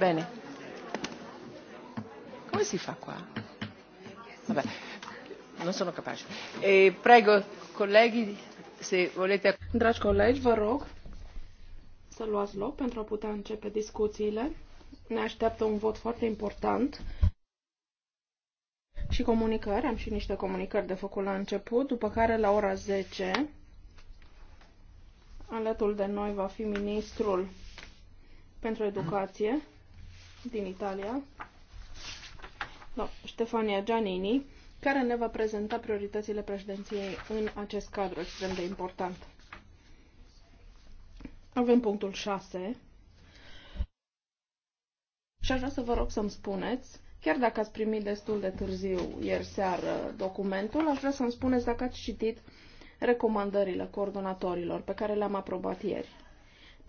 Bene. Come si fa qua? Vabbè, non sono capace. E eh, prego, colleghi, se volete... Dragi colegi, vă rog să luați loc pentru a putea începe discuțiile. Ne așteaptă un vot foarte important și comunicări. Am și niște comunicări de făcut la început, după care la ora 10 alături de noi va fi ministrul pentru educație din Italia, no, Stefania Giannini, care ne va prezenta prioritățile președinției în acest cadru extrem de important. Avem punctul 6. Și aș vrea să vă rog să-mi spuneți, chiar dacă ați primit destul de târziu ieri seară documentul, aș vrea să-mi spuneți dacă ați citit recomandările coordonatorilor pe care le-am aprobat ieri.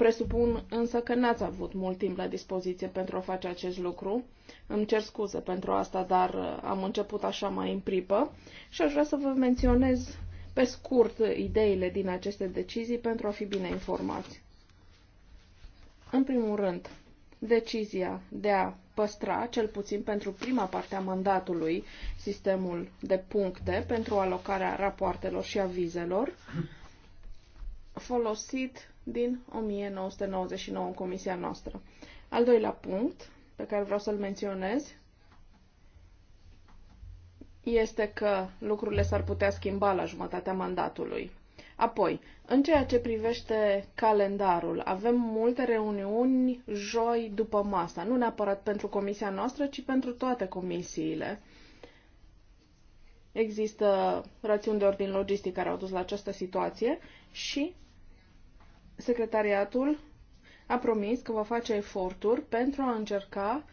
Presupun însă că n-ați avut mult timp la dispoziție pentru a face acest lucru. Îmi cer scuze pentru asta, dar uh, am început așa mai în pripă și aș vrea să vă menționez pe scurt ideile din aceste decizii pentru a fi bine informați. În primul rând, decizia de a păstra, cel puțin pentru prima parte a mandatului, sistemul de puncte pentru alocarea rapoartelor și avizelor, folosit din 1999 în comisia noastră. Al doilea punct pe care vreau să-l menționez este că lucrurile s-ar putea schimba la jumătatea mandatului. Apoi, în ceea ce privește calendarul, avem multe reuniuni joi după masa, nu neapărat pentru comisia noastră, ci pentru toate comisiile. Există rațiuni de ordin logistic care au dus la această situație și Secretariatul a promis că va face eforturi pentru a încerca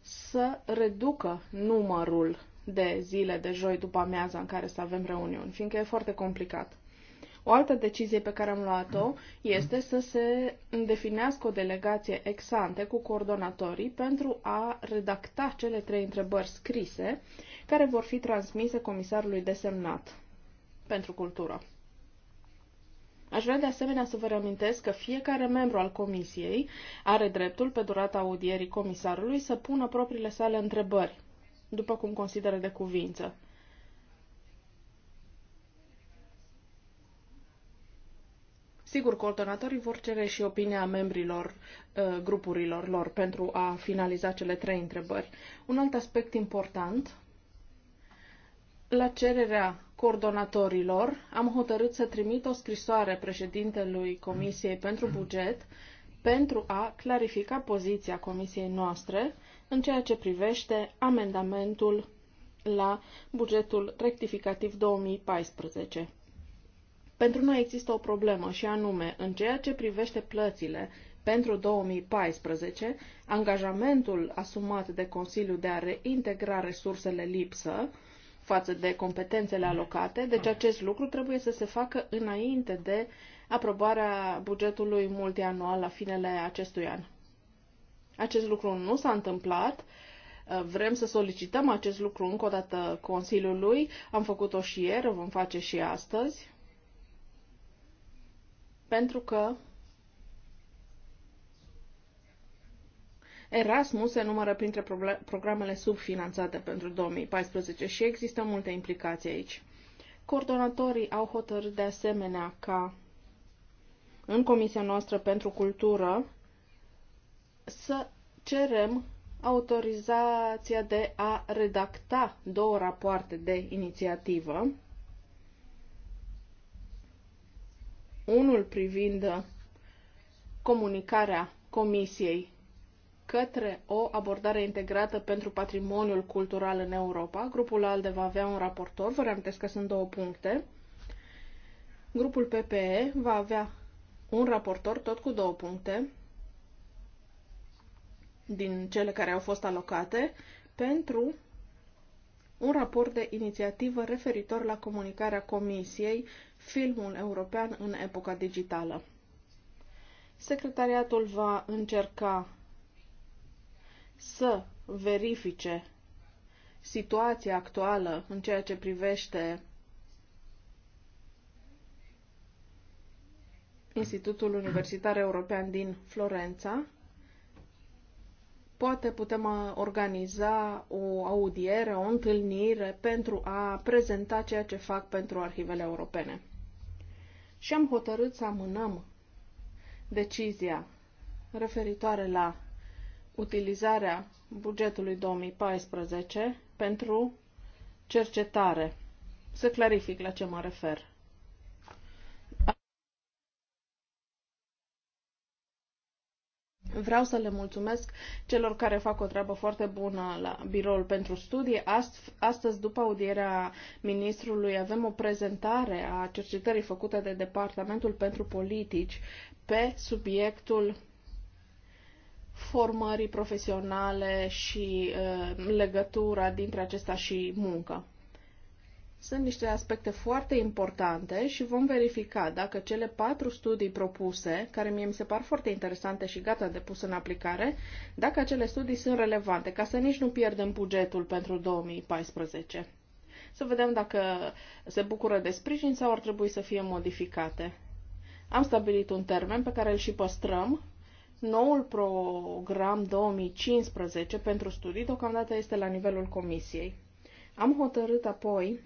să reducă numărul de zile de joi după amiaza în care să avem reuniuni, fiindcă e foarte complicat. O altă decizie pe care am luat-o este să se definească o delegație ex-ante cu coordonatorii pentru a redacta cele trei întrebări scrise care vor fi transmise comisarului desemnat pentru cultură. Aș vrea de asemenea să vă reamintesc că fiecare membru al comisiei are dreptul, pe durata audierii comisarului, să pună propriile sale întrebări, după cum consideră de cuvință. Sigur, coordonatorii vor cere și opinia membrilor uh, grupurilor lor pentru a finaliza cele trei întrebări. Un alt aspect important, la cererea coordonatorilor, am hotărât să trimit o scrisoare președintelui Comisiei pentru Buget pentru a clarifica poziția Comisiei noastre în ceea ce privește amendamentul la bugetul rectificativ 2014. Pentru noi există o problemă și anume, în ceea ce privește plățile pentru 2014, angajamentul asumat de Consiliu de a reintegra resursele lipsă față de competențele alocate, deci acest lucru trebuie să se facă înainte de aprobarea bugetului multianual la finele acestui an. Acest lucru nu s-a întâmplat. Vrem să solicităm acest lucru încă o dată Consiliului. Am făcut-o și ieri, o vom face și astăzi. Pentru că Erasmus se numără printre programele subfinanțate pentru 2014 și există multe implicații aici. Coordonatorii au hotărât de asemenea ca în Comisia noastră pentru Cultură să cerem autorizația de a redacta două rapoarte de inițiativă, unul privind comunicarea Comisiei către o abordare integrată pentru patrimoniul cultural în Europa. Grupul ALDE va avea un raportor, vă reamintesc că sunt două puncte. Grupul PPE va avea un raportor, tot cu două puncte, din cele care au fost alocate, pentru un raport de inițiativă referitor la comunicarea Comisiei Filmul European în epoca digitală. Secretariatul va încerca să verifice situația actuală în ceea ce privește Institutul Universitar European din Florența, poate putem organiza o audiere, o întâlnire pentru a prezenta ceea ce fac pentru arhivele europene. Și am hotărât să amânăm decizia referitoare la utilizarea bugetului 2014 pentru cercetare. Să clarific la ce mă refer. Vreau să le mulțumesc celor care fac o treabă foarte bună la biroul pentru studii. Ast- astăzi, după audierea ministrului, avem o prezentare a cercetării făcute de Departamentul pentru Politici pe subiectul formării profesionale și uh, legătura dintre acesta și muncă. Sunt niște aspecte foarte importante și vom verifica dacă cele patru studii propuse, care mie mi se par foarte interesante și gata de pus în aplicare, dacă acele studii sunt relevante, ca să nici nu pierdem bugetul pentru 2014. Să vedem dacă se bucură de sprijin sau ar trebui să fie modificate. Am stabilit un termen pe care îl și păstrăm, Noul program 2015 pentru studii deocamdată este la nivelul comisiei. Am hotărât apoi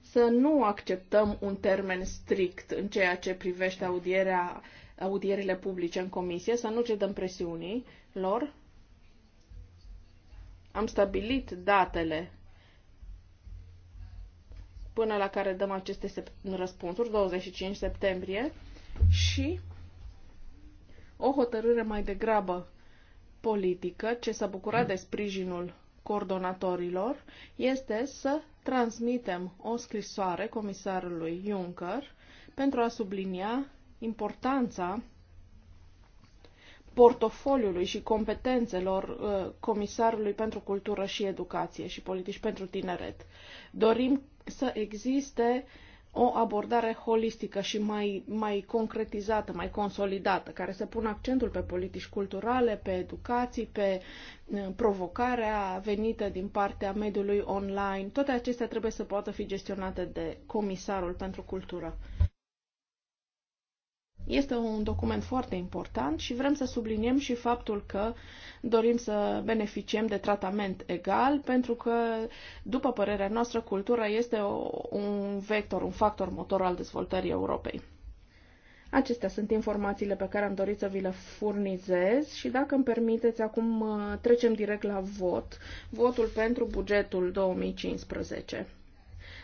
să nu acceptăm un termen strict în ceea ce privește audierea, audierile publice în comisie, să nu cedăm presiunii lor. Am stabilit datele până la care dăm aceste răspunsuri, 25 septembrie, și o hotărâre mai degrabă politică, ce s-a bucurat de sprijinul coordonatorilor, este să transmitem o scrisoare comisarului Juncker pentru a sublinia importanța portofoliului și competențelor uh, comisarului pentru cultură și educație și politici pentru tineret. Dorim să existe uh, o abordare holistică și mai, mai concretizată, mai consolidată, care să pună accentul pe politici culturale, pe educații, pe eh, provocarea venită din partea mediului online. Toate acestea trebuie să poată fi gestionate de Comisarul pentru Cultură. Este un document foarte important și vrem să subliniem și faptul că dorim să beneficiem de tratament egal, pentru că, după părerea noastră, cultura este un vector, un factor motor al dezvoltării Europei. Acestea sunt informațiile pe care am dorit să vi le furnizez și dacă îmi permiteți, acum uh, trecem direct la vot. Votul pentru bugetul 2015.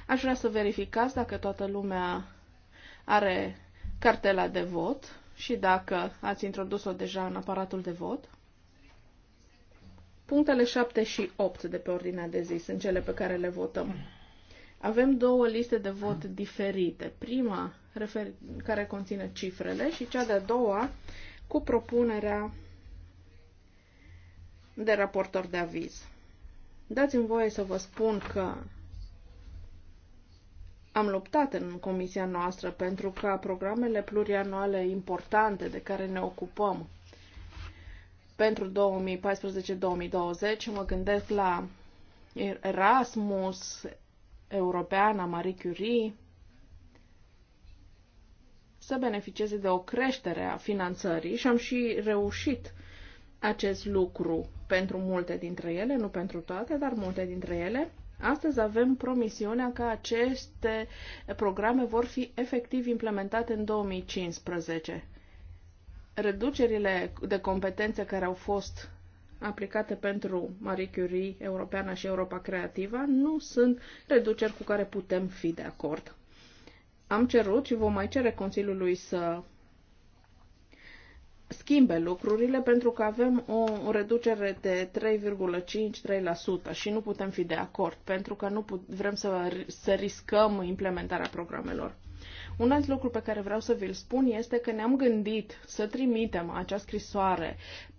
Aș vrea să verificați dacă toată lumea are cartela de vot și dacă ați introdus-o deja în aparatul de vot. Punctele 7 și 8 de pe ordinea de zi sunt cele pe care le votăm. Avem două liste de vot diferite. Prima care conține cifrele și cea de-a doua cu propunerea de raportor de aviz. Dați-mi voie să vă spun că am luptat în comisia noastră pentru ca programele plurianuale importante de care ne ocupăm pentru 2014-2020, mă gândesc la Erasmus, Europeana, Marie Curie, să beneficieze de o creștere a finanțării și am și reușit acest lucru pentru multe dintre ele, nu pentru toate, dar multe dintre ele. Astăzi avem promisiunea că aceste programe vor fi efectiv implementate în 2015. Reducerile de competențe care au fost aplicate pentru Marie Curie Europeană și Europa Creativă nu sunt reduceri cu care putem fi de acord. Am cerut și vom mai cere Consiliului să schimbe lucrurile pentru că avem o reducere de 3,5-3% și nu putem fi de acord pentru că nu vrem să, să riscăm implementarea programelor. Un alt lucru pe care vreau să vi-l spun este că ne-am gândit să trimitem acea scrisoare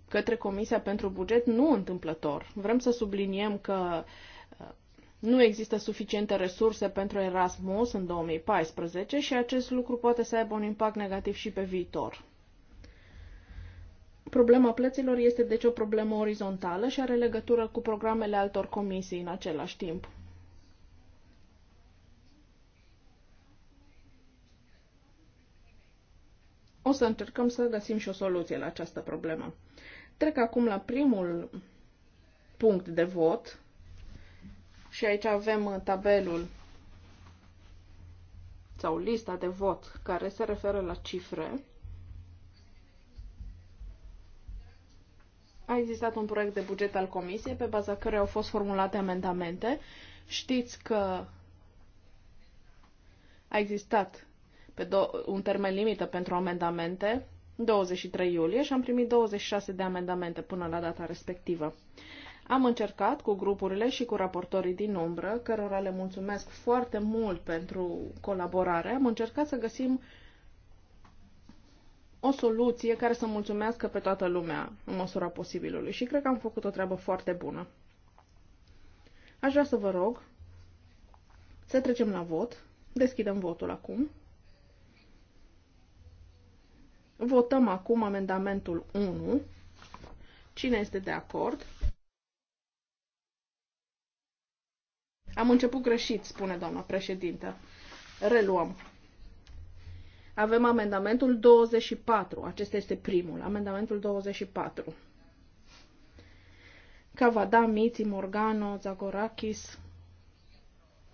către Comisia pentru Buget nu întâmplător. Vrem să subliniem că uh, nu există suficiente resurse pentru Erasmus în 2014 și acest lucru poate să aibă un impact negativ și pe viitor. Problema plăților este deci o problemă orizontală și are legătură cu programele altor comisii în același timp. O să încercăm să găsim și o soluție la această problemă. Trec acum la primul punct de vot și aici avem tabelul sau lista de vot care se referă la cifre. A existat un proiect de buget al Comisiei pe baza căruia au fost formulate amendamente. Știți că a existat pe un termen limită pentru amendamente, 23 iulie, și am primit 26 de amendamente până la data respectivă. Am încercat cu grupurile și cu raportorii din umbră, cărora le mulțumesc foarte mult pentru colaborare, am încercat să găsim o soluție care să mulțumească pe toată lumea în măsura posibilului și cred că am făcut o treabă foarte bună. Aș vrea să vă rog să trecem la vot. Deschidem votul acum. Votăm acum amendamentul 1. Cine este de acord? Am început greșit, spune doamna președintă. Reluăm. Avem amendamentul 24. Acesta este primul. Amendamentul 24. Cavada, Miti, Morgano, Zagorakis.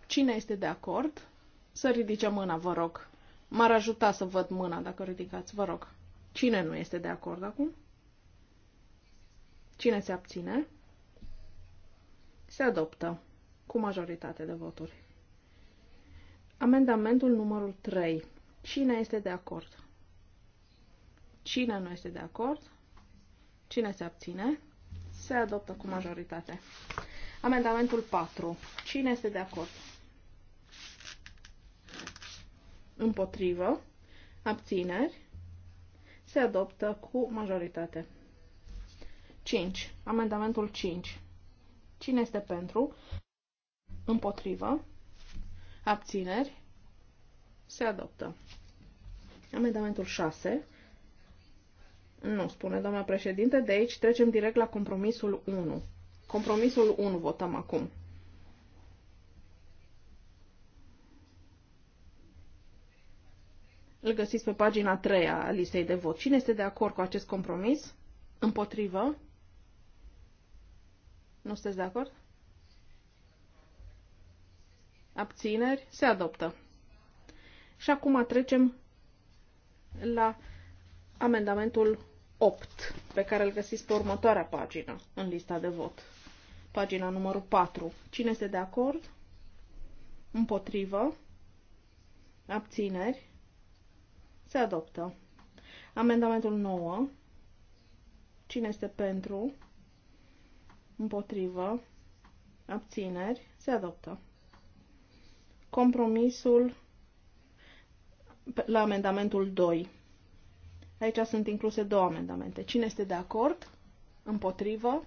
Cine este de acord? Să ridice mâna, vă rog. M-ar ajuta să văd mâna dacă ridicați, vă rog. Cine nu este de acord acum? Cine se abține? Se adoptă cu majoritate de voturi. Amendamentul numărul 3. Cine este de acord? Cine nu este de acord? Cine se abține? Se adoptă cu majoritate. Amendamentul 4. Cine este de acord? Împotrivă. Abțineri. Se adoptă cu majoritate. 5. Amendamentul 5. Cine este pentru? Împotrivă. Abțineri. Se adoptă. Amendamentul 6. Nu, spune doamna președinte, de aici trecem direct la compromisul 1. Compromisul 1 votăm acum. Îl găsiți pe pagina 3 a listei de vot. Cine este de acord cu acest compromis? Împotrivă? Nu sunteți de acord? Abțineri? Se adoptă. Și acum trecem la amendamentul 8, pe care îl găsiți pe următoarea pagină în lista de vot. Pagina numărul 4. Cine este de acord? Împotrivă? Abțineri? Se adoptă. Amendamentul 9. Cine este pentru? Împotrivă? Abțineri? Se adoptă. Compromisul la amendamentul 2. Aici sunt incluse două amendamente. Cine este de acord? Împotrivă?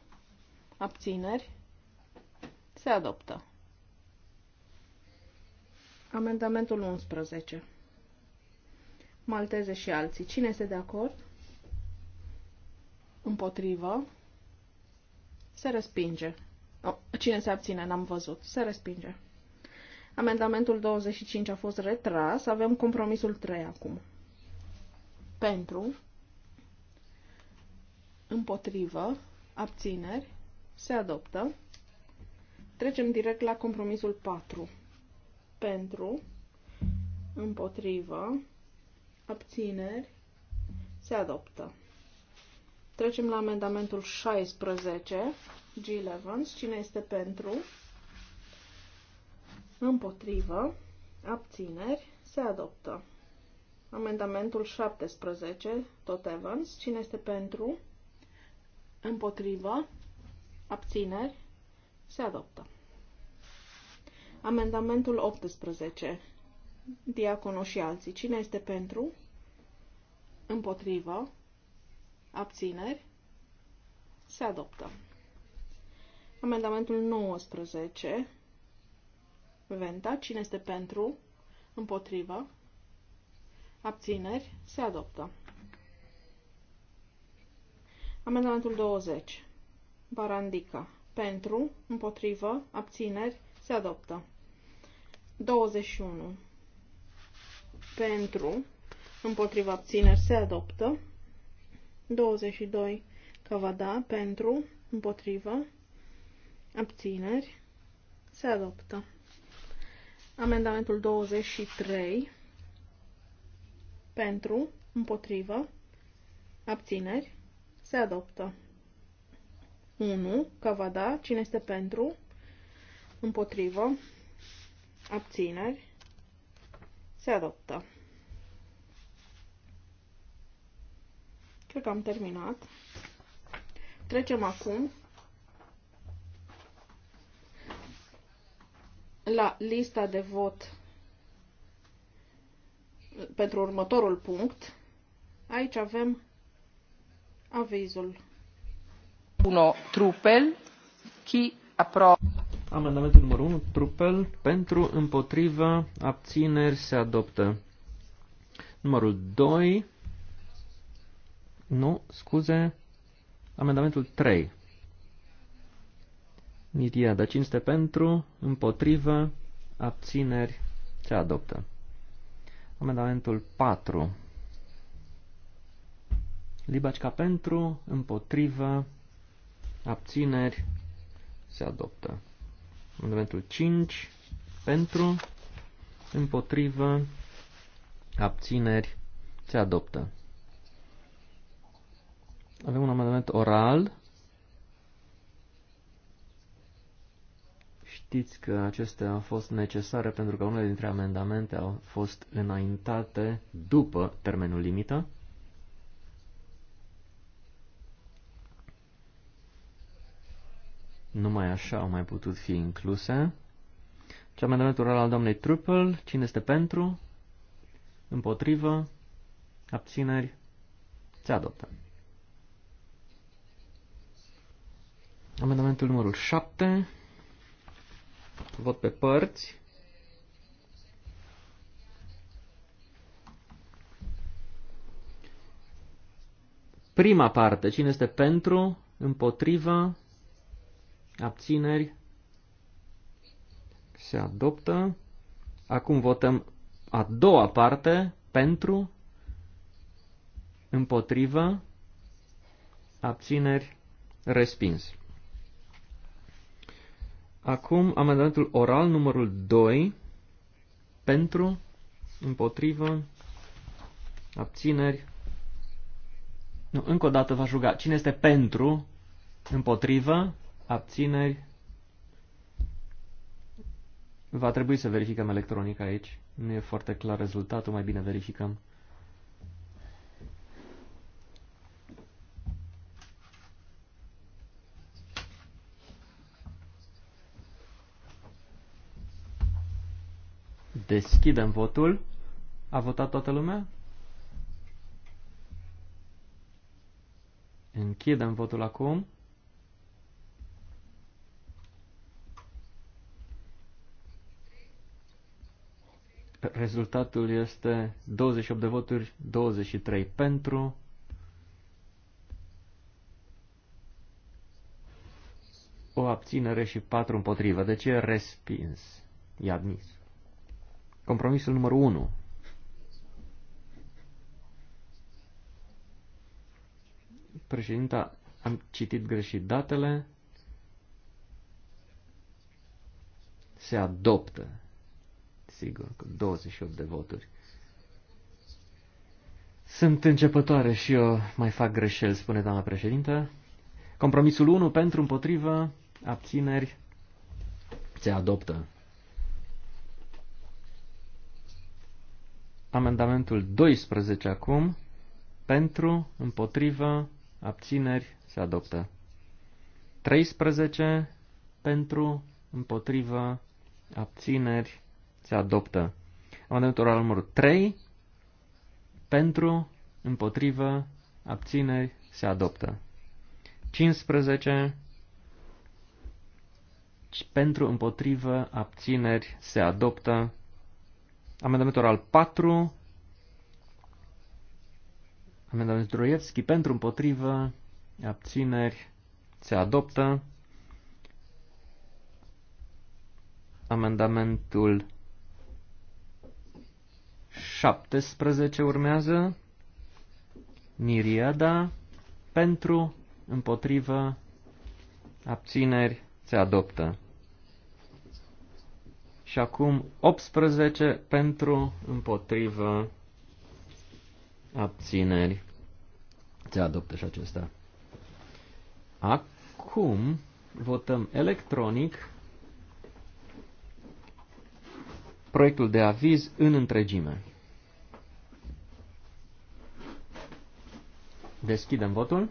Abțineri? Se adoptă. Amendamentul 11. Malteze și alții. Cine este de acord? Împotrivă? Se respinge. Oh, cine se abține? N-am văzut. Se respinge. Amendamentul 25 a fost retras. Avem compromisul 3 acum. Pentru, împotrivă, abțineri, se adoptă. Trecem direct la compromisul 4. Pentru, împotrivă, abțineri, se adoptă. Trecem la amendamentul 16, G11. Cine este pentru? Pentru împotrivă, abțineri, se adoptă. Amendamentul 17, tot Evans, cine este pentru, împotrivă, abțineri, se adoptă. Amendamentul 18, diaconul și alții, cine este pentru, împotrivă, abțineri, se adoptă. Amendamentul 19, Venta. Cine este pentru? Împotrivă. Abțineri. Se adoptă. Amendamentul 20. Barandica. Pentru, împotrivă, abțineri, se adoptă. 21. Pentru, împotrivă, abțineri, se adoptă. 22. Cavada. Pentru, împotrivă, abțineri, se adoptă. Amendamentul 23 pentru, împotrivă, abțineri, se adoptă. 1. Cavada, cine este pentru, împotrivă, abțineri, se adoptă. Cred că am terminat. Trecem acum la lista de vot pentru următorul punct. Aici avem avizul. 1. Trupel. Chi apro. Amendamentul numărul 1. Trupel. Pentru, împotriva, abțineri se adoptă. Numărul 2. Nu, scuze. Amendamentul 3. Niriada. Cine este pentru, împotrivă, abțineri, se adoptă. Amendamentul 4. Libacica pentru, împotrivă, abțineri, se adoptă. Amendamentul 5. Pentru, împotrivă, abțineri, se adoptă. Avem un amendament oral Știți că acestea au fost necesare pentru că unele dintre amendamente au fost înaintate după termenul limită. Numai așa au mai putut fi incluse. Ce deci, amendamentul oral al doamnei Truppel, cine este pentru, împotrivă, abțineri, se adoptă. Amendamentul numărul 7, Vot pe părți. Prima parte. Cine este pentru? Împotriva? Abțineri? Se adoptă. Acum votăm a doua parte. Pentru? Împotriva? Abțineri? Respins. Acum amendamentul oral numărul 2 pentru, împotrivă, abțineri. Nu, încă o dată v-aș ruga. Cine este pentru, împotrivă, abțineri? Va trebui să verificăm electronic aici. Nu e foarte clar rezultatul, mai bine verificăm. Deschidem votul. A votat toată lumea? Închidem votul acum. Rezultatul este 28 de voturi, 23 pentru. O abținere și 4 împotrivă. Deci e respins. E admis. Compromisul numărul 1. Președinta, am citit greșit datele. Se adoptă, sigur, cu 28 de voturi. Sunt începătoare și eu mai fac greșeli, spune doamna președintă. Compromisul 1 pentru împotrivă, abțineri, se adoptă. Amendamentul 12 acum, pentru, împotrivă, abțineri, se adoptă. 13, pentru, împotrivă, abțineri, se adoptă. Amendamentul oral numărul 3, pentru, împotrivă, abțineri, se adoptă. 15, pentru, împotrivă, abțineri, se adoptă. Amendamentul oral 4. Amendament Droievski pentru împotrivă, abțineri, se adoptă. Amendamentul 17 urmează. Niriada pentru, împotrivă, abțineri, se adoptă. Și acum 18 pentru, împotrivă, abțineri. Se adoptă și acesta. Acum votăm electronic proiectul de aviz în întregime. Deschidem votul.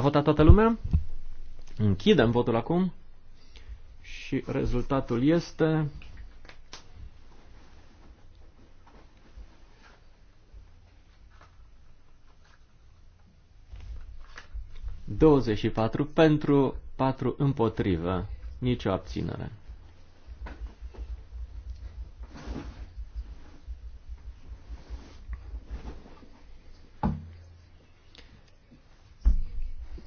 A votat toată lumea? Închidem votul acum și rezultatul este... ...24 pentru, 4 împotrivă, nicio abținere.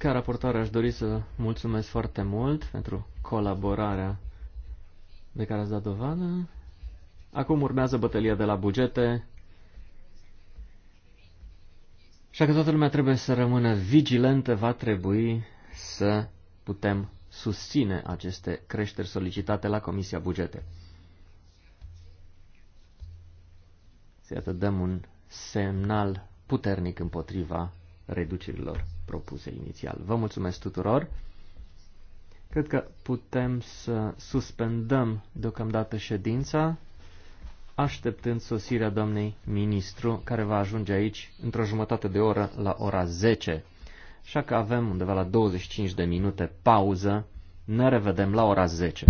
Ca raportoare aș dori să mulțumesc foarte mult pentru colaborarea de care ați dat dovadă. Acum urmează bătălia de la bugete. Așa că toată lumea trebuie să rămână vigilentă, va trebui să putem susține aceste creșteri solicitate la Comisia Bugete. Să iată, dăm un semnal puternic împotriva reducerilor propuse inițial. Vă mulțumesc tuturor! Cred că putem să suspendăm deocamdată ședința, așteptând sosirea doamnei ministru, care va ajunge aici într-o jumătate de oră la ora 10. Așa că avem undeva la 25 de minute pauză. Ne revedem la ora 10.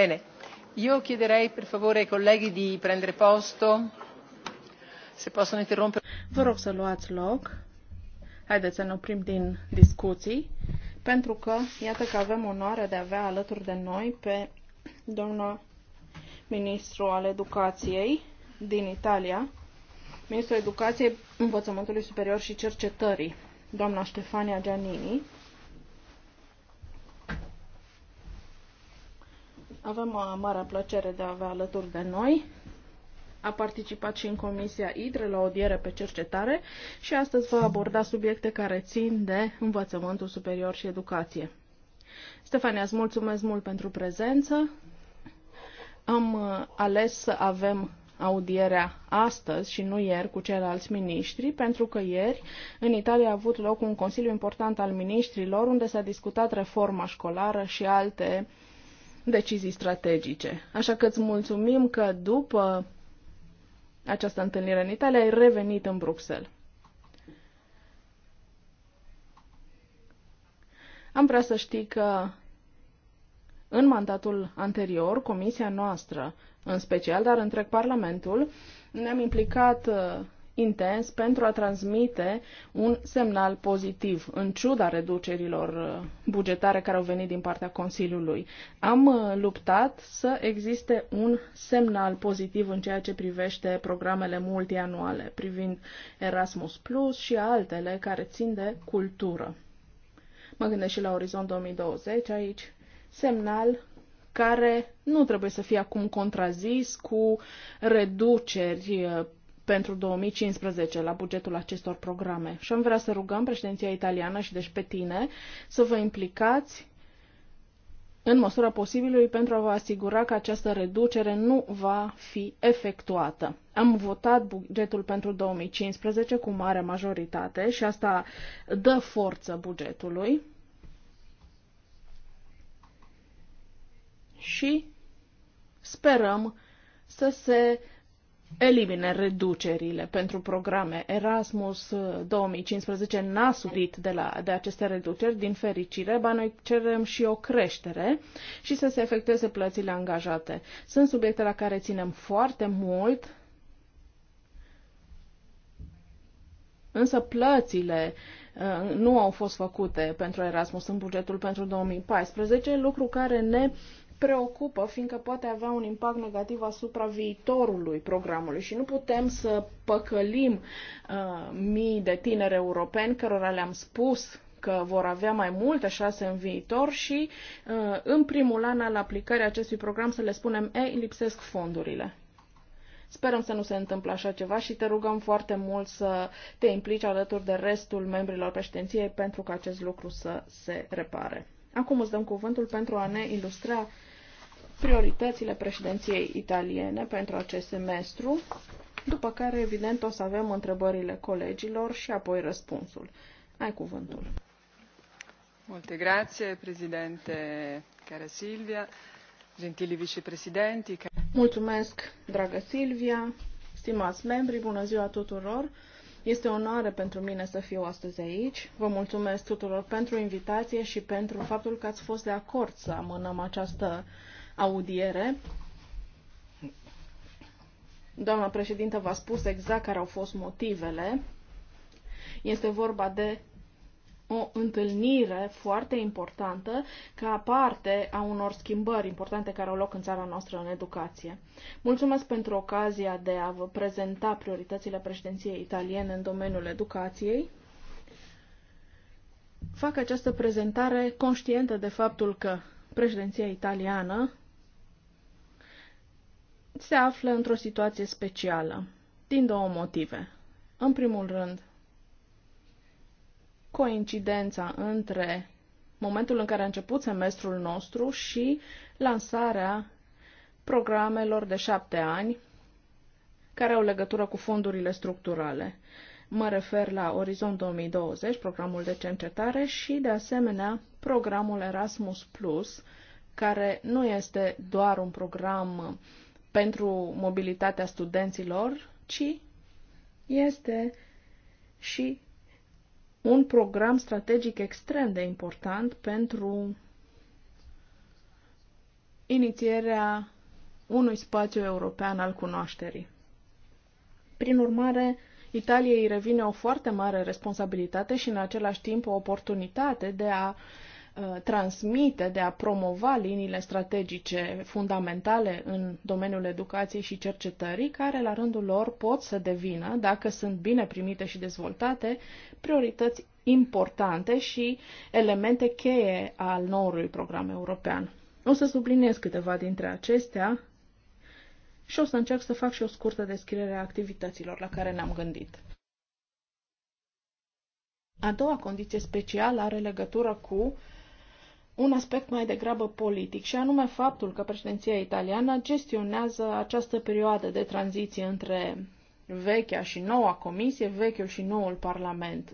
Bene, io chiederei per favore ai colleghi di prendere posto, se possono interrompere. Vă rog să luați loc. Haideți să ne oprim din discuții, pentru că iată că avem onoarea de a avea alături de noi pe doamna ministru al educației din Italia, ministrul educației, învățământului superior și cercetării, doamna Ștefania Giannini, Avem o mare plăcere de a avea alături de noi. A participat și în Comisia IDRE la audiere pe cercetare și astăzi va aborda subiecte care țin de învățământul superior și educație. Stefania, îți mulțumesc mult pentru prezență. Am uh, ales să avem audierea astăzi și nu ieri cu ceilalți miniștri, pentru că ieri în Italia a avut loc un consiliu important al miniștrilor unde s-a discutat reforma școlară și alte uh, decizii strategice. Așa că îți mulțumim că după această întâlnire în Italia ai revenit în Bruxelles. Am vrea să știi că în mandatul anterior, comisia noastră în special, dar întreg Parlamentul, ne-am implicat uh, intens pentru a transmite un semnal pozitiv, în ciuda reducerilor uh, bugetare care au venit din partea Consiliului. Am uh, luptat să existe un semnal pozitiv în ceea ce privește programele multianuale, privind Erasmus Plus și altele care țin de cultură. Mă gândesc și la Orizont 2020 aici. Semnal care nu trebuie să fie acum contrazis cu reduceri uh, pentru 2015 la bugetul acestor programe. Și am vrea să rugăm președinția italiană și deci pe tine să vă implicați în măsura posibilului pentru a vă asigura că această reducere nu va fi efectuată. Am votat bugetul pentru 2015 cu mare majoritate și asta dă forță bugetului. Și sperăm să se elimine reducerile pentru programe. Erasmus 2015 uh, n-a surit de, la, de aceste reduceri, din fericire, ba noi cerem și o creștere și să se efectueze plățile angajate. Sunt subiecte la care ținem foarte mult, însă plățile uh, nu au fost făcute pentru Erasmus în bugetul pentru 2014, lucru care ne preocupă, fiindcă poate avea un impact negativ asupra viitorului programului și nu putem să păcălim uh, mii de tineri europeni cărora le-am spus că vor avea mai multe șase în viitor și uh, în primul an al aplicării acestui program să le spunem, ei, lipsesc fondurile. Sperăm să nu se întâmple așa ceva și te rugăm foarte mult să te implici alături de restul membrilor președinției pentru ca acest lucru să se repare. Acum îți dăm cuvântul pentru a ne ilustra prioritățile președinției italiene pentru acest semestru, după care, evident, o să avem întrebările colegilor și apoi răspunsul. Ai cuvântul. Multe grazie, președinte, cara Silvia, gentili vicepresidenti. Care... Mulțumesc, dragă Silvia, stimați membri, bună ziua tuturor. Este o onoare pentru mine să fiu astăzi aici. Vă mulțumesc tuturor pentru invitație și pentru faptul că ați fost de acord să amânăm această uh, audiere. Doamna președintă v-a spus exact care au fost motivele. Este vorba de o întâlnire foarte importantă ca parte a unor schimbări importante care au loc în țara noastră în educație. Mulțumesc pentru ocazia de a vă prezenta prioritățile președinției italiene în domeniul educației. Fac această prezentare conștientă de faptul că președinția italiană se află într-o situație specială, din două motive. În primul rând, coincidența între momentul în care a început semestrul nostru și lansarea programelor de șapte ani care au legătură cu fondurile structurale. Mă refer la Orizont 2020, programul de cercetare și, de asemenea, programul Erasmus Plus, care nu este doar un program pentru mobilitatea studenților, ci este și un program strategic extrem de important pentru inițierea unui spațiu european al cunoașterii. Prin urmare, Italiei revine o foarte mare responsabilitate și în același timp o oportunitate de a uh, Uh, transmite, de a promova liniile strategice fundamentale în domeniul educației și cercetării, care la rândul lor pot să devină, dacă sunt bine primite și dezvoltate, priorități importante și elemente cheie al noului program european. O să subliniez câteva dintre acestea și o să încerc să fac și o scurtă descriere a activităților la care ne-am gândit. A doua condiție specială are legătură cu un aspect mai degrabă politic, și anume faptul că președinția italiană gestionează această perioadă de tranziție între vechea și noua comisie, vechiul și noul parlament.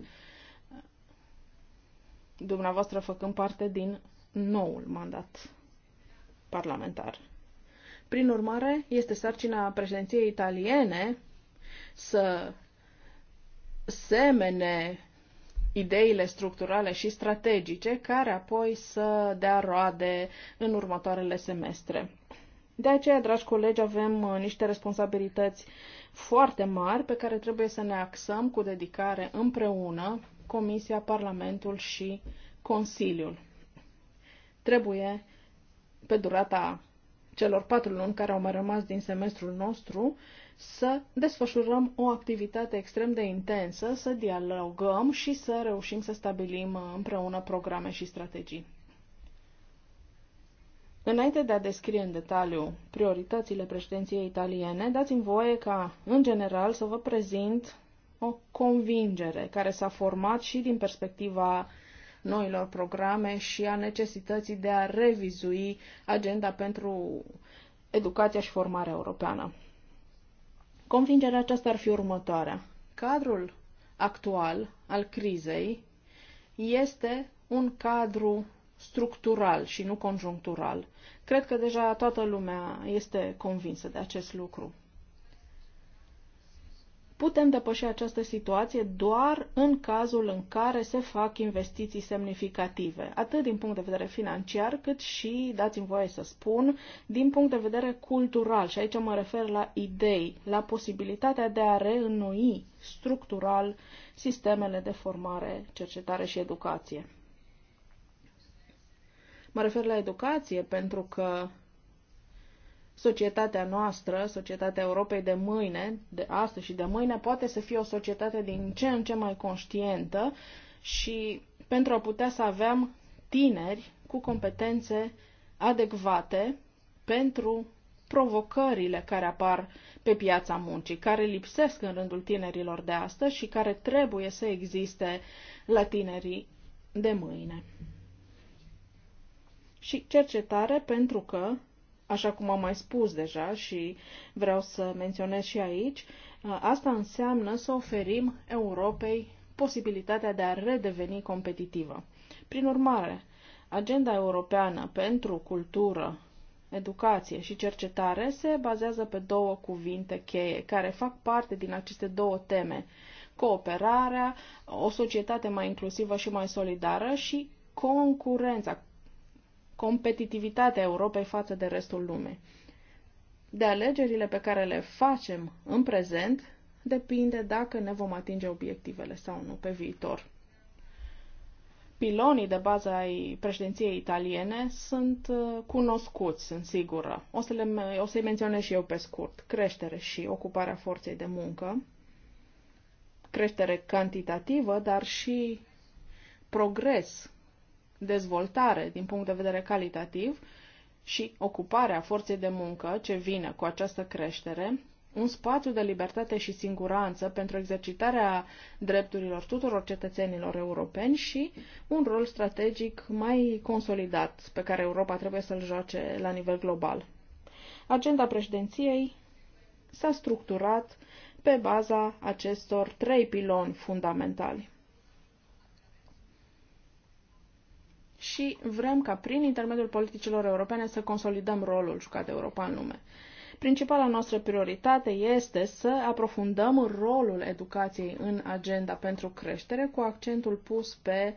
Dumneavoastră făcând parte din noul mandat parlamentar. Prin urmare, este sarcina președinției italiene să semene ideile structurale și strategice care apoi să dea roade în următoarele semestre. De aceea, dragi colegi, avem uh, niște responsabilități foarte mari pe care trebuie să ne axăm cu dedicare împreună Comisia, Parlamentul și Consiliul. Trebuie, pe durata celor patru luni care au mai rămas din semestrul nostru, să desfășurăm o activitate extrem de intensă, să dialogăm și să reușim să stabilim împreună programe și strategii. Înainte de a descrie în detaliu prioritățile președinției italiene, dați-mi voie ca, în general, să vă prezint o convingere care s-a format și din perspectiva noilor programe și a necesității de a revizui agenda pentru educația și formarea europeană. Convingerea aceasta ar fi următoarea. Cadrul actual al crizei este un cadru structural și nu conjunctural. Cred că deja toată lumea este convinsă de acest lucru. Putem depăși această situație doar în cazul în care se fac investiții semnificative, atât din punct de vedere financiar, cât și, dați-mi voie să spun, din punct de vedere cultural. Și aici mă refer la idei, la posibilitatea de a reînnoi structural sistemele de formare, cercetare și educație. Mă refer la educație pentru că societatea noastră, societatea Europei de mâine, de astăzi și de mâine, poate să fie o societate din ce în ce mai conștientă și pentru a putea să avem tineri cu competențe adecvate pentru provocările care apar pe piața muncii, care lipsesc în rândul tinerilor de astăzi și care trebuie să existe la tinerii de mâine. Și cercetare pentru că așa cum am mai spus deja și vreau să menționez și aici, asta înseamnă să oferim Europei posibilitatea de a redeveni competitivă. Prin urmare, agenda europeană pentru cultură, educație și cercetare se bazează pe două cuvinte cheie care fac parte din aceste două teme, cooperarea, o societate mai inclusivă și mai solidară și concurența, competitivitatea Europei față de restul lumii. De alegerile pe care le facem în prezent depinde dacă ne vom atinge obiectivele sau nu pe viitor. Pilonii de bază ai președinției italiene sunt uh, cunoscuți, sunt sigură. O, să le, o să-i menționez și eu pe scurt. Creștere și ocuparea forței de muncă, creștere cantitativă, dar și progres dezvoltare din punct de vedere calitativ și ocuparea forței de muncă ce vine cu această creștere, un spațiu de libertate și siguranță pentru exercitarea drepturilor tuturor cetățenilor europeni și un rol strategic mai consolidat pe care Europa trebuie să-l joace la nivel global. Agenda președinției s-a structurat pe baza acestor trei piloni fundamentali. și vrem ca prin intermediul politicilor europene să consolidăm rolul jucat de Europa în lume. Principala noastră prioritate este să aprofundăm rolul educației în agenda pentru creștere, cu accentul pus pe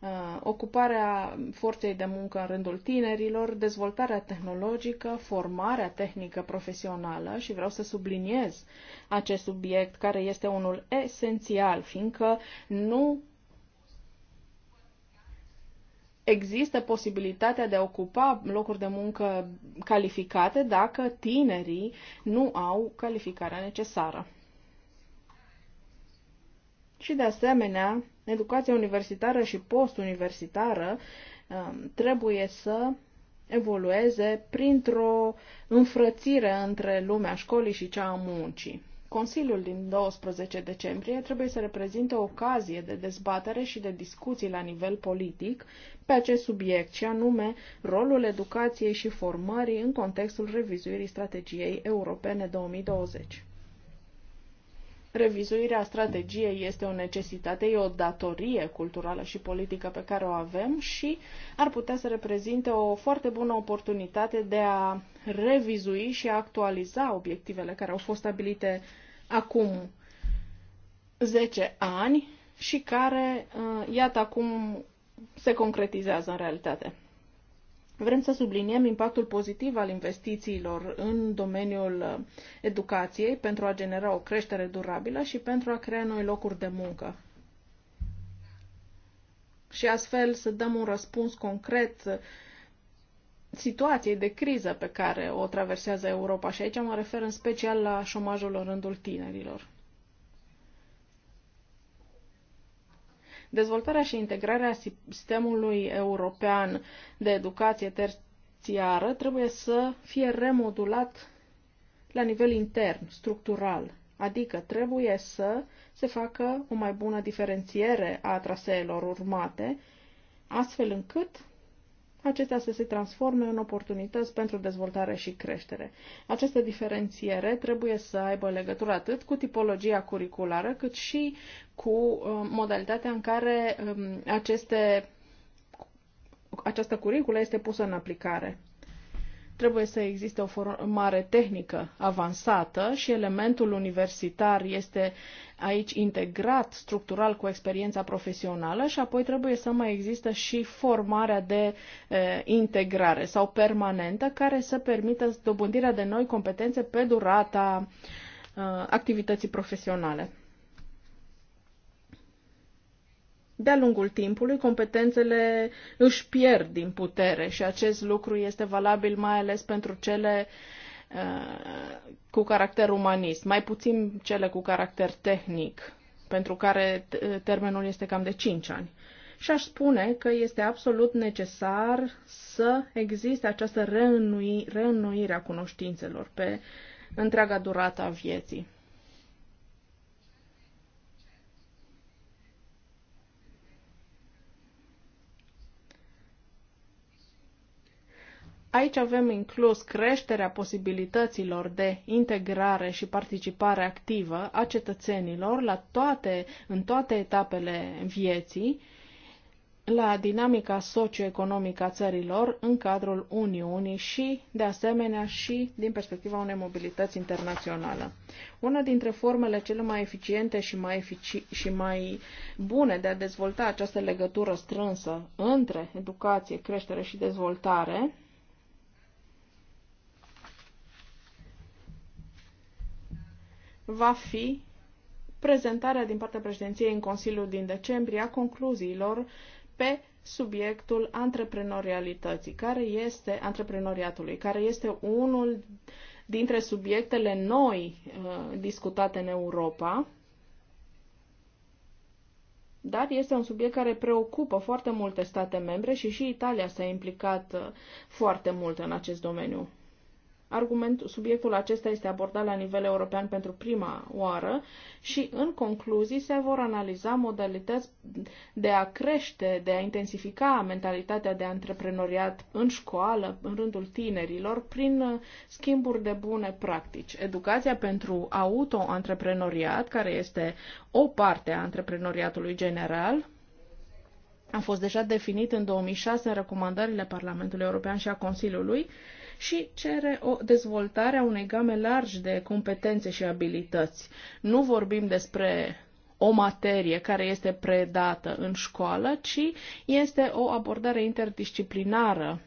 uh, ocuparea forței de muncă în rândul tinerilor, dezvoltarea tehnologică, formarea tehnică profesională și vreau să subliniez acest subiect care este unul esențial, fiindcă nu există posibilitatea de a ocupa locuri de muncă calificate dacă tinerii nu au calificarea necesară. Și de asemenea, educația universitară și postuniversitară um, trebuie să evolueze printr-o înfrățire între lumea școlii și cea a muncii. Consiliul din 12 decembrie trebuie să reprezinte o ocazie de dezbatere și de discuții la nivel politic pe acest subiect, și anume rolul educației și formării în contextul revizuirii strategiei europene 2020. Revizuirea strategiei este o necesitate, e o datorie culturală și politică pe care o avem și ar putea să reprezinte o foarte bună oportunitate de a revizui și a actualiza obiectivele care au fost stabilite acum 10 ani și care, uh, iată, acum se concretizează în realitate. Vrem să subliniem impactul pozitiv al investițiilor în domeniul uh, educației pentru a genera o creștere durabilă și pentru a crea noi locuri de muncă. Și astfel să dăm un răspuns concret uh, situației de criză pe care o traversează Europa. Și aici mă refer în special la șomajul în rândul tinerilor. Dezvoltarea și integrarea sistemului european de educație terțiară trebuie să fie remodulat la nivel intern, structural, adică trebuie să se facă o mai bună diferențiere a traseelor urmate, astfel încât acestea să se transforme în oportunități pentru dezvoltare și creștere. Această diferențiere trebuie să aibă legătură atât cu tipologia curriculară, cât și cu uh, modalitatea în care um, aceste, această curriculă este pusă în aplicare. Trebuie să existe o formare tehnică avansată și elementul universitar este aici integrat structural cu experiența profesională și apoi trebuie să mai există și formarea de e, integrare sau permanentă care să permită dobândirea de noi competențe pe durata e, activității profesionale. de-a lungul timpului, competențele își pierd din putere și acest lucru este valabil mai ales pentru cele uh, cu caracter umanist, mai puțin cele cu caracter tehnic, pentru care uh, termenul este cam de 5 ani. Și aș spune că este absolut necesar să existe această reînnoire a cunoștințelor pe întreaga durată a vieții. Aici avem inclus creșterea posibilităților de integrare și participare activă a cetățenilor la toate, în toate etapele vieții, la dinamica socioeconomică a țărilor în cadrul Uniunii și, de asemenea, și din perspectiva unei mobilități internaționale. Una dintre formele cele mai eficiente și mai, efici- și mai bune de a dezvolta această legătură strânsă între educație, creștere și dezvoltare va fi prezentarea din partea președinției în Consiliul din decembrie a concluziilor pe subiectul antreprenorialității, care este antreprenoriatului, care este unul dintre subiectele noi uh, discutate în Europa, dar este un subiect care preocupă foarte multe state membre și și Italia s-a implicat uh, foarte mult în acest domeniu. Argumentul, subiectul acesta este abordat la nivel european pentru prima oară și, în concluzii, se vor analiza modalități de a crește, de a intensifica mentalitatea de antreprenoriat în școală, în rândul tinerilor, prin uh, schimburi de bune practici. Educația pentru auto-antreprenoriat, care este o parte a antreprenoriatului general, a fost deja definit în 2006 în recomandările Parlamentului European și a Consiliului și cere o dezvoltare a unei game largi de competențe și abilități. Nu vorbim despre o materie care este predată în școală, ci este o abordare interdisciplinară,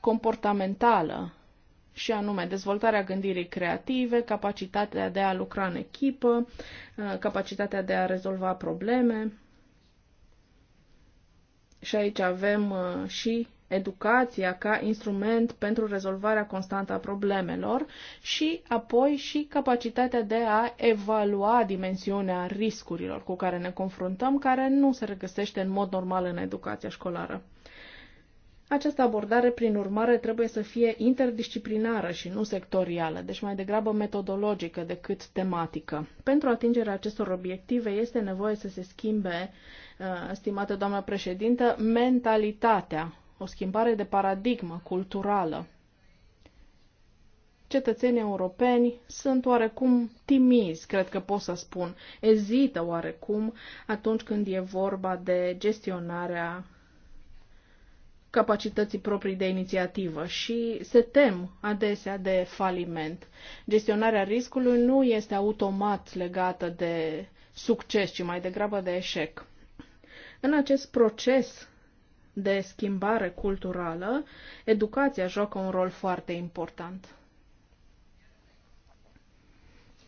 comportamentală, și anume dezvoltarea gândirii creative, capacitatea de a lucra în echipă, uh, capacitatea de a rezolva probleme. Și aici avem uh, și educația ca instrument pentru rezolvarea constantă a problemelor și apoi și capacitatea de a evalua dimensiunea riscurilor cu care ne confruntăm, care nu se regăsește în mod normal în educația școlară. Această abordare, prin urmare, trebuie să fie interdisciplinară și nu sectorială, deci mai degrabă metodologică decât tematică. Pentru atingerea acestor obiective este nevoie să se schimbe, uh, stimată doamnă președintă, mentalitatea o schimbare de paradigmă culturală. Cetățenii europeni sunt oarecum timizi, cred că pot să spun, ezită oarecum atunci când e vorba de gestionarea capacității proprii de inițiativă și se tem adesea de faliment. Gestionarea riscului nu este automat legată de succes, ci mai degrabă de eșec. În acest proces de schimbare culturală, educația joacă un rol foarte important.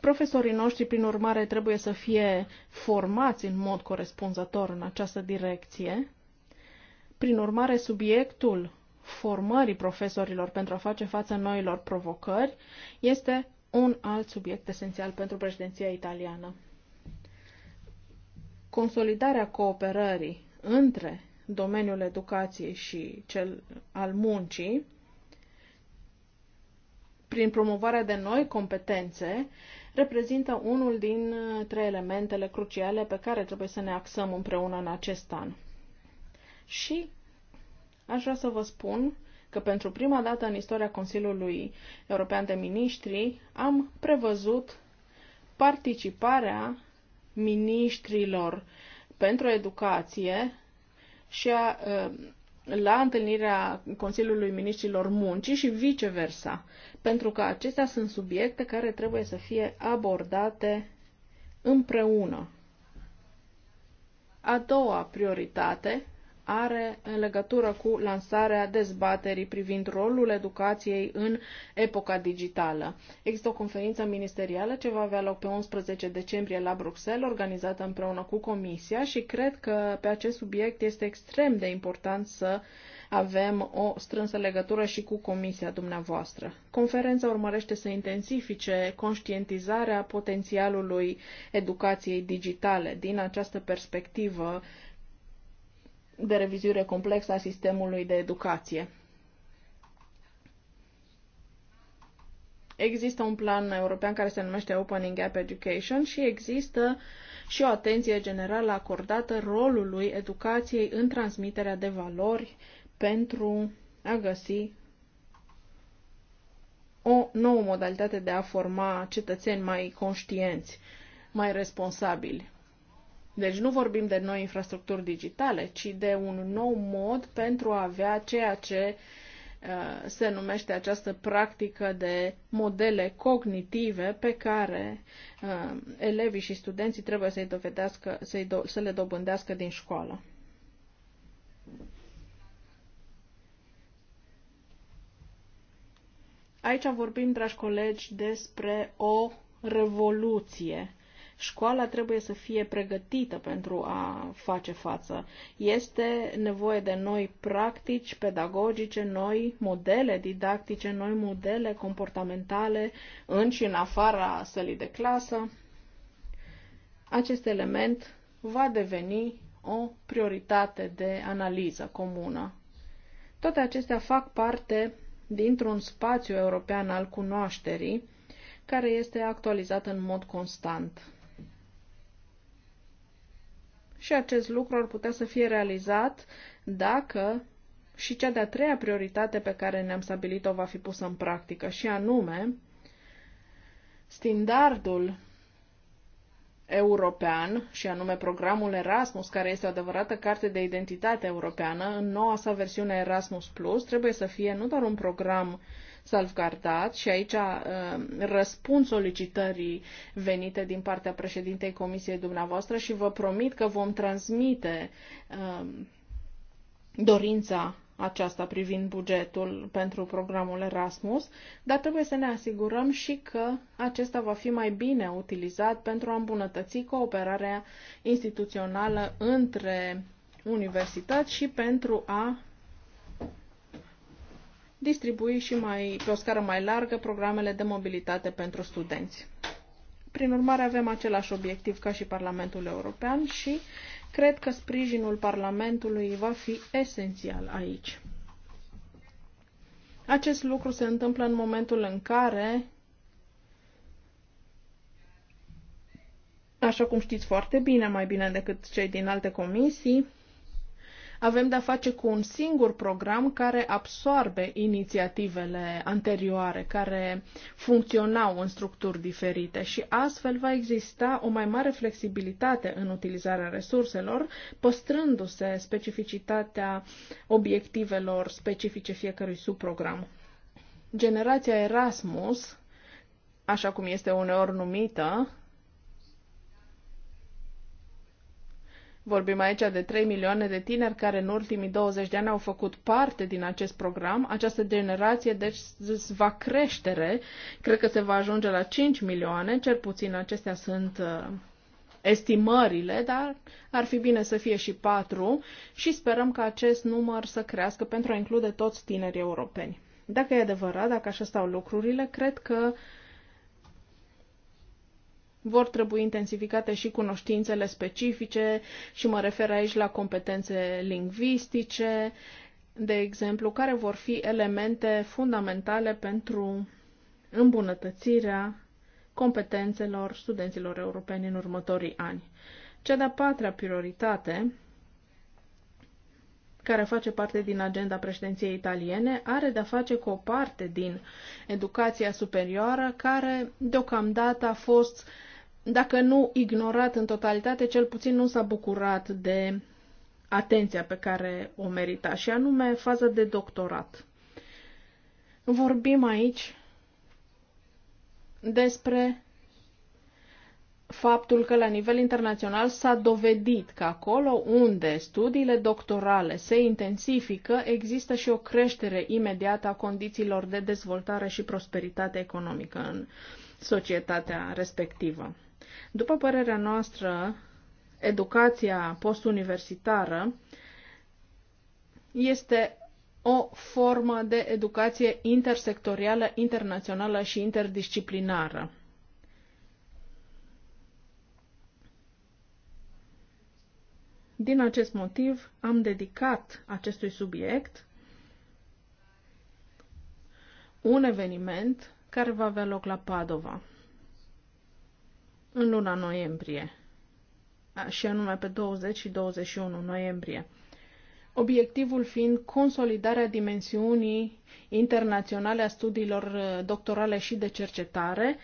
Profesorii noștri, prin urmare, trebuie să fie formați în mod corespunzător în această direcție. Prin urmare, subiectul formării profesorilor pentru a face față noilor provocări este un alt subiect esențial pentru președinția italiană. Consolidarea cooperării între domeniul educației și cel al muncii, prin promovarea de noi competențe, reprezintă unul din trei elementele cruciale pe care trebuie să ne axăm împreună în acest an. Și aș vrea să vă spun că pentru prima dată în istoria Consiliului European de Ministri am prevăzut participarea ministrilor pentru educație și a, la întâlnirea Consiliului Ministrilor Muncii și viceversa, pentru că acestea sunt subiecte care trebuie să fie abordate împreună. A doua prioritate are legătură cu lansarea dezbaterii privind rolul educației în epoca digitală. Există o conferință ministerială ce va avea loc pe 11 decembrie la Bruxelles, organizată împreună cu Comisia și cred că pe acest subiect este extrem de important să avem o strânsă legătură și cu Comisia dumneavoastră. Conferența urmărește să intensifice conștientizarea potențialului educației digitale din această perspectivă de revizuire complexă a sistemului de educație. Există un plan european care se numește Opening Gap Education și există și o atenție generală acordată rolului educației în transmiterea de valori pentru a găsi o nouă modalitate de a forma cetățeni mai conștienți, mai responsabili. Deci nu vorbim de noi infrastructuri digitale, ci de un nou mod pentru a avea ceea ce uh, se numește această practică de modele cognitive pe care uh, elevii și studenții trebuie să-i dovedească, să, do- să le dobândească din școală. Aici vorbim, dragi colegi, despre o revoluție Școala trebuie să fie pregătită pentru a face față. Este nevoie de noi practici pedagogice, noi modele didactice, noi modele comportamentale în și în afara sălii de clasă. Acest element va deveni o prioritate de analiză comună. Toate acestea fac parte dintr-un spațiu european al cunoașterii, care este actualizat în mod constant și acest lucru ar putea să fie realizat dacă și cea de-a treia prioritate pe care ne-am stabilit-o va fi pusă în practică, și anume standardul european, și anume programul Erasmus, care este o adevărată carte de identitate europeană, în noua sa versiune Erasmus Plus, trebuie să fie nu doar un program uh, salvgardat și aici uh, răspund solicitării venite din partea președintei Comisiei dumneavoastră și vă promit că vom transmite um, dorința aceasta privind bugetul pentru programul Erasmus, dar trebuie să ne asigurăm și că acesta va fi mai bine utilizat pentru a îmbunătăți cooperarea instituțională între universități și pentru a distribui și mai, pe o scară mai largă programele de mobilitate pentru studenți. Prin urmare, avem același obiectiv ca și Parlamentul European și cred că sprijinul Parlamentului va fi esențial aici. Acest lucru se întâmplă în momentul în care, așa cum știți foarte bine, mai bine decât cei din alte comisii, avem de-a face cu un singur program care absorbe inițiativele anterioare, care funcționau în structuri diferite și astfel va exista o mai mare flexibilitate în utilizarea resurselor, păstrându-se specificitatea obiectivelor specifice fiecărui subprogram. Generația Erasmus, așa cum este uneori numită, Vorbim aici de 3 milioane de tineri care în ultimii 20 de ani au făcut parte din acest program. Această generație deci va creștere. Cred că se va ajunge la 5 milioane, cel puțin acestea sunt uh, estimările, dar ar fi bine să fie și 4 și sperăm ca acest număr să crească pentru a include toți tinerii europeni. Dacă e adevărat, dacă așa stau lucrurile, cred că uh, vor trebui intensificate și cunoștințele specifice și mă refer aici la competențe lingvistice, de exemplu, care vor fi elemente fundamentale pentru îmbunătățirea competențelor studenților europeni în următorii ani. Cea de-a patra prioritate, care face parte din agenda președinției italiene, are de-a face cu o parte din educația superioară care deocamdată a fost uh, dacă nu ignorat în totalitate, cel puțin nu s-a bucurat de atenția pe care o merita, și anume faza de doctorat. Vorbim aici despre faptul că la nivel internațional s-a dovedit că acolo unde studiile doctorale se intensifică, există și o creștere imediată a condițiilor de dezvoltare și prosperitate economică în societatea respectivă. După părerea noastră, educația postuniversitară este o formă de educație intersectorială, internațională și interdisciplinară. Din acest motiv am dedicat acestui subiect un eveniment care va avea loc la Padova în luna noiembrie, și anume pe 20 și 21 noiembrie. Obiectivul fiind consolidarea dimensiunii internaționale a studiilor uh, doctorale și de cercetare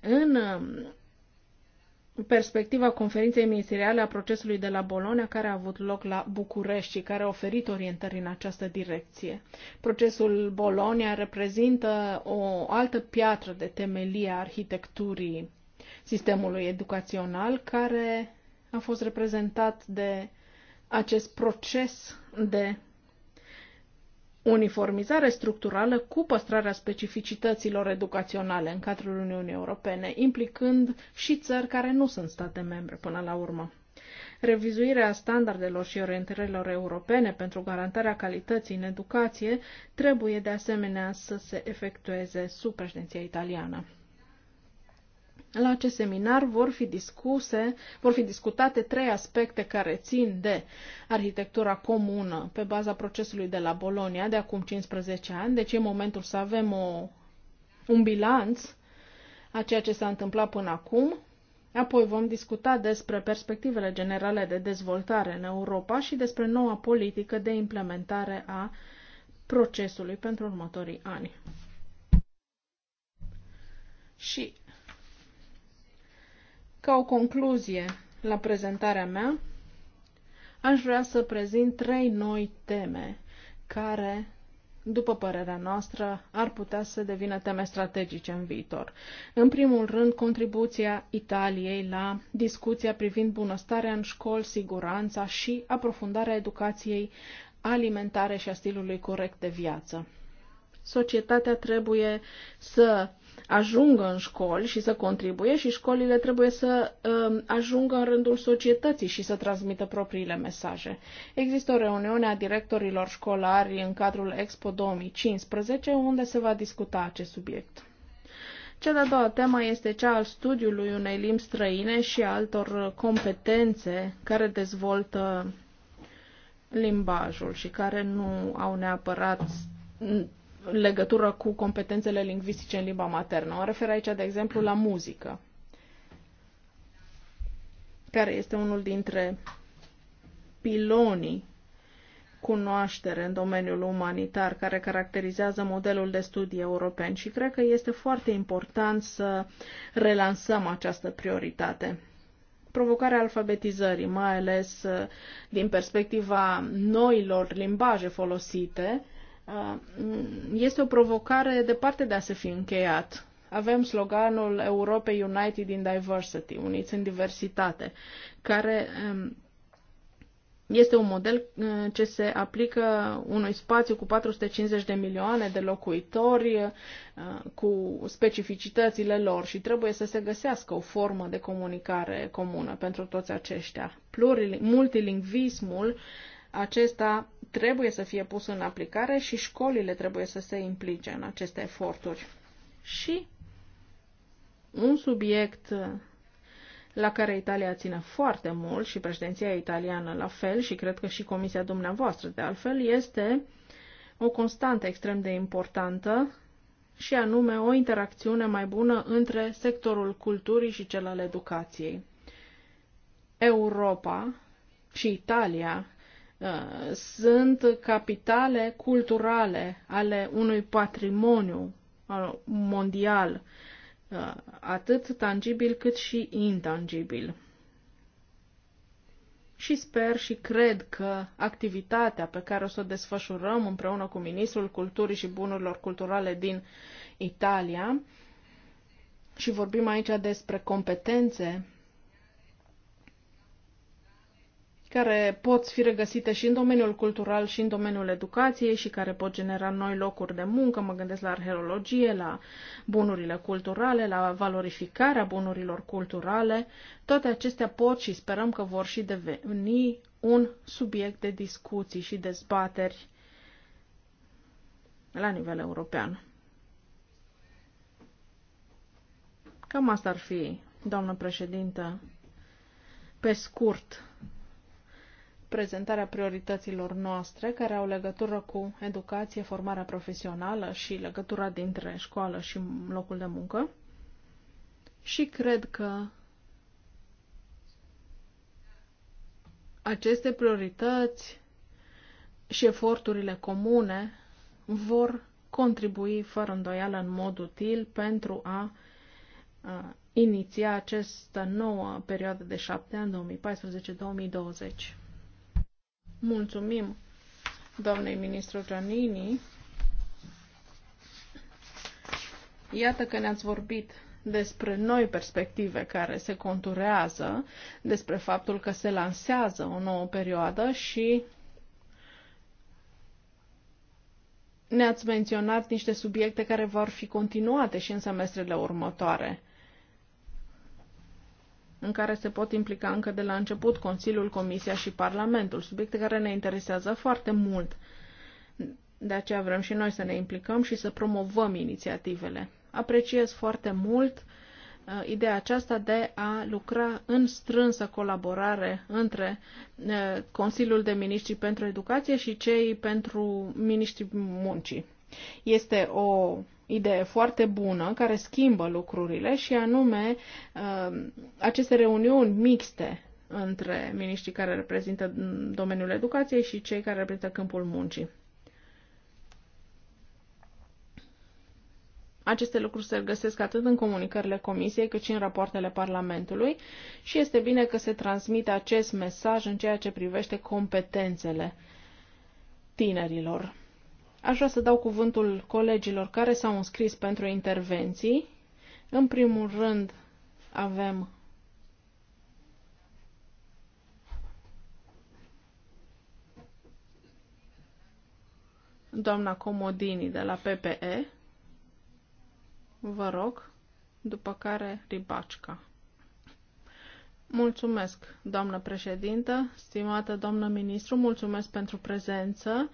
în um, perspectiva conferinței ministeriale a procesului de la Bologna, care a avut loc la București și care a oferit orientări în această direcție. Procesul Bologna reprezintă o altă piatră de temelie a arhitecturii sistemului educațional, care a fost reprezentat de acest proces de uniformizare structurală cu păstrarea specificităților educaționale în cadrul Uniunii Europene, implicând și țări care nu sunt state membre până la urmă. Revizuirea standardelor și orientărilor europene pentru garantarea calității în educație trebuie de asemenea să se efectueze sub președinția italiană. La acest seminar vor fi discuse, vor fi discutate trei aspecte care țin de arhitectura comună pe baza procesului de la Bolonia de acum 15 ani, deci e momentul să avem o, un bilanț a ceea ce s-a întâmplat până acum. Apoi vom discuta despre perspectivele generale de dezvoltare în Europa și despre noua politică de implementare a procesului pentru următorii ani. Și ca o concluzie la prezentarea mea, aș vrea să prezint trei noi teme care, după părerea noastră, ar putea să devină teme strategice în viitor. În primul rând, contribuția Italiei la discuția privind bunăstarea în școli, siguranța și aprofundarea educației alimentare și a stilului corect de viață. Societatea trebuie să ajungă în școli și să contribuie și școlile trebuie să uh, ajungă în rândul societății și să transmită propriile mesaje. Există o reuniune a directorilor școlari în cadrul Expo 2015 unde se va discuta acest subiect. Cea de-a doua temă este cea al studiului unei limbi străine și altor competențe care dezvoltă limbajul și care nu au neapărat legătură cu competențele lingvistice în limba maternă. Mă refer aici, de exemplu, la muzică, care este unul dintre pilonii cunoaștere în domeniul umanitar care caracterizează modelul de studii european și cred că este foarte important să relansăm această prioritate. Provocarea alfabetizării, mai ales uh, din perspectiva noilor limbaje folosite, Uh, este o provocare departe de a se fi încheiat. Avem sloganul Europei United in Diversity, uniți în diversitate, care um, este un model uh, ce se aplică unui spațiu cu 450 de milioane de locuitori uh, cu specificitățile lor și trebuie să se găsească o formă de comunicare comună pentru toți aceștia. multilingvismul acesta trebuie să fie pus în aplicare și școlile trebuie să se implice în aceste eforturi. Și un subiect la care Italia ține foarte mult și președinția italiană la fel și cred că și comisia dumneavoastră de altfel este o constantă extrem de importantă și anume o interacțiune mai bună între sectorul culturii și cel al educației. Europa și Italia Uh, sunt capitale culturale ale unui patrimoniu uh, mondial, uh, atât tangibil cât și intangibil. Și sper și cred că activitatea pe care o să o desfășurăm împreună cu Ministrul Culturii și Bunurilor Culturale din Italia, și vorbim aici despre competențe care pot fi regăsite și în domeniul cultural și în domeniul educației și care pot genera noi locuri de muncă. Mă gândesc la arheologie, la bunurile culturale, la valorificarea bunurilor culturale. Toate acestea pot și sperăm că vor și deveni un subiect de discuții și dezbateri la nivel european. Cam asta ar fi, doamnă președintă, pe scurt, prezentarea priorităților noastre care au legătură cu educație, formarea profesională și legătura dintre școală și locul de muncă. Și cred că aceste priorități și eforturile comune vor contribui fără îndoială în mod util pentru a, a iniția această nouă perioadă de șapte ani, 2014-2020. Mulțumim doamnei ministru Giannini. Iată că ne-ați vorbit despre noi perspective care se conturează, despre faptul că se lansează o nouă perioadă și ne-ați menționat niște subiecte care vor fi continuate și în semestrele următoare în care se pot implica încă de la început Consiliul, Comisia și Parlamentul, subiecte care ne interesează foarte mult. De aceea vrem și noi să ne implicăm și să promovăm inițiativele. Apreciez foarte mult uh, ideea aceasta de a lucra în strânsă colaborare între uh, Consiliul de Ministri pentru Educație și cei pentru Ministrii Muncii. Este o idee foarte bună care schimbă lucrurile și anume uh, aceste reuniuni mixte între miniștrii care reprezintă domeniul educației și cei care reprezintă câmpul muncii. Aceste lucruri se găsesc atât în comunicările Comisiei cât și în rapoartele Parlamentului și este bine că se transmite acest mesaj în ceea ce privește competențele tinerilor. Aș vrea să dau cuvântul colegilor care s-au înscris pentru intervenții. În primul rând avem doamna Comodini de la PPE. Vă rog, după care Ribacica. Mulțumesc, doamnă președintă, stimată doamnă ministru, mulțumesc pentru prezență.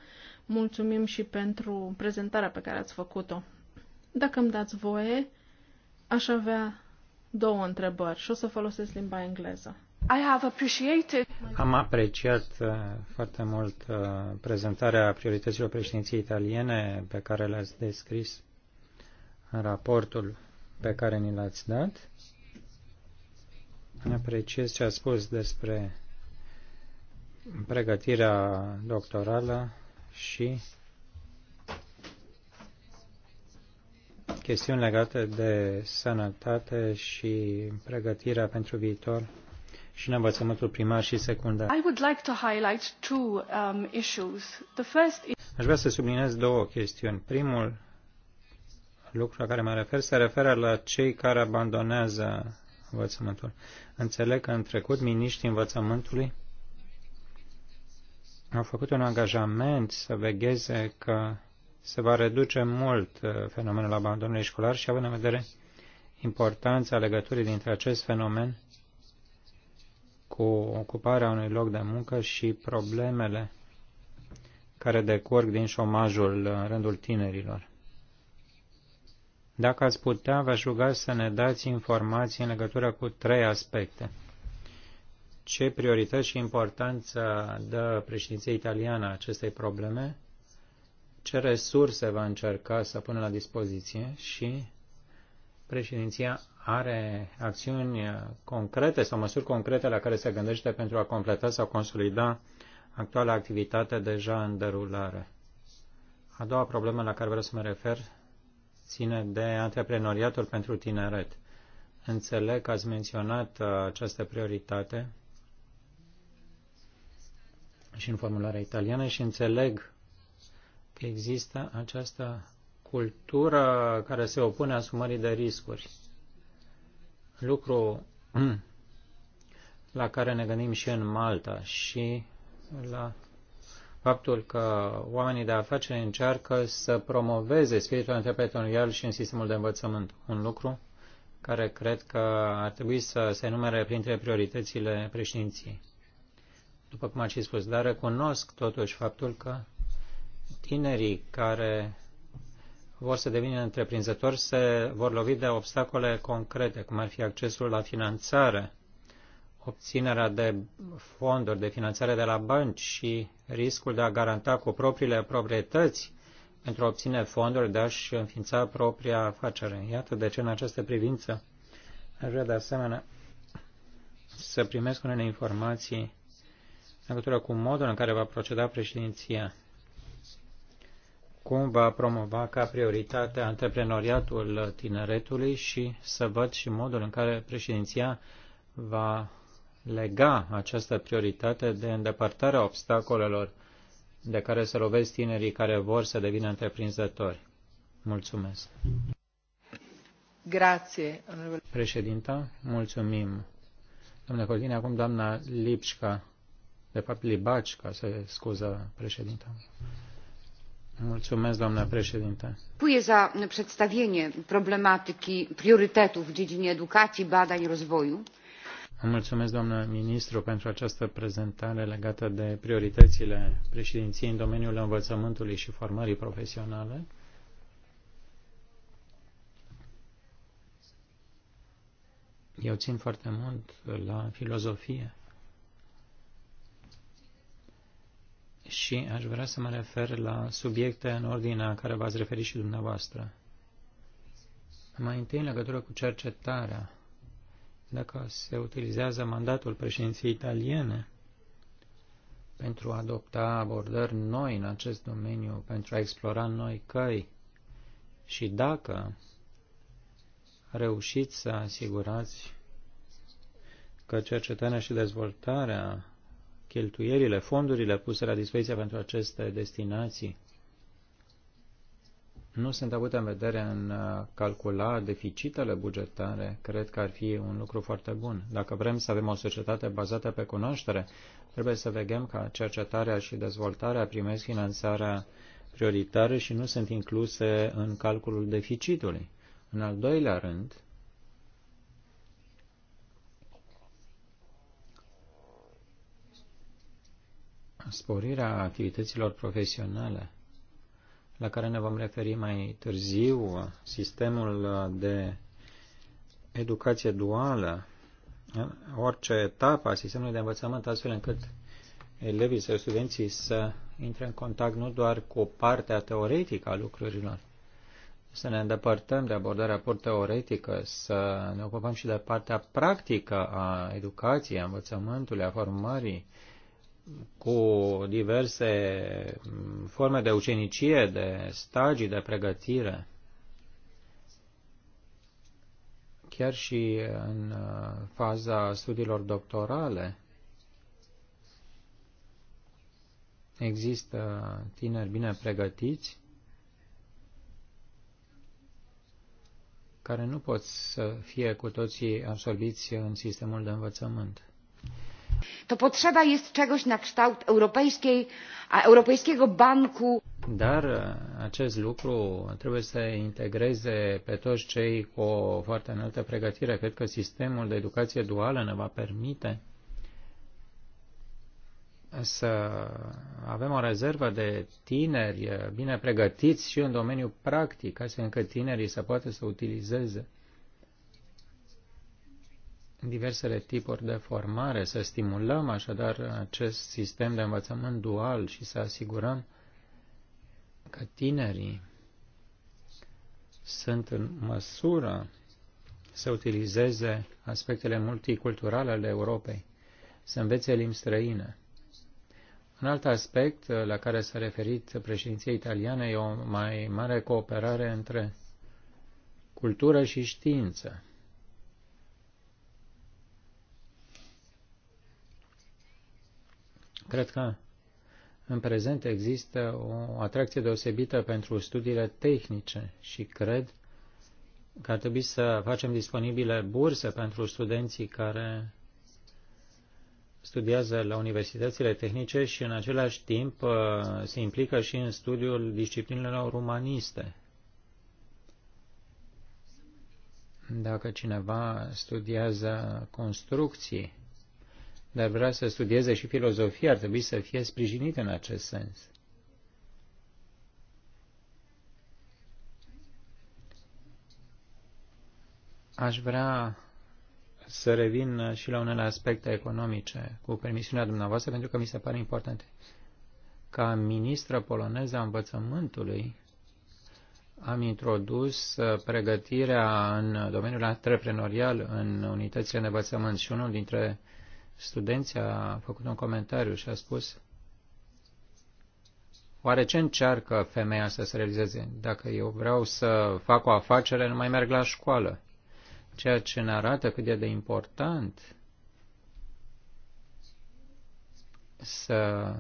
Mulțumim și pentru prezentarea pe care ați făcut-o. Dacă îmi dați voie, aș avea două întrebări și o să folosesc limba engleză. I have appreciated... Am apreciat uh, foarte mult uh, prezentarea priorităților președinției italiene pe care le-ați descris în raportul pe care ni l-ați dat. Apreciez ce a spus despre pregătirea doctorală și chestiuni legate de sănătate și pregătirea pentru viitor și în învățământul primar și secundar. I would like to highlight two um, issues. The first is... Aș vrea să subliniez două chestiuni. Primul lucru la care mă refer se referă la cei care abandonează învățământul. Înțeleg că în trecut miniștrii învățământului au făcut un angajament să vegheze că se va reduce mult uh, fenomenul abandonului școlar și având în vedere importanța legăturii dintre acest fenomen cu ocuparea unui loc de muncă și problemele care decurg din șomajul uh, în rândul tinerilor. Dacă ați putea, v-aș ruga să ne dați informații în legătură cu trei aspecte ce priorități și importanță dă președinția italiană acestei probleme, ce resurse va încerca să pună la dispoziție și președinția are acțiuni concrete sau măsuri concrete la care se gândește pentru a completa sau consolida actuala activitate deja în derulare. A doua problemă la care vreau să mă refer ține de antreprenoriatul pentru tineret. Înțeleg că ați menționat uh, această prioritate și în formularea italiană și înțeleg că există această cultură care se opune asumării de riscuri. Lucru la care ne gândim și în Malta și la faptul că oamenii de afaceri încearcă să promoveze spiritul antreprenorial și în sistemul de învățământ. Un lucru care cred că ar trebui să se numere printre prioritățile președinției după cum ați spus, dar recunosc totuși faptul că tinerii care vor să devină întreprinzători se vor lovi de obstacole concrete, cum ar fi accesul la finanțare, obținerea de fonduri de finanțare de la bănci și riscul de a garanta cu propriile proprietăți pentru a obține fonduri de a-și înființa propria afacere. Iată de ce în această privință aș vrea de asemenea să primesc unele informații în legătură cu modul în care va proceda președinția, cum va promova ca prioritate antreprenoriatul tineretului și să văd și modul în care președinția va lega această prioritate de îndepărtarea obstacolelor de care se lovesc tinerii care vor să devină întreprinzători. Mulțumesc. Grație. Președinta, mulțumim. Domnule Cordine, acum doamna Lipșca de fapt, Libaci, ca să scuză președinta. Mulțumesc, doamna președinte. Dziękuję za przedstawienie problematyki priorytetów w dziedzinie educației, badań i rozwoju. Mulțumesc, doamna ministru, pentru această prezentare legată de prioritățile președinției în domeniul învățământului și formării profesionale. Eu țin foarte mult la filozofie. și aș vrea să mă refer la subiecte în ordinea care v-ați referit și dumneavoastră. Mai întâi, în legătură cu cercetarea, dacă se utilizează mandatul președinției italiene pentru a adopta abordări noi în acest domeniu, pentru a explora noi căi și dacă reușiți să asigurați că cercetarea și dezvoltarea cheltuielile, fondurile puse la dispoziție pentru aceste destinații nu sunt avute în vedere în uh, calcula deficitele bugetare, cred că ar fi un lucru foarte bun. Dacă vrem să avem o societate bazată pe cunoaștere, trebuie să vegem ca cercetarea și dezvoltarea primesc finanțarea prioritară și nu sunt incluse în calculul deficitului. În al doilea rând, sporirea activităților profesionale, la care ne vom referi mai târziu, sistemul de educație duală, orice etapă a sistemului de învățământ, astfel încât elevii sau studenții să intre în contact nu doar cu partea teoretică a lucrurilor, să ne îndepărtăm de abordarea pur teoretică, să ne ocupăm și de partea practică a educației, a învățământului, a formării, cu diverse forme de ucenicie, de stagii, de pregătire. Chiar și în uh, faza studiilor doctorale există tineri bine pregătiți care nu pot să fie cu toții absorbiți în sistemul de învățământ. To potrzeba jest czegoś na kształt europejskiej, a europejskiego banku. Dar acest lucru trebuie să integreze pe toți cei cu o foarte înaltă pregătire. Cred că sistemul de educație duală ne va permite să avem o rezervă de tineri bine pregătiți și în domeniul practic, astfel încât tinerii să poată să utilizeze diversele tipuri de formare, să stimulăm așadar acest sistem de învățământ dual și să asigurăm că tinerii sunt în măsură să utilizeze aspectele multiculturale ale Europei, să învețe limbi străine. Un alt aspect la care s-a referit președinția italiană e o mai mare cooperare între cultură și știință. Cred că în prezent există o atracție deosebită pentru studiile tehnice și cred că ar trebui să facem disponibile burse pentru studenții care studiază la universitățile tehnice și în același timp uh, se implică și în studiul disciplinelor umaniste. Dacă cineva studiază construcții, dar vrea să studieze și filozofia, ar trebui să fie sprijinit în acest sens. Aș vrea să revin și la unele aspecte economice, cu permisiunea dumneavoastră, pentru că mi se pare important. Ca ministră poloneză a învățământului, am introdus pregătirea în domeniul antreprenorial în unitățile de învățământ și unul dintre uh, studenții a făcut un comentariu și a spus Oare ce încearcă femeia să se realizeze? Dacă eu vreau să fac o afacere, nu mai merg la școală. Ceea ce ne arată cât e de important să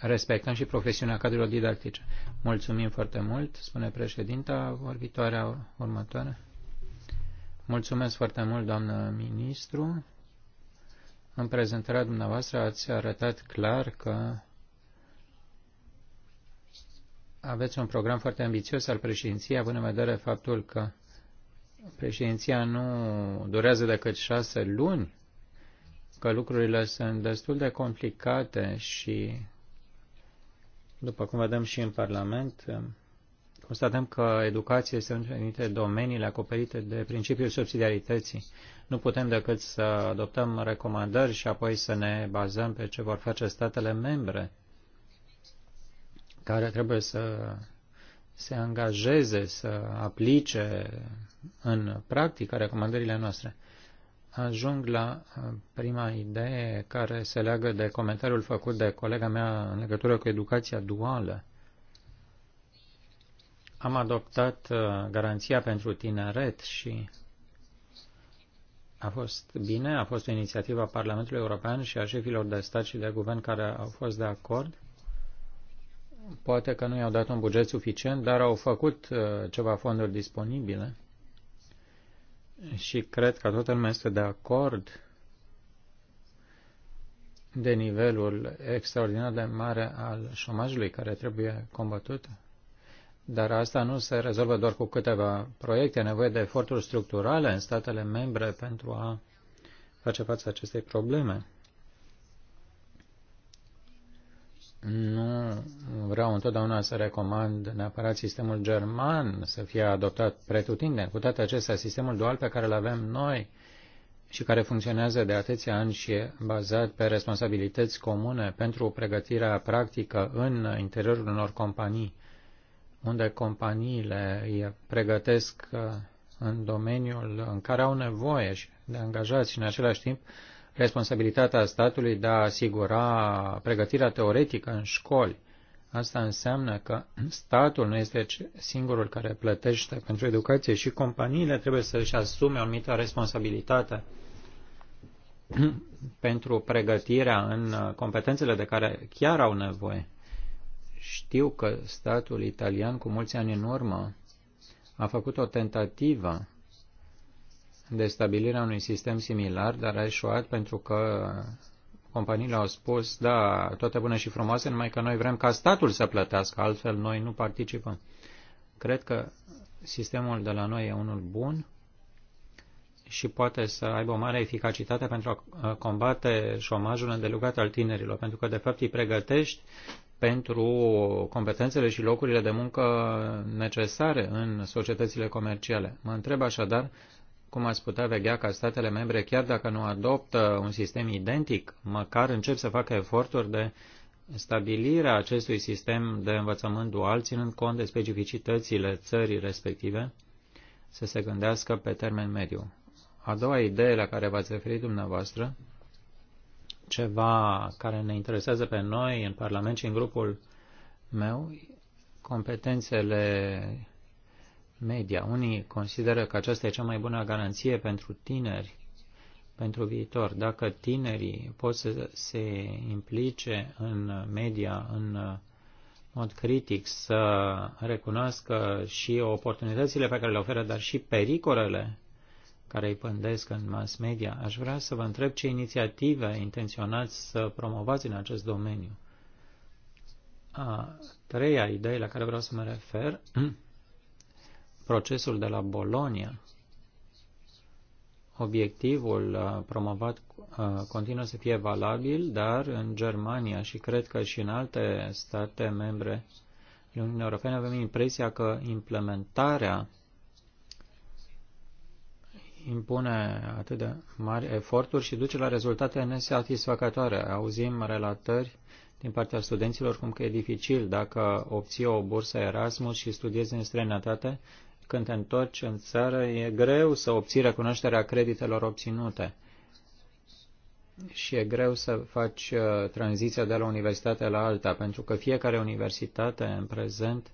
respectăm și profesiunea cadrelor didactice. Mulțumim foarte mult, spune președinta, vorbitoarea următoare. Mulțumesc foarte mult, doamnă ministru. În prezentarea dumneavoastră ați arătat clar că aveți un program foarte ambițios al președinției, având în vedere faptul că președinția nu durează decât șase luni, că lucrurile sunt destul de complicate și, după cum vedem și în Parlament, Constatăm că educația este unul dintre domeniile acoperite de principiul subsidiarității. Nu putem decât să adoptăm recomandări și apoi să ne bazăm pe ce vor face statele membre, care trebuie să se angajeze, să aplice în practică recomandările noastre. Ajung la prima idee care se leagă de comentariul făcut de colega mea în legătură cu educația duală am adoptat uh, garanția pentru tineret și a fost bine, a fost o inițiativă a Parlamentului European și a șefilor de stat și de guvern care au fost de acord. Poate că nu i-au dat un buget suficient, dar au făcut uh, ceva fonduri disponibile și cred că toată lumea este de acord de nivelul extraordinar de mare al șomajului care trebuie combătut. Dar asta nu se rezolvă doar cu câteva proiecte, e nevoie de eforturi structurale în statele membre pentru a face față acestei probleme. Nu vreau întotdeauna să recomand neapărat sistemul german să fie adoptat pretutinde. Cu toate acestea, sistemul dual pe care îl avem noi și care funcționează de atâția ani și e bazat pe responsabilități comune pentru pregătirea practică în interiorul unor companii unde companiile pregătesc uh, în domeniul în care au nevoie de angajați și în același timp responsabilitatea statului de a asigura pregătirea teoretică în școli. Asta înseamnă că statul nu este singurul care plătește pentru educație și companiile trebuie să-și asume o anumită responsabilitate pentru pregătirea în uh, competențele de care chiar au nevoie. Știu că statul italian cu mulți ani în urmă a făcut o tentativă de stabilirea unui sistem similar, dar a eșuat pentru că companiile au spus, da, toate bune și frumoase, numai că noi vrem ca statul să plătească, altfel noi nu participăm. Cred că sistemul de la noi e unul bun și poate să aibă o mare eficacitate pentru a combate șomajul îndelugat al tinerilor, pentru că de fapt îi pregătești pentru competențele și locurile de muncă necesare în societățile comerciale. Mă întreb așadar cum ați putea vedea ca statele membre, chiar dacă nu adoptă un sistem identic, măcar încep să facă eforturi de stabilirea acestui sistem de învățământ dual, ținând cont de specificitățile țării respective, să se gândească pe termen mediu. A doua idee la care v-ați referit dumneavoastră ceva care ne interesează pe noi în Parlament și în grupul meu, competențele media. Unii consideră că aceasta e cea mai bună garanție pentru tineri, pentru viitor. Dacă tinerii pot să se implice în media, în mod critic, să recunoască și oportunitățile pe care le oferă, dar și pericolele care îi pândesc în mass media. Aș vrea să vă întreb ce inițiative intenționați să promovați în acest domeniu. A treia idee la care vreau să mă refer, procesul de la Bolonia, obiectivul uh, promovat uh, continuă să fie valabil, dar în Germania și cred că și în alte state membre ale Uniunii Europene avem impresia că implementarea impune atât de mari eforturi și duce la rezultate nesatisfăcătoare. Auzim relatări din partea studenților cum că e dificil dacă obții o bursă Erasmus și studiezi în străinătate, când te întorci în țară, e greu să obții recunoașterea creditelor obținute. Și e greu să faci uh, tranziția de la universitate la alta, pentru că fiecare universitate în prezent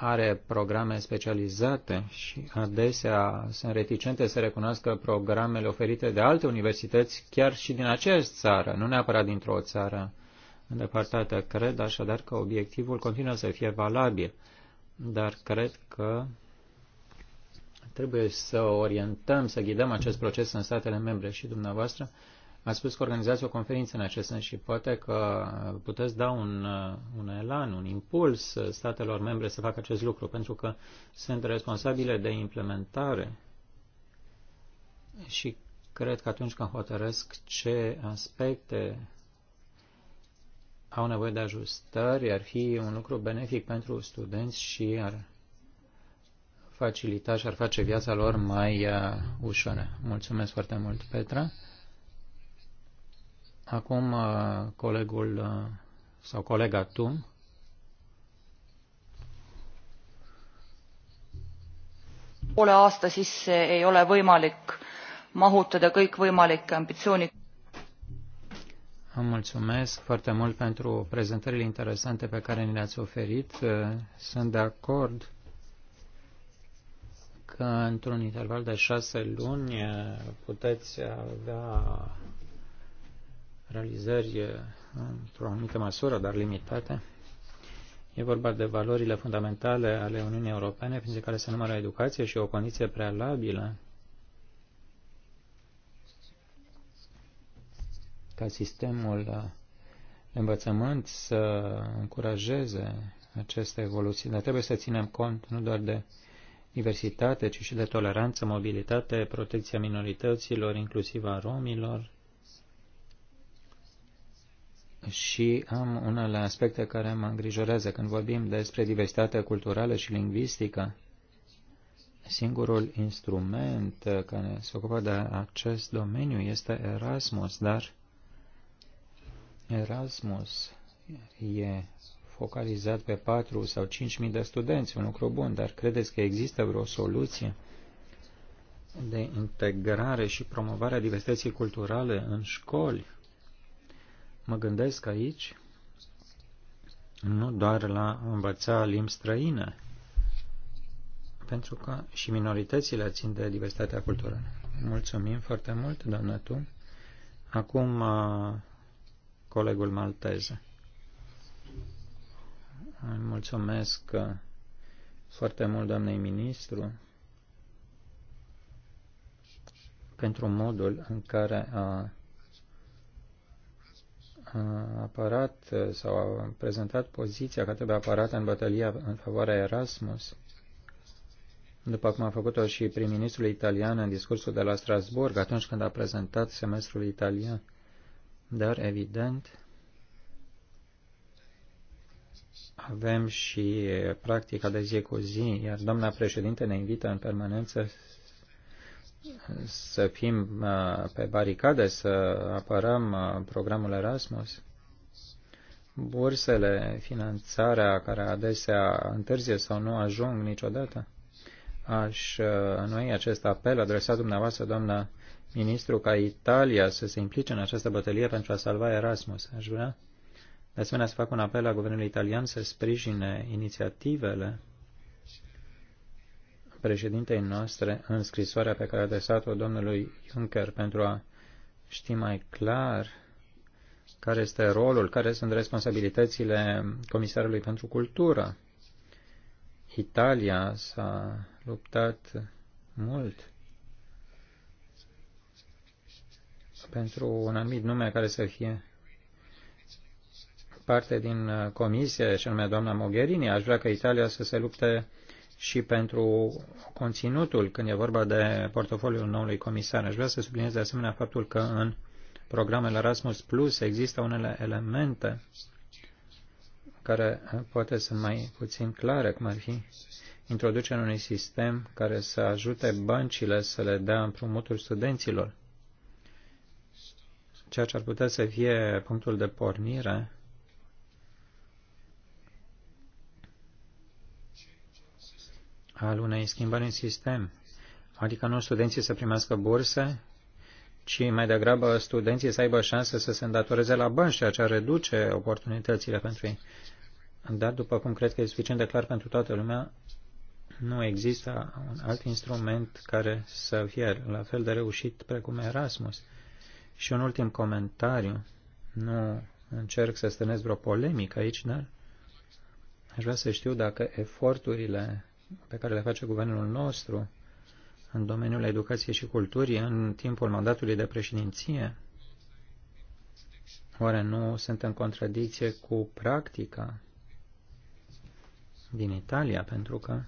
are programe specializate și adesea sunt reticente să recunoască programele oferite de alte universități, chiar și din aceeași țară, nu neapărat dintr-o țară îndepărtată. Cred așadar că obiectivul continuă să fie valabil, dar cred că trebuie să orientăm, să ghidăm acest proces în statele membre și dumneavoastră a spus că organizați o conferință în acest sens și poate că puteți da un, un elan, un impuls statelor membre să facă acest lucru, pentru că sunt responsabile de implementare și cred că atunci când hotărăsc ce aspecte au nevoie de ajustări, ar fi un lucru benefic pentru studenți și ar facilita și ar face viața lor mai uh, ușoară. Mulțumesc foarte mult, Petra. Acum uh, colegul uh, sau colega Tum. poole aasta sisse ei ole võimalik mahutada kõikvõimalikke ambitsioone. Mulțumesc foarte mult pentru prezentările interesante pe care ni le-ați oferit. Uh, sunt de acord că într-un interval de șase luni puteți avea realizări într-o anumită măsură, dar limitate. E vorba de valorile fundamentale ale Uniunii Europene, prin care se numără educație și o condiție prealabilă ca sistemul uh, de învățământ să încurajeze aceste evoluții. Dar trebuie să ținem cont nu doar de diversitate, ci și de toleranță, mobilitate, protecția minorităților, inclusiv a romilor, și am unele aspecte care mă îngrijorează când vorbim despre diversitatea culturală și lingvistică. Singurul instrument care se ocupă de acest domeniu este Erasmus, dar Erasmus e focalizat pe 4 sau 5 mii de studenți, un lucru bun, dar credeți că există vreo soluție de integrare și promovarea diversității culturale în școli? Mă gândesc aici nu doar la învăța limbi străine, pentru că și minoritățile țin de diversitatea culturală. Mulțumim foarte mult, doamnă Tu. Acum, uh, colegul malteză. mulțumesc uh, foarte mult, doamnei ministru, pentru modul în care a uh, apărat sau a prezentat poziția că trebuie apărată în bătălia în favoarea Erasmus, după cum a făcut-o și prim-ministrul italian în discursul de la Strasburg, atunci când a prezentat semestrul italian. Dar, evident, avem și practica de zi cu zi, iar doamna președinte ne invită în permanență să fim uh, pe baricade, să apărăm uh, programul Erasmus, bursele, finanțarea care adesea întârzie sau nu ajung niciodată. Aș uh, noi acest apel adresat dumneavoastră, doamna ministru, ca Italia să se implice în această bătălie pentru a salva Erasmus. Aș vrea de asemenea să fac un apel la guvernul italian să sprijine inițiativele președintei noastre în scrisoarea pe care a adresat-o domnului Juncker pentru a ști mai clar care este rolul, care sunt responsabilitățile Comisarului pentru Cultură. Italia s-a luptat mult pentru un anumit nume care să fie parte din comisie, și anume doamna Mogherini. Aș vrea ca Italia să se lupte și pentru conținutul când e vorba de portofoliul noului comisar. Aș vrea să subliniez de asemenea faptul că în programele Erasmus Plus există unele elemente care poate sunt mai puțin clare, cum ar fi introducerea unui sistem care să ajute băncile să le dea împrumuturi studenților, ceea ce ar putea să fie punctul de pornire al unei schimbări în sistem, adică nu studenții să primească burse, ci mai degrabă studenții să aibă șanse să se îndatoreze la bani, ceea ce reduce oportunitățile pentru ei. Dar, după cum cred că e suficient de clar pentru toată lumea, nu există un alt instrument care să fie la fel de reușit precum Erasmus. Și un ultim comentariu. Nu încerc să stănesc vreo polemică aici, dar aș vrea să știu dacă eforturile pe care le face guvernul nostru în domeniul educației și culturii în timpul mandatului de președinție? Oare nu sunt în contradicție cu practica din Italia? Pentru că,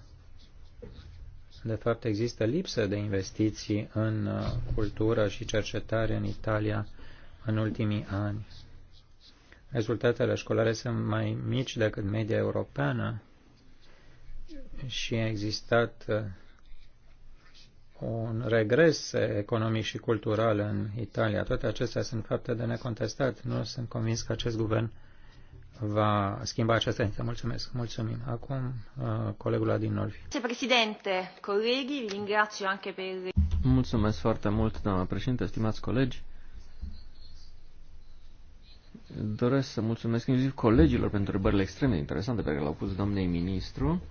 de fapt, există lipsă de investiții în uh, cultură și cercetare în Italia în ultimii ani. Rezultatele școlare sunt mai mici decât media europeană și a existat uh, un regres economic și cultural în Italia. Toate acestea sunt fapte de necontestat. Nu sunt convins că acest guvern va schimba această dintre. Mulțumesc. Mulțumim. Acum, uh, colegul din Olfi. Președinte, colegi, vi ringrazio anche per... Mulțumesc foarte mult, doamna președinte, stimați colegi. Doresc să mulțumesc inclusiv colegilor pentru întrebările extrem de interesante pe care le-au pus doamnei ministru.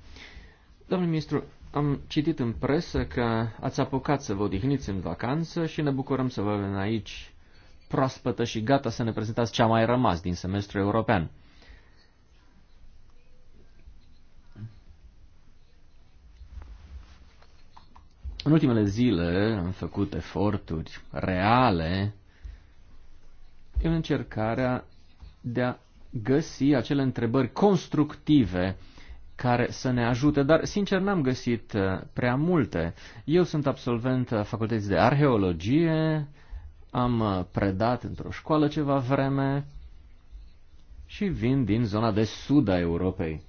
Domnul ministru, am citit în presă că ați apucat să vă odihniți în vacanță și ne bucurăm să vă avem aici proaspătă și gata să ne prezentați ce a mai rămas din semestrul european. În ultimele zile am făcut eforturi reale în încercarea de a găsi acele întrebări constructive care să ne ajute, dar sincer n-am găsit uh, prea multe. Eu sunt absolvent a uh, facultății de arheologie, am uh, predat într-o școală ceva vreme și vin din zona de sud a Europei.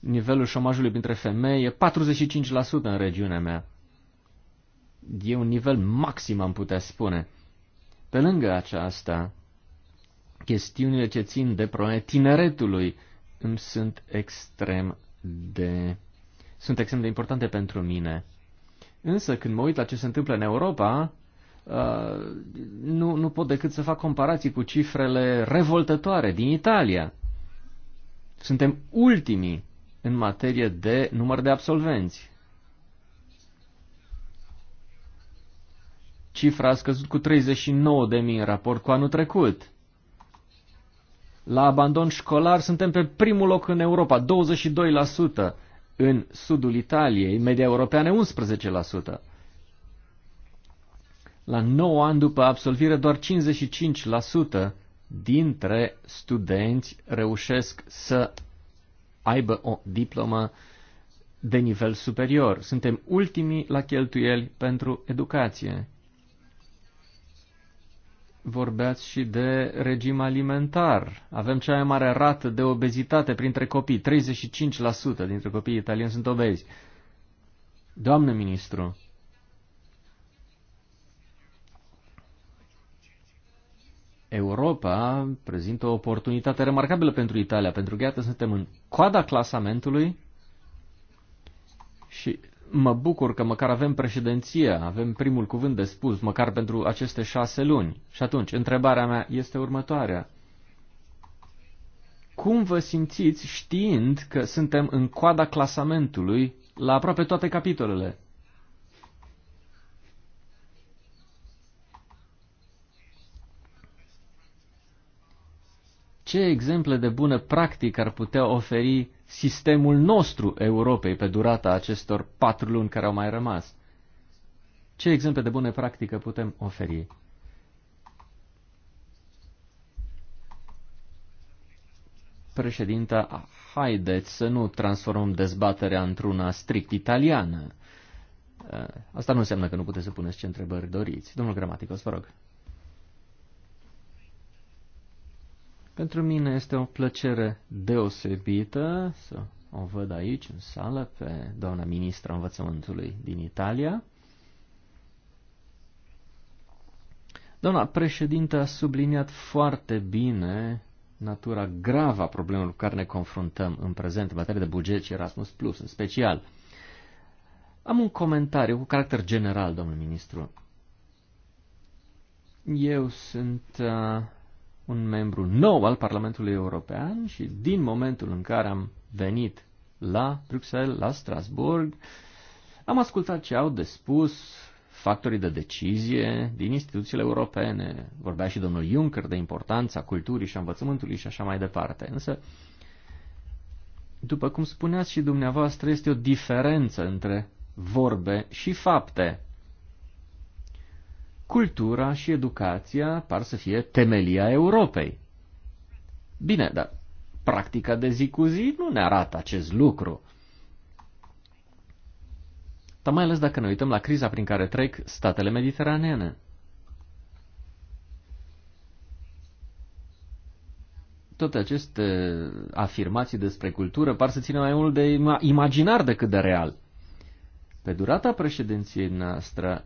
Nivelul șomajului printre femei e 45% în regiunea mea. E un nivel maxim, am putea spune. Pe lângă aceasta, chestiunile ce țin de probleme tineretului, îmi sunt extrem de sunt extrem de importante pentru mine. Însă când mă uit la ce se întâmplă în Europa, uh, nu, nu pot decât să fac comparații cu cifrele revoltătoare din Italia. Suntem ultimii în materie de număr de absolvenți. Cifra a scăzut cu 39.000 în raport cu anul trecut. La abandon școlar suntem pe primul loc în Europa, 22%, în sudul Italiei, media europeană 11%. La 9 ani după absolvire, doar 55% dintre studenți reușesc să aibă o diplomă de nivel superior. Suntem ultimii la cheltuieli pentru educație vorbeați și de regim alimentar. Avem cea mai mare rată de obezitate printre copii. 35% dintre copiii italieni sunt obezi. Doamne ministru, Europa prezintă o oportunitate remarcabilă pentru Italia, pentru că iată suntem în coada clasamentului și Mă bucur că măcar avem președinția, avem primul cuvânt de spus, măcar pentru aceste șase luni. Și atunci, întrebarea mea este următoarea. Cum vă simțiți știind că suntem în coada clasamentului la aproape toate capitolele? Ce exemple de bună practică ar putea oferi sistemul nostru Europei pe durata acestor patru luni care au mai rămas? Ce exemple de bune practică putem oferi? Președinta, haideți să nu transformăm dezbaterea într-una strict italiană. Ă, asta nu înseamnă că nu puteți să puneți ce întrebări doriți. Domnul Gramaticos, vă rog. Pentru mine este o plăcere deosebită să o văd aici, în sală, pe doamna ministra învățământului din Italia. Doamna președintă a subliniat foarte bine natura gravă a problemelor cu care ne confruntăm în prezent în materie de buget și Erasmus Plus, în special. Am un comentariu cu caracter general, domnul ministru. Eu sunt uh, un membru nou al Parlamentului European și din momentul în care am venit la Bruxelles, la Strasburg, am ascultat ce au de spus factorii de decizie din instituțiile europene. Vorbea și domnul Juncker de importanța culturii și a învățământului și așa mai departe. Însă, după cum spuneați și dumneavoastră, este o diferență între vorbe și fapte cultura și educația par să fie temelia Europei. Bine, dar practica de zi cu zi nu ne arată acest lucru. Dar mai ales dacă ne uităm la criza prin care trec statele mediteraneene. Toate aceste afirmații despre cultură par să țină mai mult de imaginar decât de real. Pe durata președinției noastre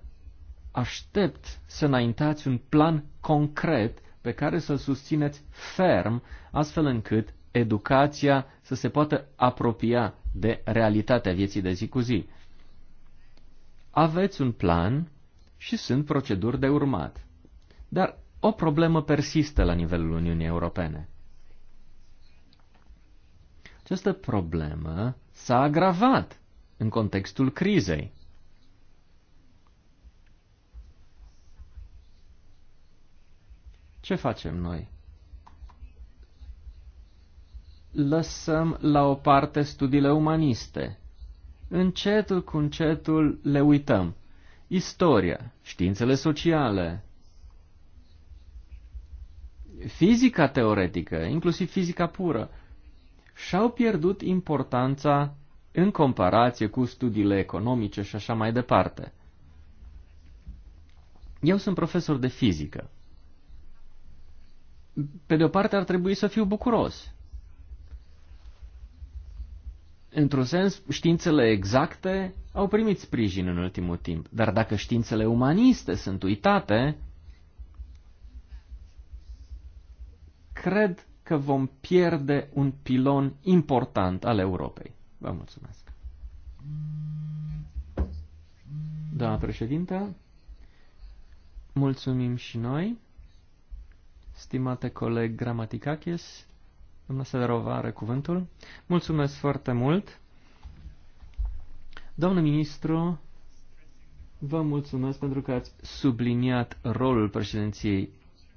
aștept să înaintați un plan concret pe care să-l susțineți ferm, astfel încât educația să se poată apropia de realitatea vieții de zi cu zi. Aveți un plan și sunt proceduri de urmat. Dar o problemă persistă la nivelul Uniunii Europene. Această problemă s-a agravat în contextul crizei. Ce facem noi? Lăsăm la o parte studiile umaniste. Încetul cu încetul le uităm. Istoria, științele sociale, fizica teoretică, inclusiv fizica pură, și-au pierdut importanța în comparație cu studiile economice și așa mai departe. Eu sunt profesor de fizică pe de o parte ar trebui să fiu bucuros. Într-un sens, științele exacte au primit sprijin în ultimul timp, dar dacă științele umaniste sunt uitate, cred că vom pierde un pilon important al Europei. Vă mulțumesc. Doamna președintă, mulțumim și noi. Stimate coleg Gramaticakis, doamna Sederova are cuvântul. Mulțumesc foarte mult. Domnul ministru, vă mulțumesc pentru că ați subliniat rolul președinției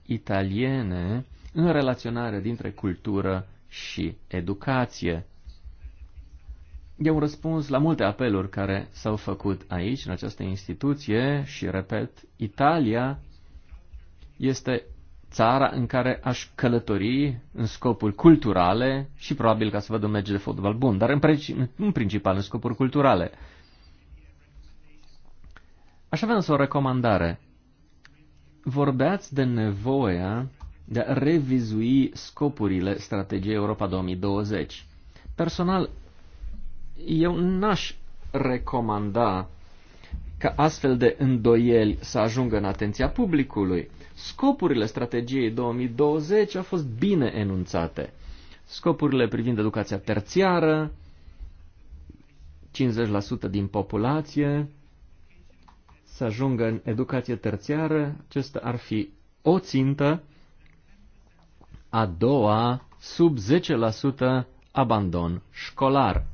italiene în relaționarea dintre cultură și educație. E un răspuns la multe apeluri care s-au făcut aici, în această instituție, și repet, Italia este țara în care aș călători în scopuri culturale și probabil ca să văd un meci de fotbal bun, dar în, în principal în scopuri culturale. Aș avea însă o recomandare. Vorbeați de nevoia de a revizui scopurile strategiei Europa 2020. Personal, eu n-aș recomanda ca astfel de îndoieli să ajungă în atenția publicului. Scopurile strategiei 2020 au fost bine enunțate. Scopurile privind educația terțiară, 50% din populație să ajungă în educație terțiară, acesta ar fi o țintă, a doua, sub 10% abandon școlar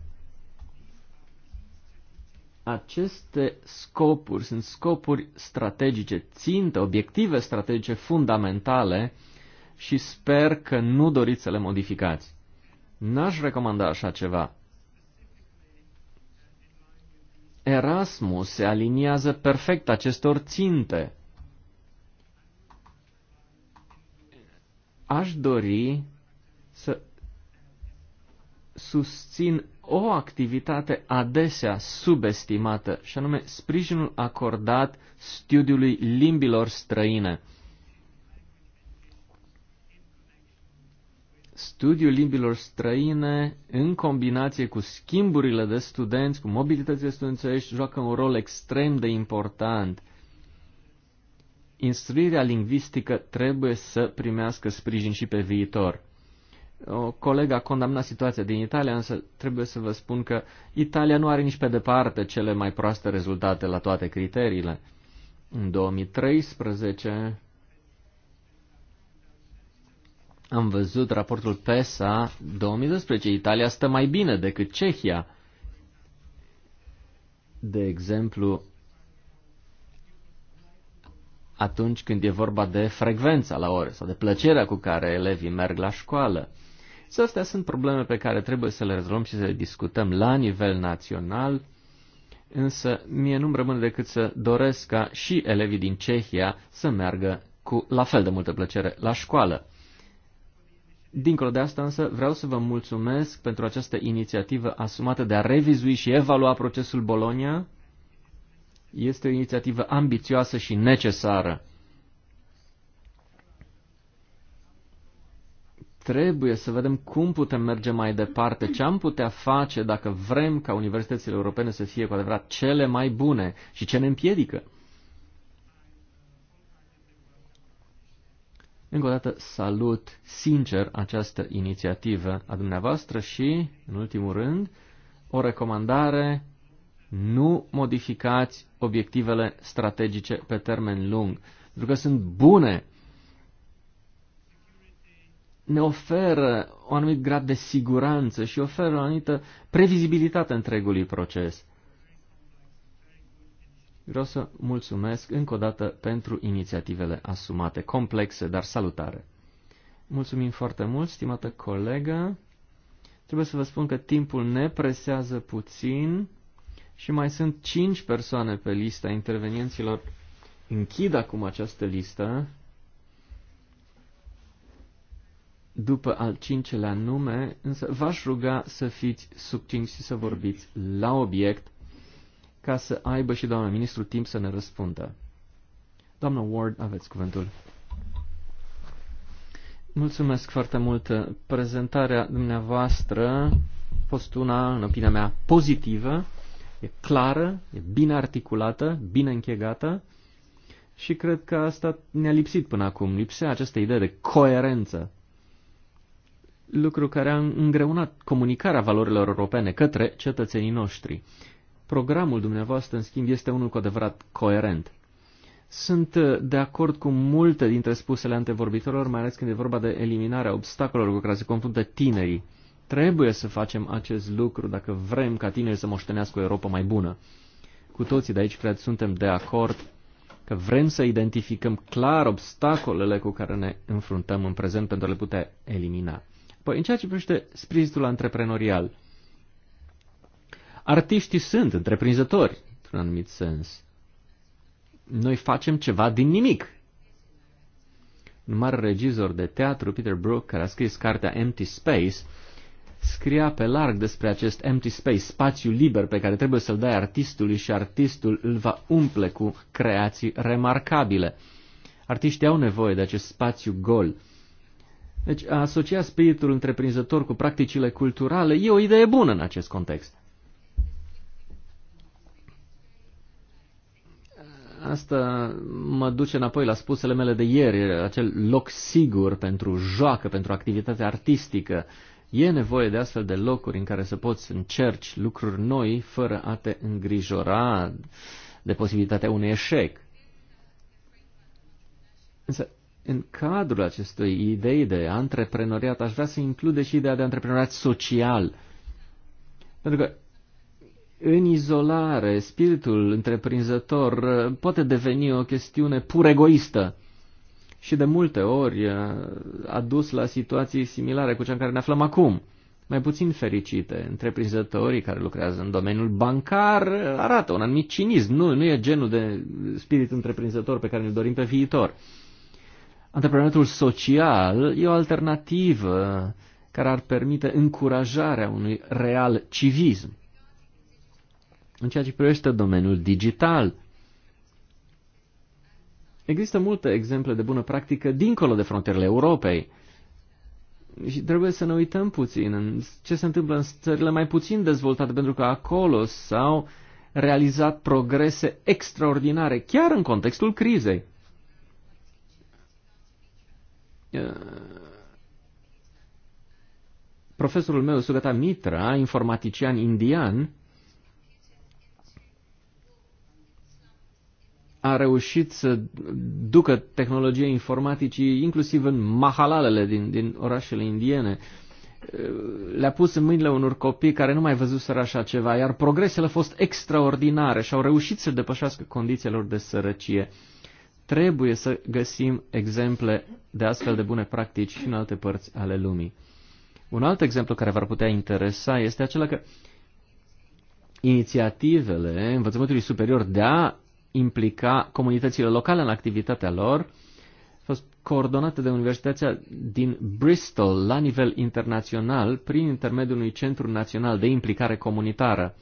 aceste scopuri sunt scopuri strategice, ținte, obiective strategice fundamentale și sper că nu doriți să le modificați. N-aș recomanda așa ceva. Erasmus se aliniază perfect acestor ținte. Aș dori să susțin o activitate adesea subestimată, și anume sprijinul acordat studiului limbilor străine. Studiul limbilor străine, în combinație cu schimburile de studenți, cu mobilitățile studențești, joacă un rol extrem de important. Instruirea lingvistică trebuie să primească sprijin și pe viitor. O colegă a condamnat situația din Italia, însă trebuie să vă spun că Italia nu are nici pe departe cele mai proaste rezultate la toate criteriile. În 2013 am văzut raportul PESA 2012. Italia stă mai bine decât Cehia. De exemplu, atunci când e vorba de frecvența la ore sau de plăcerea cu care elevii merg la școală. Să astea sunt probleme pe care trebuie să le rezolvăm și să le discutăm la nivel național, însă mie nu-mi rămâne decât să doresc ca și elevii din Cehia să meargă cu la fel de multă plăcere la școală. Dincolo de asta însă vreau să vă mulțumesc pentru această inițiativă asumată de a revizui și evalua procesul Bologna. Este o inițiativă ambițioasă și necesară. trebuie să vedem cum putem merge mai departe, ce am putea face dacă vrem ca universitățile europene să fie cu adevărat cele mai bune și ce ne împiedică. Încă o dată salut sincer această inițiativă a dumneavoastră și, în ultimul rând, o recomandare, nu modificați obiectivele strategice pe termen lung, pentru că sunt bune ne oferă un anumit grad de siguranță și oferă o anumită previzibilitate întregului proces. Vreau să mulțumesc încă o dată pentru inițiativele asumate, complexe, dar salutare. Mulțumim foarte mult, stimată colegă. Trebuie să vă spun că timpul ne presează puțin și mai sunt cinci persoane pe lista intervenienților. Închid acum această listă. după al cincelea nume, însă v-aș ruga să fiți succinți și să vorbiți la obiect ca să aibă și doamna ministru timp să ne răspundă. Doamna Ward, aveți cuvântul. Mulțumesc foarte mult. Prezentarea dumneavoastră a fost una, în opinia mea, pozitivă, e clară, e bine articulată, bine închegată și cred că asta ne-a lipsit până acum. Lipsea această idee de coerență lucru care a îngreunat comunicarea valorilor europene către cetățenii noștri. Programul dumneavoastră, în schimb, este unul cu adevărat coerent. Sunt uh, de acord cu multe dintre spusele antevorbitorilor, mai ales când e vorba de eliminarea obstacolelor cu care se confruntă tinerii. Trebuie să facem acest lucru dacă vrem ca tinerii să moștenească o Europa mai bună. Cu toții de aici, cred, suntem de acord că vrem să identificăm clar obstacolele cu care ne înfruntăm în prezent pentru a le putea elimina. Păi, în ceea ce privește spiritul antreprenorial, artiștii sunt întreprinzători, într-un anumit sens. Noi facem ceva din nimic. Un mare regizor de teatru, Peter Brook, care a scris cartea Empty Space, scria pe larg despre acest empty space, spațiu liber pe care trebuie să-l dai artistului și artistul îl va umple cu creații remarcabile. Artiștii au nevoie de acest spațiu gol deci a asocia spiritul întreprinzător cu practicile culturale e o idee bună în acest context. Asta mă duce înapoi la spusele mele de ieri, acel loc sigur pentru joacă, pentru activitate artistică. E nevoie de astfel de locuri în care să poți încerci lucruri noi fără a te îngrijora de posibilitatea unui eșec. Însă în cadrul acestei idei de antreprenoriat aș vrea să include și ideea de antreprenoriat social. Pentru că în izolare, spiritul întreprinzător uh, poate deveni o chestiune pur egoistă și de multe ori uh, a dus la situații similare cu cea în care ne aflăm acum. Mai puțin fericite, întreprinzătorii care lucrează în domeniul bancar uh, arată un anumit cinism, nu, nu e genul de spirit întreprinzător pe care ne dorim pe viitor. Antreprenoriatul social e o alternativă care ar permite încurajarea unui real civism. În ceea ce privește domeniul digital, există multe exemple de bună practică dincolo de frontierele Europei. Și trebuie să ne uităm puțin în ce se întâmplă în țările mai puțin dezvoltate, pentru că acolo s-au realizat progrese extraordinare, chiar în contextul crizei. Eh, profesorul meu, Sugata Mitra, informatician indian, a reușit să ducă tehnologie informaticii inclusiv în mahalalele din, din orașele indiene. Eh, le-a pus în mâinile unor copii care nu mai văzuseră așa ceva, iar progresele au fost extraordinare și au reușit să depășească condițiilor de sărăcie. Uh, Trebuie să găsim exemple de astfel de bune practici și în alte părți ale lumii. Un alt exemplu care v-ar putea interesa este acela că inițiativele învățământului superior de a implica comunitățile locale în activitatea lor au fost coordonate de Universitatea din Bristol la nivel internațional prin intermediul unui Centru Național de Implicare Comunitară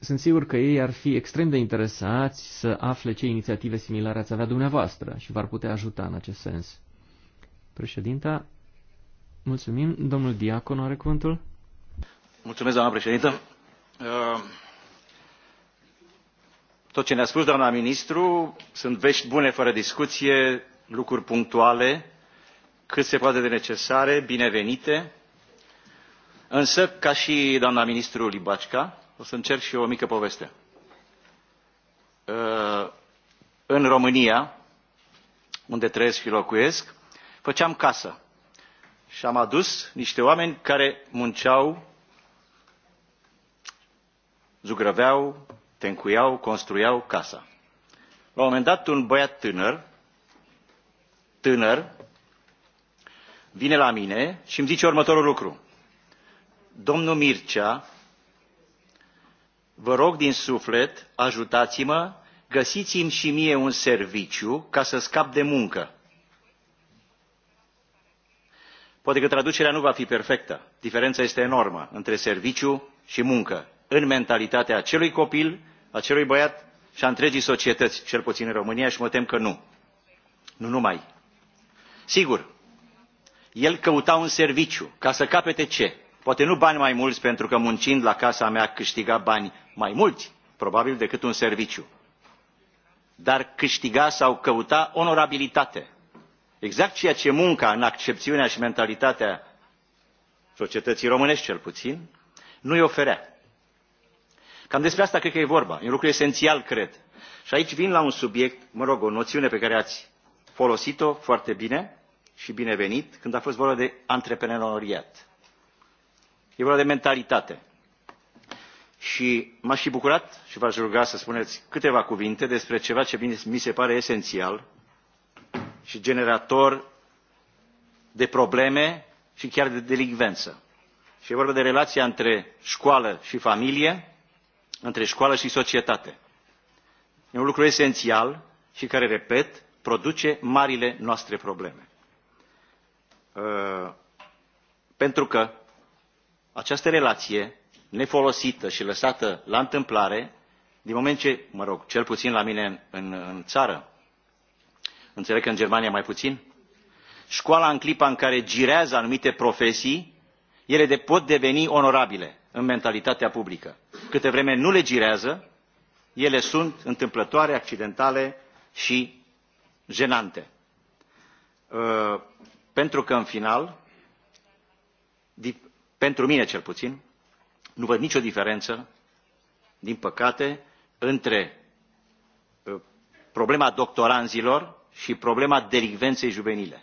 sunt sigur că ei ar fi extrem de interesați să afle ce inițiative similare ați avea dumneavoastră și v-ar putea ajuta în acest sens. Președinta, mulțumim. Domnul Diacon are cuvântul. Mulțumesc, doamna președintă. Uh, tot ce ne-a spus doamna ministru sunt vești bune fără discuție, lucruri punctuale, cât se poate de necesare, binevenite. Însă, ca și doamna ministru Libacica, o să încerc și eu o mică poveste. Uh, în România, unde trăiesc și locuiesc, făceam casă și am adus niște oameni care munceau, zugrăveau, tencuiau, construiau casa. La un moment dat, un băiat tânăr, tânăr, vine la mine și îmi zice următorul lucru. Domnul Mircea vă rog din suflet, ajutați-mă, găsiți-mi și mie un serviciu ca să scap de muncă. Poate că traducerea nu va fi perfectă. Diferența este enormă între serviciu și muncă, în mentalitatea acelui copil, acelui băiat și a întregii societăți, cel puțin în România, și mă tem că nu. Nu numai. Sigur, el căuta un serviciu. Ca să capete ce? poate nu bani mai mulți pentru că muncind la casa mea câștiga bani mai mulți, probabil decât un serviciu, dar câștiga sau căuta onorabilitate. Exact ceea ce munca, în accepțiunea și mentalitatea societății românești cel puțin, nu îi oferea. Cam despre asta cred că e vorba. E un lucru esențial, cred. Și aici vin la un subiect, mă rog, o noțiune pe care ați folosit-o foarte bine și binevenit când a fost vorba de antreprenoriat. E vorba de mentalitate. Și m-aș fi bucurat și v-aș ruga să spuneți câteva cuvinte despre ceva ce mi se pare esențial și generator de probleme și chiar de delicvență. Și e vorba de relația între școală și familie, între școală și societate. E un lucru esențial și care, repet, produce marile noastre probleme. Uh, pentru că această relație nefolosită și lăsată la întâmplare, din moment ce, mă rog, cel puțin la mine în, în țară, înțeleg că în Germania mai puțin, școala în clipa în care girează anumite profesii, ele de pot deveni onorabile în mentalitatea publică. Câte vreme nu le girează, ele sunt întâmplătoare, accidentale și jenante. Uh, pentru că, în final, pentru mine, cel puțin, nu văd nicio diferență, din păcate, între uh, problema doctoranzilor și problema delicvenței juvenile,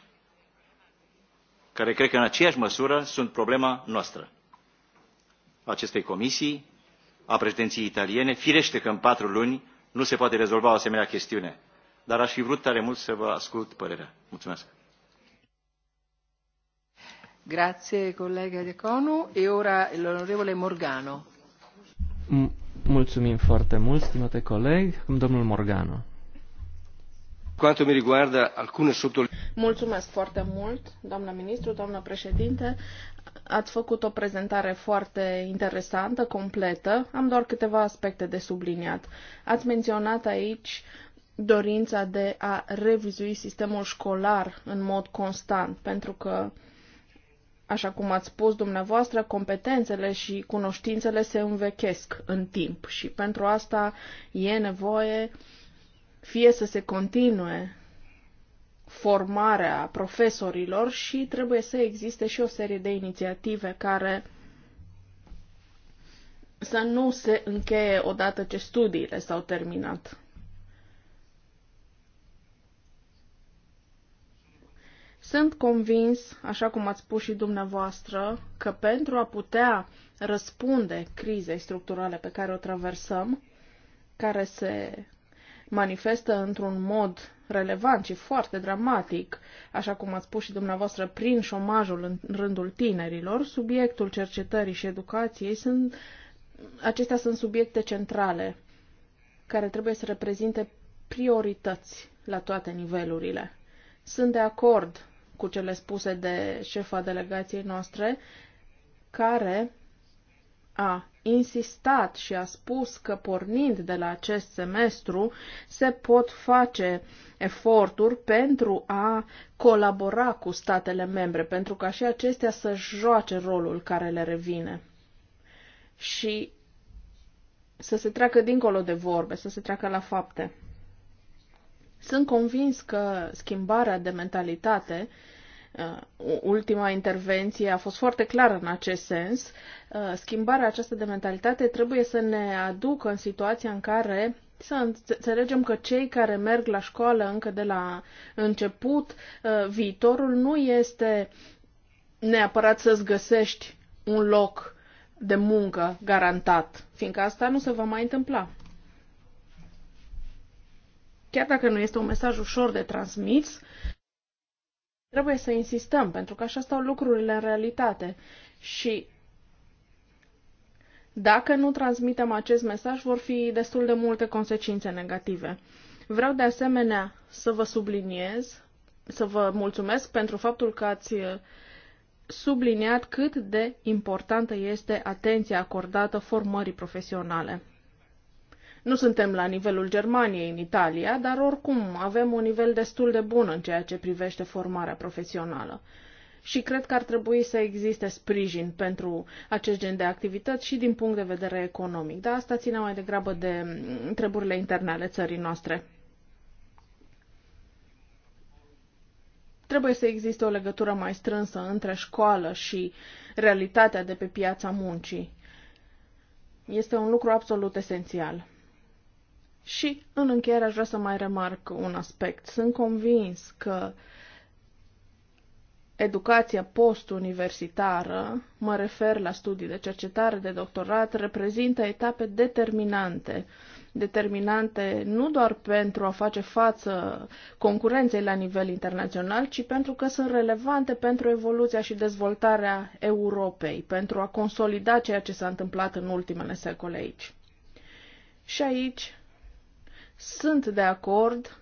care cred că în aceeași măsură sunt problema noastră, acestei comisii, a președinției italiene. Firește că în patru luni nu se poate rezolva o asemenea chestiune, dar aș fi vrut tare mult să vă ascult părerea. Mulțumesc! Grazie, colega Deconu. E ora l'onorevole Morgano. Mulțumim foarte mult, stimate coleg. Domnul Morgano. Quanto mi riguarda, alcune sottolineature. Mulțumesc foarte mult, doamnă ministru, doamnă președinte. Ați făcut o prezentare foarte interesantă, completă. Am doar câteva aspecte de subliniat. Ați menționat aici dorința de a revizui sistemul școlar în mod constant, pentru că Așa cum ați spus dumneavoastră, competențele și cunoștințele se învechesc în timp și pentru asta e nevoie fie să se continue formarea profesorilor și trebuie să existe și o serie de inițiative care să nu se încheie odată ce studiile s-au terminat. Sunt convins, așa cum ați spus și dumneavoastră, că pentru a putea răspunde crizei structurale pe care o traversăm, care se manifestă într-un mod relevant și foarte dramatic, așa cum ați spus și dumneavoastră, prin șomajul în rândul tinerilor, subiectul cercetării și educației sunt, acestea sunt subiecte centrale care trebuie să reprezinte priorități la toate nivelurile. Sunt de acord cu cele spuse de șefa delegației noastre, care a insistat și a spus că pornind de la acest semestru se pot face eforturi pentru a colabora cu statele membre, pentru ca și acestea să joace rolul care le revine. Și să se treacă dincolo de vorbe, să se treacă la fapte. Sunt convins că schimbarea de mentalitate uh, ultima intervenție a fost foarte clară în acest sens. Uh, schimbarea aceasta de mentalitate trebuie să ne aducă în situația în care să înțelegem că cei care merg la școală încă de la început, uh, viitorul nu este neapărat să-ți găsești un loc de muncă garantat, fiindcă asta nu se va mai întâmpla. Chiar dacă nu este un mesaj ușor de transmis, trebuie să insistăm, pentru că așa stau lucrurile în realitate. Și dacă nu transmitem acest mesaj, vor fi destul de multe consecințe negative. Vreau de asemenea să vă subliniez, să vă mulțumesc pentru faptul că ați uh, subliniat cât de importantă este atenția acordată formării profesionale. Nu suntem la nivelul Germaniei în Italia, dar oricum avem un nivel destul de bun în ceea ce privește formarea profesională. Și cred că ar trebui să existe sprijin pentru acest gen de activități și din punct de vedere economic. Dar asta ține mai degrabă de treburile interne ale țării noastre. Trebuie să existe o legătură mai strânsă între școală și realitatea de pe piața muncii. Este un lucru absolut esențial. Și, în încheiere, aș vrea să mai remarc un aspect. Sunt convins că educația postuniversitară, mă refer la studii de cercetare, de doctorat, reprezintă etape determinante. Determinante nu doar pentru a face față concurenței la nivel internațional, ci pentru că sunt relevante pentru evoluția și dezvoltarea Europei, pentru a consolida ceea ce s-a întâmplat în ultimele secole aici. Și aici sunt de acord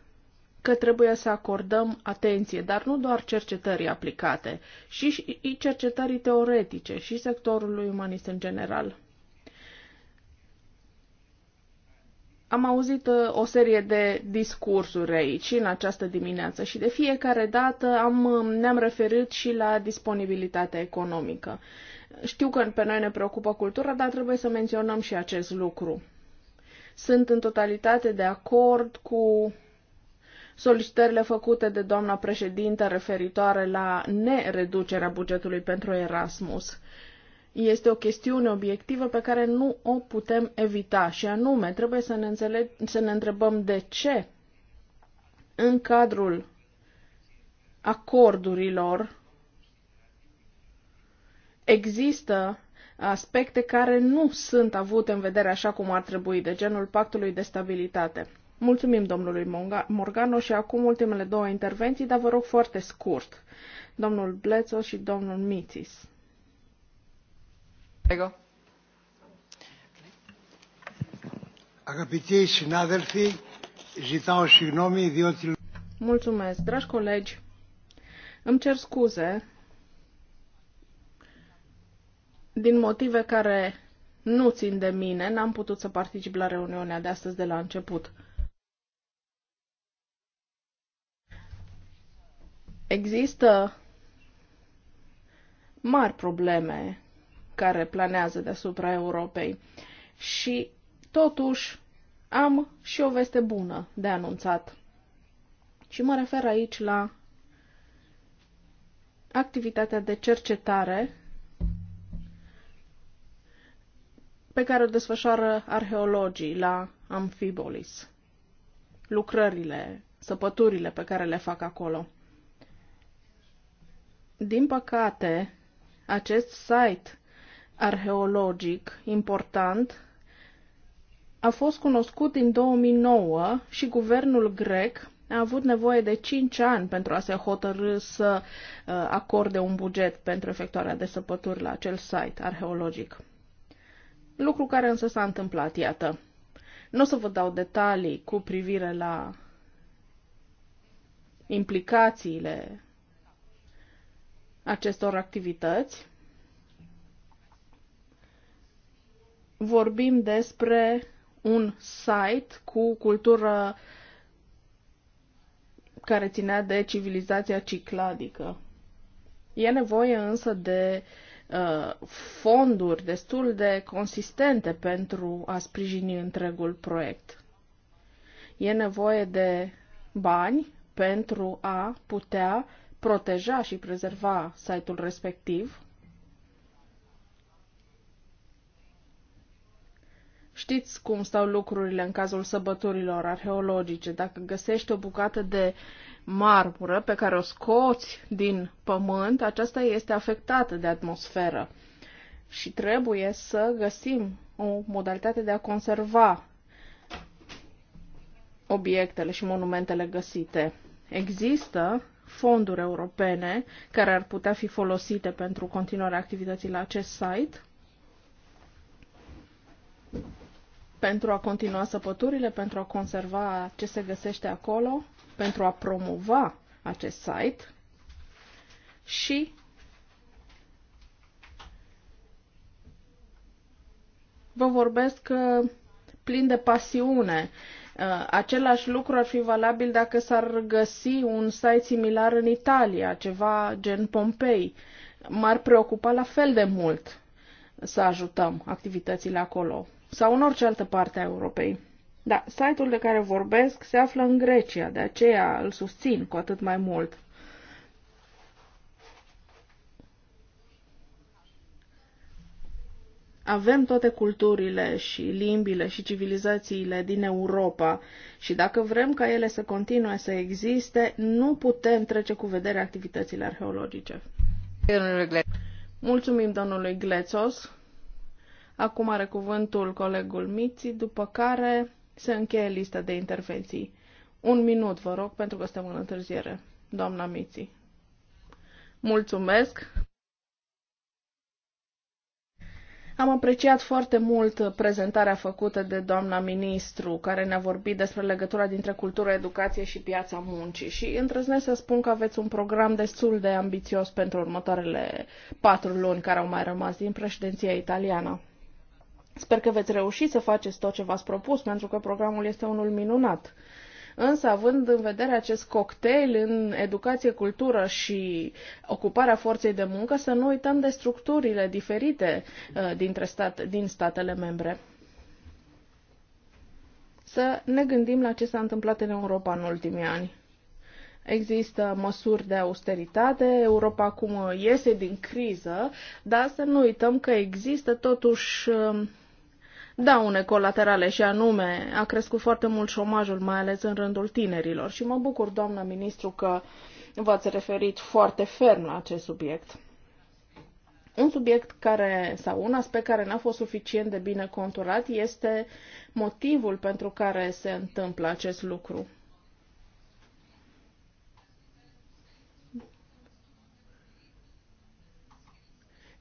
că trebuie să acordăm atenție, dar nu doar cercetării aplicate, și cercetării teoretice și sectorului umanist în general. Am auzit uh, o serie de discursuri aici în această dimineață și de fiecare dată am, uh, ne-am referit și la disponibilitatea economică. Știu că pe noi ne preocupă cultura, dar trebuie să menționăm și acest lucru. Sunt în totalitate de acord cu solicitările făcute de doamna președintă referitoare la nereducerea bugetului pentru Erasmus. Este o chestiune obiectivă pe care nu o putem evita și anume trebuie să ne, înțeleg, să ne întrebăm de ce în cadrul acordurilor există aspecte care nu sunt avute în vedere așa cum ar trebui, de genul pactului de stabilitate. Mulțumim domnului Morgano și acum ultimele două intervenții, dar vă rog foarte scurt. Domnul Blețo și domnul Mitis. Ego. Αγαπητοί συνάδελφοι, și συγγνώμη διότι... Mulțumesc, dragi colegi. Îmi cer scuze din motive care nu țin de mine, n-am putut să particip la reuniunea de astăzi de la început. Există mari probleme care planează deasupra Europei și totuși am și o veste bună de anunțat. Și mă refer aici la activitatea de cercetare pe care o desfășoară arheologii la Amphibolis. Lucrările, săpăturile pe care le fac acolo. Din păcate, acest site arheologic important a fost cunoscut în 2009 și guvernul grec a avut nevoie de 5 ani pentru a se hotărâ să uh, acorde un buget pentru efectuarea de săpături la acel site arheologic. Lucru care însă s-a întâmplat, iată. Nu o să vă dau detalii cu privire la implicațiile acestor activități. Vorbim despre un site cu cultură care ținea de civilizația cicladică. E nevoie însă de uh, Uh, fonduri destul de consistente pentru a sprijini întregul proiect. E nevoie de bani pentru a putea proteja și prezerva site-ul respectiv. Știți cum stau lucrurile în cazul săbăturilor arheologice. Dacă găsești o bucată de uh, marmură pe care o scoți din pământ, aceasta este afectată de atmosferă și trebuie să găsim o modalitate de a conserva obiectele și monumentele găsite. Există fonduri europene care ar putea fi folosite pentru continuarea activității la acest site, pentru a continua săpăturile, pentru a conserva ce se găsește acolo pentru a promova acest site și vă vorbesc uh, plin de pasiune. Uh, același lucru ar fi valabil dacă s-ar găsi un site similar în Italia, ceva gen Pompei. M-ar preocupa la fel de mult să ajutăm activitățile acolo sau în orice altă parte a Europei. Da, site-ul de care vorbesc se află în Grecia, de aceea îl susțin cu atât mai mult. avem toate culturile și limbile și civilizațiile din Europa și dacă vrem ca ele să continue să existe, nu putem trece cu vedere activitățile arheologice. Mulțumim domnului Glețos. Acum are cuvântul colegul Miții, după care se încheie lista de intervenții. Un minut, vă rog, pentru că suntem în întârziere. Doamna Miții. Mulțumesc! Am apreciat foarte mult prezentarea făcută de doamna ministru, care ne-a vorbit despre legătura dintre cultură, educație și piața muncii și îndrăznesc să spun că aveți un program destul de ambițios pentru următoarele patru luni care au mai rămas din președinția italiană. Sper că veți reuși să faceți tot ce v-ați propus, pentru că programul este unul minunat. Însă, având în vedere acest cocktail în educație, cultură și ocuparea forței de muncă, să nu uităm de structurile diferite uh, dintre stat, din statele membre. Să ne gândim la ce s-a întâmplat în Europa în ultimii ani. Există măsuri de austeritate, Europa acum iese din criză, dar să nu uităm că există totuși uh, daune colaterale și anume a crescut foarte mult șomajul, mai ales în rândul tinerilor. Și mă bucur, doamna ministru, că v-ați referit foarte ferm la acest subiect. Un subiect care, sau un aspect care n-a fost suficient de bine conturat este motivul pentru care se întâmplă acest lucru.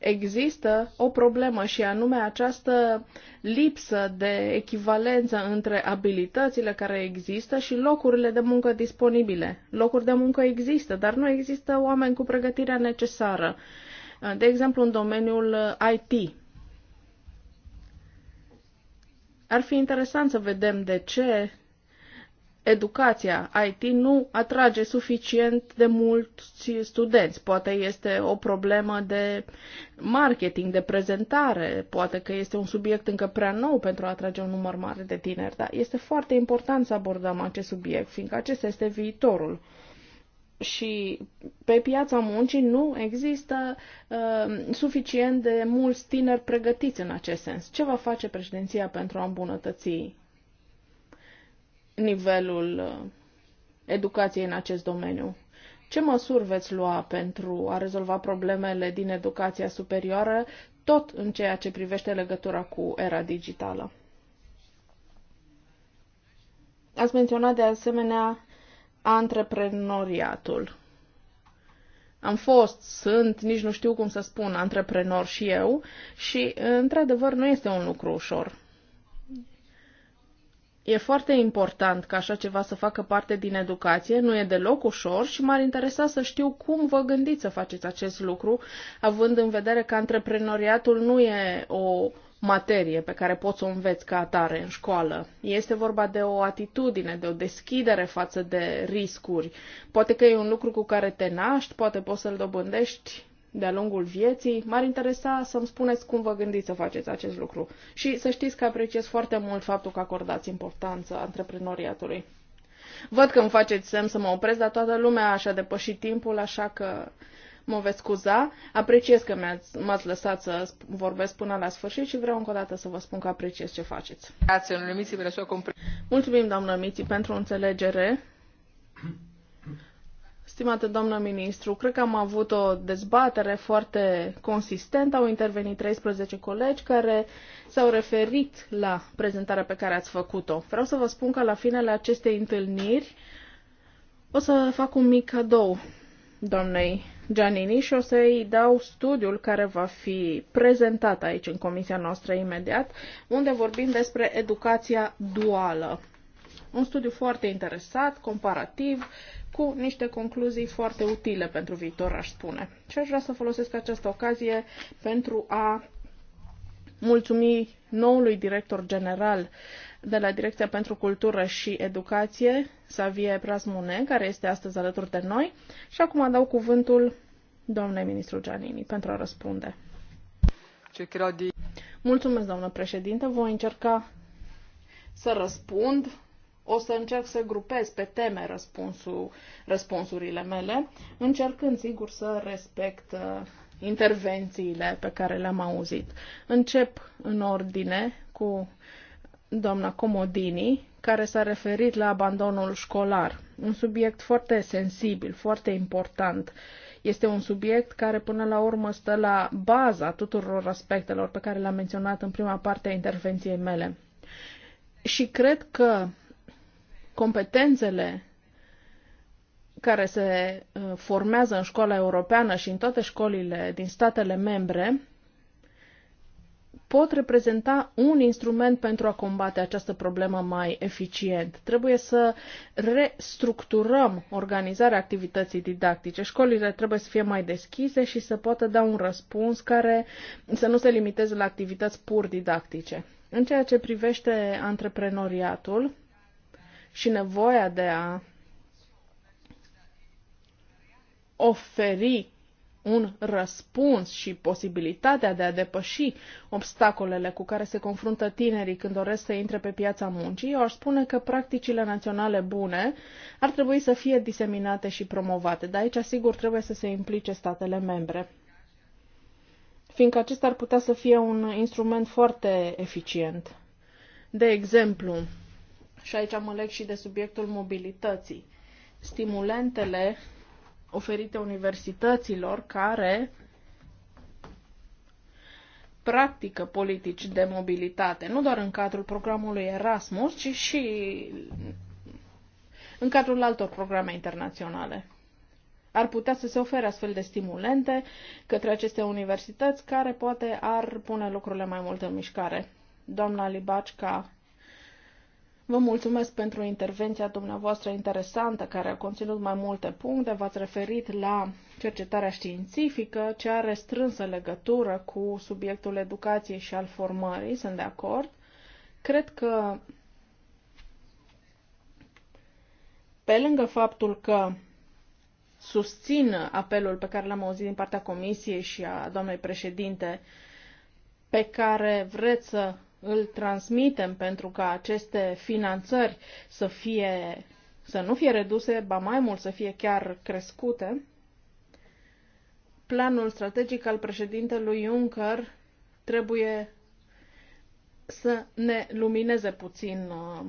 există o problemă și anume această lipsă de echivalență între abilitățile care există și locurile de muncă disponibile. Locuri de muncă există, dar nu există oameni cu pregătirea necesară. De exemplu, în domeniul IT. Ar fi interesant să vedem de ce educația IT nu atrage suficient de mulți studenți. Poate este o problemă de marketing, de prezentare, poate că este un subiect încă prea nou pentru a atrage un număr mare de tineri, dar este foarte important să abordăm acest subiect, fiindcă acesta este viitorul. Și pe piața muncii nu există uh, suficient de mulți tineri pregătiți în acest sens. Ce va face președinția pentru a îmbunătăți nivelul uh, educației în acest domeniu. Ce măsuri veți lua pentru a rezolva problemele din educația superioară, tot în ceea ce privește legătura cu era digitală? Ați menționat de asemenea antreprenoriatul. Am fost, sunt, nici nu știu cum să spun, antreprenor și eu și, într-adevăr, nu este un lucru ușor. E foarte important ca așa ceva să facă parte din educație, nu e deloc ușor și m-ar interesa să știu cum vă gândiți să faceți acest lucru, având în vedere că antreprenoriatul nu e o materie pe care poți să o înveți ca atare în școală. Este vorba de o atitudine, de o deschidere față de riscuri. Poate că e un lucru cu care te naști, poate poți să-l dobândești de-a lungul vieții. M-ar interesa să-mi spuneți cum vă gândiți să faceți acest lucru. Și să știți că apreciez foarte mult faptul că acordați importanță antreprenoriatului. Văd că îmi faceți semn să mă opresc, dar toată lumea așa depășit timpul, așa că mă veți scuza. Apreciez că m-ați, m-ați lăsat să vorbesc până la sfârșit și vreau încă o dată să vă spun că apreciez ce faceți. Mulțumim, doamnă Miții, pentru înțelegere. Stimată doamnă ministru, cred că am avut o dezbatere foarte consistentă. Au intervenit 13 colegi care s-au referit la prezentarea pe care ați făcut-o. Vreau să vă spun că la finele acestei întâlniri o să fac un mic cadou doamnei Giannini și o să-i dau studiul care va fi prezentat aici în comisia noastră imediat, unde vorbim despre educația duală. Un studiu foarte interesat, comparativ, cu niște concluzii foarte utile pentru viitor, aș spune. Și aș vrea să folosesc această ocazie pentru a mulțumi noului director general de la Direcția pentru Cultură și Educație, Savie Prasmune, care este astăzi alături de noi. Și acum dau cuvântul domnului ministru Giannini pentru a răspunde. Ce Mulțumesc, doamnă președinte. Voi încerca să răspund o să încerc să grupez pe teme răspunsul, răspunsurile mele, încercând sigur să respect uh, intervențiile pe care le-am auzit. Încep în ordine cu doamna Comodini, care s-a referit la abandonul școlar. Un subiect foarte sensibil, foarte important. Este un subiect care până la urmă stă la baza tuturor aspectelor pe care le-am menționat în prima parte a intervenției mele. Și cred că competențele care se uh, formează în școala europeană și în toate școlile din statele membre pot reprezenta un instrument pentru a combate această problemă mai eficient. Trebuie să restructurăm organizarea activității didactice. Școlile trebuie să fie mai deschise și să poată da un răspuns care să nu se limiteze la activități pur didactice. În ceea ce privește antreprenoriatul, și nevoia de a oferi un răspuns și posibilitatea de a depăși obstacolele cu care se confruntă tinerii când doresc să intre pe piața muncii, eu aș spune că practicile naționale bune ar trebui să fie diseminate și promovate, dar aici sigur trebuie să se implice statele membre, fiindcă acesta ar putea să fie un instrument foarte eficient. De exemplu, și aici mă leg și de subiectul mobilității, stimulentele oferite universităților care practică politici de mobilitate, nu doar în cadrul programului Erasmus, ci și în cadrul altor programe internaționale. Ar putea să se ofere astfel de stimulente către aceste universități care poate ar pune lucrurile mai mult în mișcare. Doamna Libacca Vă mulțumesc pentru intervenția dumneavoastră interesantă, care a conținut mai multe puncte. V-ați referit la cercetarea științifică, ce are strânsă legătură cu subiectul educației și al formării, sunt de acord. Cred că, pe lângă faptul că susțin apelul pe care l-am auzit din partea Comisiei și a doamnei președinte, pe care vreți să îl transmitem pentru ca aceste finanțări să fie să nu fie reduse, ba mai mult să fie chiar crescute. Planul strategic al președintelui Juncker trebuie să ne lumineze puțin uh,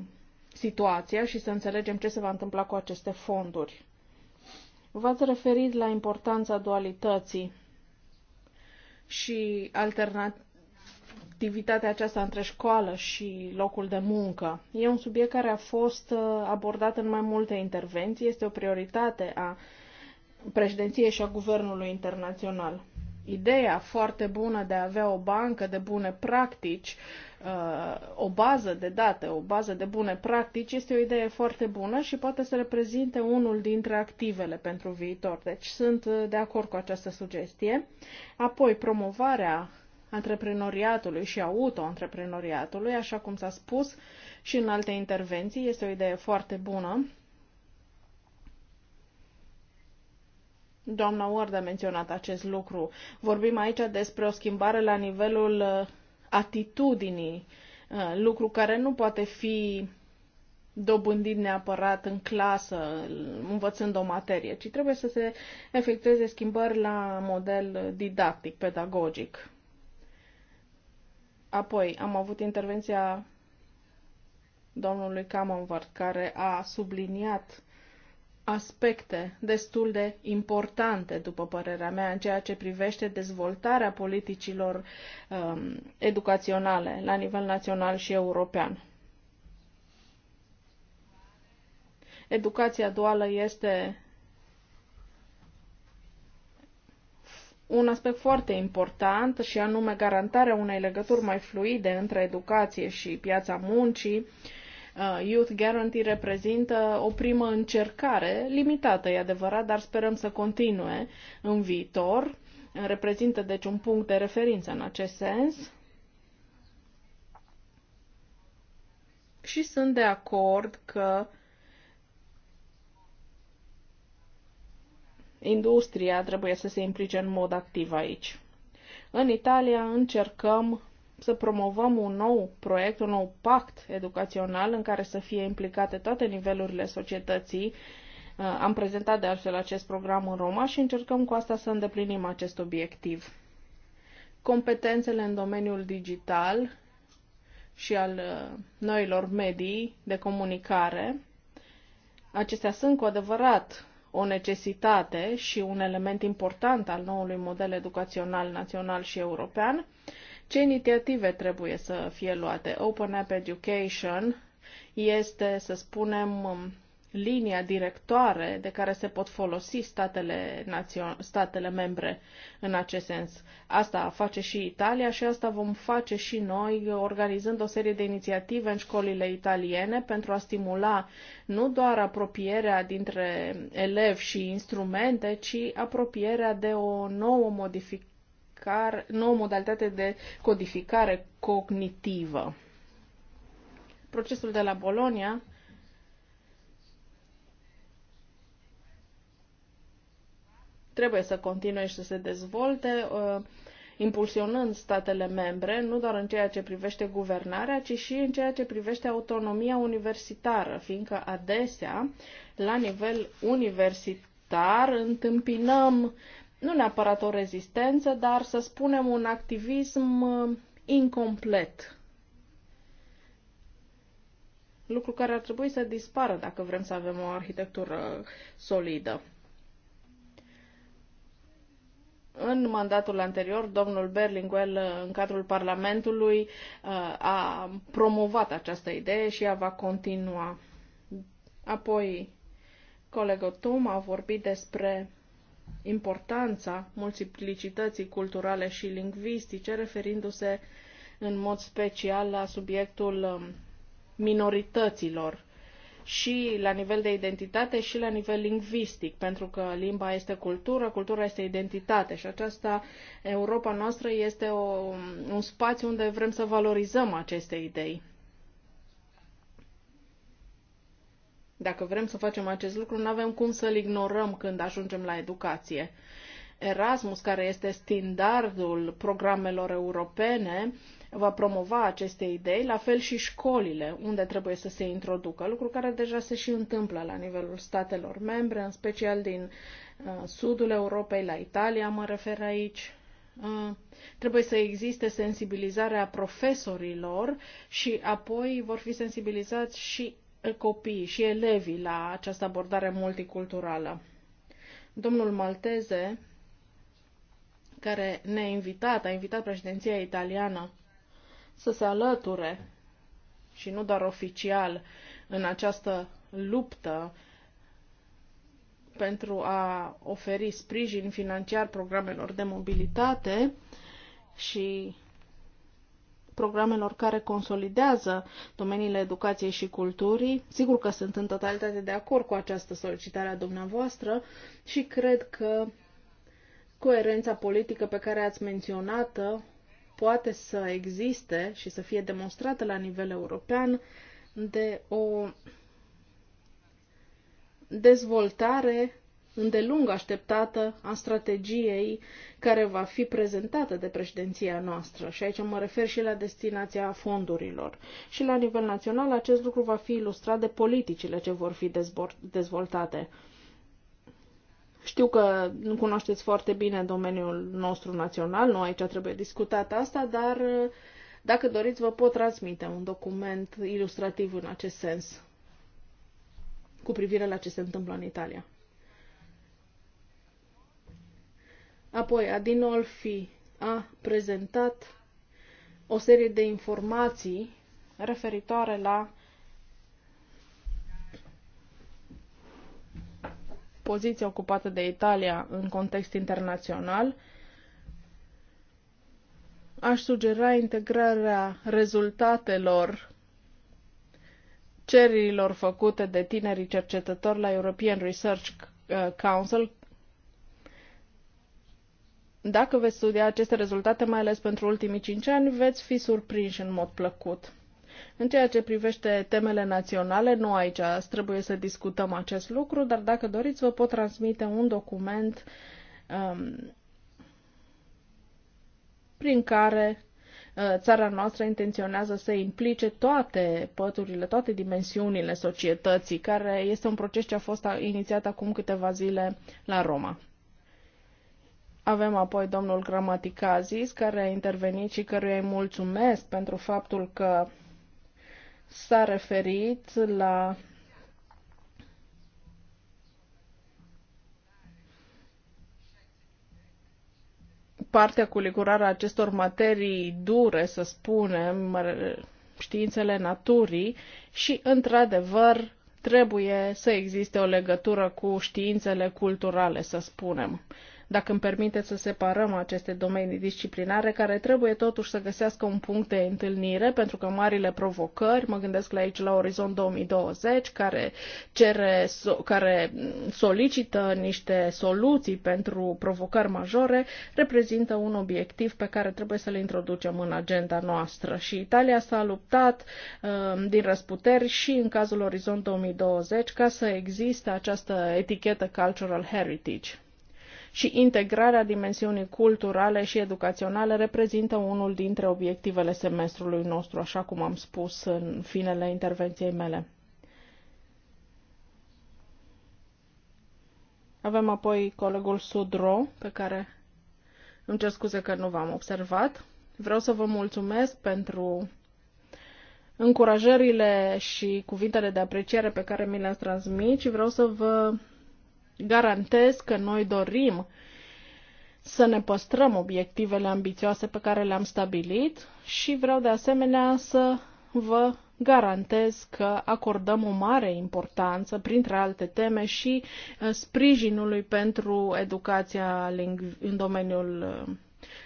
situația și să înțelegem ce se va întâmpla cu aceste fonduri. V-ați referit la importanța dualității și alternativ conectivitatea aceasta între școală și locul de muncă. E un subiect care a fost uh, abordat în mai multe intervenții, este o prioritate a președinției și a guvernului internațional. Ideea foarte bună de a avea o bancă de bune practici, uh, o bază de date, o bază de bune practici, este o idee foarte bună și poate să reprezinte unul dintre activele pentru viitor. Deci sunt uh, de acord cu această sugestie. Apoi, promovarea antreprenoriatului și auto-antreprenoriatului, așa cum s-a spus și în alte intervenții. Este o idee foarte bună. Doamna Ward a menționat acest lucru. Vorbim aici despre o schimbare la nivelul uh, atitudinii, uh, lucru care nu poate fi dobândit neapărat în clasă, învățând o materie, ci trebuie să se efectueze schimbări la model didactic, pedagogic. Apoi am avut intervenția domnului Camonvart, care a subliniat aspecte destul de importante, după părerea mea, în ceea ce privește dezvoltarea politicilor um, educaționale la nivel național și european. Educația duală este un aspect foarte important și anume garantarea unei legături mai fluide între educație și piața muncii. Uh, Youth Guarantee reprezintă o primă încercare, limitată e adevărat, dar sperăm să continue în viitor. Reprezintă deci un punct de referință în acest sens. Și sunt de acord că uh, Industria trebuie să se implice în mod activ aici. În Italia încercăm să promovăm un nou proiect, un nou pact educațional în care să fie implicate toate nivelurile societății. Uh, am prezentat de altfel acest program în Roma și încercăm cu asta să îndeplinim acest obiectiv. Competențele în domeniul digital și al uh, noilor medii de comunicare. Acestea sunt cu adevărat o necesitate și un element important al noului model educațional național și european, ce inițiative trebuie să fie luate? Open Up Education este, să spunem, um, linia directoare de care se pot folosi statele, națion- statele membre în acest sens. Asta face și Italia și asta vom face și noi, organizând o serie de inițiative în școlile italiene pentru a stimula nu doar apropierea dintre elevi și instrumente, ci apropierea de o nouă modificare, nouă modalitate de codificare cognitivă. Procesul de la Bologna trebuie să continue și să se dezvolte, uh, impulsionând statele membre, nu doar în ceea ce privește guvernarea, ci și în ceea ce privește autonomia universitară, fiindcă adesea, la nivel universitar, întâmpinăm nu neapărat o rezistență, dar să spunem un activism uh, incomplet. Lucru care ar trebui să dispară dacă vrem să avem o arhitectură solidă. În mandatul anterior, domnul Berlinguel, uh, în cadrul Parlamentului, uh, a promovat această idee și ea va continua. Apoi, colegul Tom a vorbit despre importanța multiplicității culturale și lingvistice, referindu-se în mod special la subiectul um, minorităților și la nivel de identitate și la nivel lingvistic, pentru că limba este cultură, cultura este identitate și aceasta, Europa noastră, este o, un spațiu unde vrem să valorizăm aceste idei. Dacă vrem să facem acest lucru, nu avem cum să-l ignorăm când ajungem la educație. Erasmus, care este standardul programelor europene, va promova aceste idei, la fel și școlile unde trebuie să se introducă, lucru care deja se și întâmplă la nivelul statelor membre, în special din uh, sudul Europei, la Italia mă refer aici. Uh, trebuie să existe sensibilizarea profesorilor și apoi vor fi sensibilizați și uh, copiii și elevii la această abordare multiculturală. Domnul Malteze, care ne-a invitat, a invitat președinția italiană să se alăture și nu doar oficial în această luptă pentru a oferi sprijin financiar programelor de mobilitate și programelor care consolidează domeniile educației și culturii. Sigur că sunt în totalitate de acord cu această solicitare a dumneavoastră și cred că coerența politică pe care ați menționat-o poate să existe și să fie demonstrată la nivel european de o dezvoltare îndelung așteptată a strategiei care va fi prezentată de președinția noastră. Și aici mă refer și la destinația fondurilor. Și la nivel național acest lucru va fi ilustrat de politicile ce vor fi dezvoltate. Știu că nu cunoașteți foarte bine domeniul nostru național, nu aici trebuie discutat asta, dar uh, dacă doriți vă pot transmite un document ilustrativ în acest sens cu privire la ce se întâmplă în Italia. Apoi, Adinolfi a prezentat o serie de informații referitoare la poziția ocupată de Italia în context internațional, aș sugera integrarea rezultatelor cererilor făcute de tinerii cercetători la European Research uh, Council. Dacă veți studia aceste rezultate, mai ales pentru ultimii cinci ani, veți fi surprinși în mod plăcut. În ceea ce privește temele naționale, nu aici trebuie să discutăm acest lucru, dar dacă doriți, vă pot transmite un document um, prin care uh, țara noastră intenționează să implice toate păturile, toate dimensiunile societății, care este un proces ce a fost inițiat acum câteva zile la Roma. Avem apoi domnul Gramaticazis, care a intervenit și căruia îi mulțumesc pentru faptul că s-a referit la partea cu licurarea acestor materii dure, să spunem, științele naturii și, într-adevăr, trebuie să existe o legătură cu științele culturale, să spunem dacă îmi permiteți să separăm aceste domenii disciplinare, care trebuie totuși să găsească un punct de întâlnire, pentru că marile provocări, mă gândesc la aici la Orizont 2020, care, cere, care solicită niște soluții pentru provocări majore, reprezintă un obiectiv pe care trebuie să le introducem în agenda noastră. Și Italia s-a luptat um, din răsputeri și în cazul Orizont 2020 ca să existe această etichetă Cultural Heritage și integrarea dimensiunii culturale și educaționale reprezintă unul dintre obiectivele semestrului nostru, așa cum am spus în finele intervenției mele. Avem apoi colegul Sudro, pe care îmi cer scuze că nu v-am observat. Vreau să vă mulțumesc pentru încurajările și cuvintele de apreciere pe care mi le-ați transmit și vreau să vă garantez că noi dorim să ne păstrăm obiectivele ambițioase pe care le-am stabilit și vreau de asemenea să vă garantez că acordăm o mare importanță, printre alte teme, și uh, sprijinului pentru educația în domeniul uh,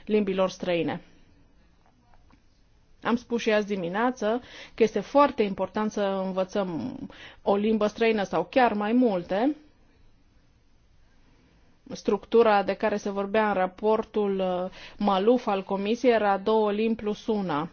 limbilor străine. Am spus și azi dimineață că este foarte important să învățăm o limbă străină sau chiar mai multe, structura de care se vorbea în raportul uh, Maluf al Comisiei era două limbi plus una.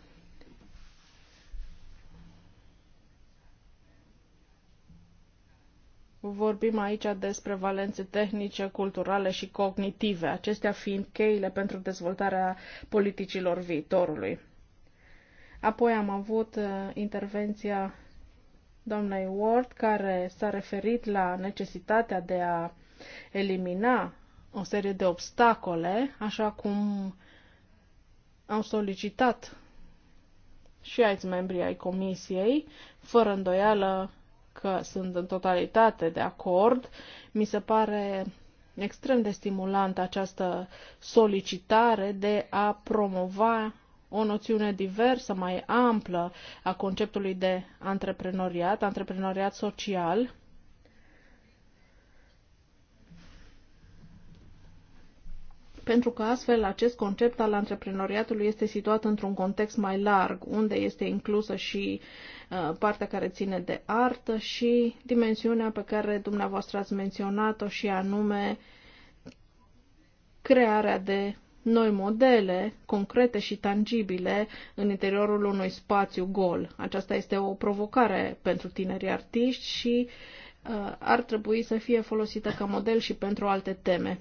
Vorbim aici despre valențe tehnice, culturale și cognitive, acestea fiind cheile pentru dezvoltarea politicilor viitorului. Apoi am avut uh, intervenția doamnei Ward, care s-a referit la necesitatea de a elimina o serie de obstacole, așa cum am solicitat și alți membri ai comisiei, fără îndoială că sunt în totalitate de acord. Mi se pare extrem de stimulant această solicitare de a promova o noțiune diversă, mai amplă a conceptului de antreprenoriat, antreprenoriat social, pentru că astfel acest concept al antreprenoriatului este situat într-un context mai larg, unde este inclusă și uh, partea care ține de artă și dimensiunea pe care dumneavoastră ați menționat-o și anume crearea de noi modele concrete și tangibile în interiorul unui spațiu gol. Aceasta este o provocare pentru tinerii artiști și uh, ar trebui să fie folosită ca model și pentru alte teme.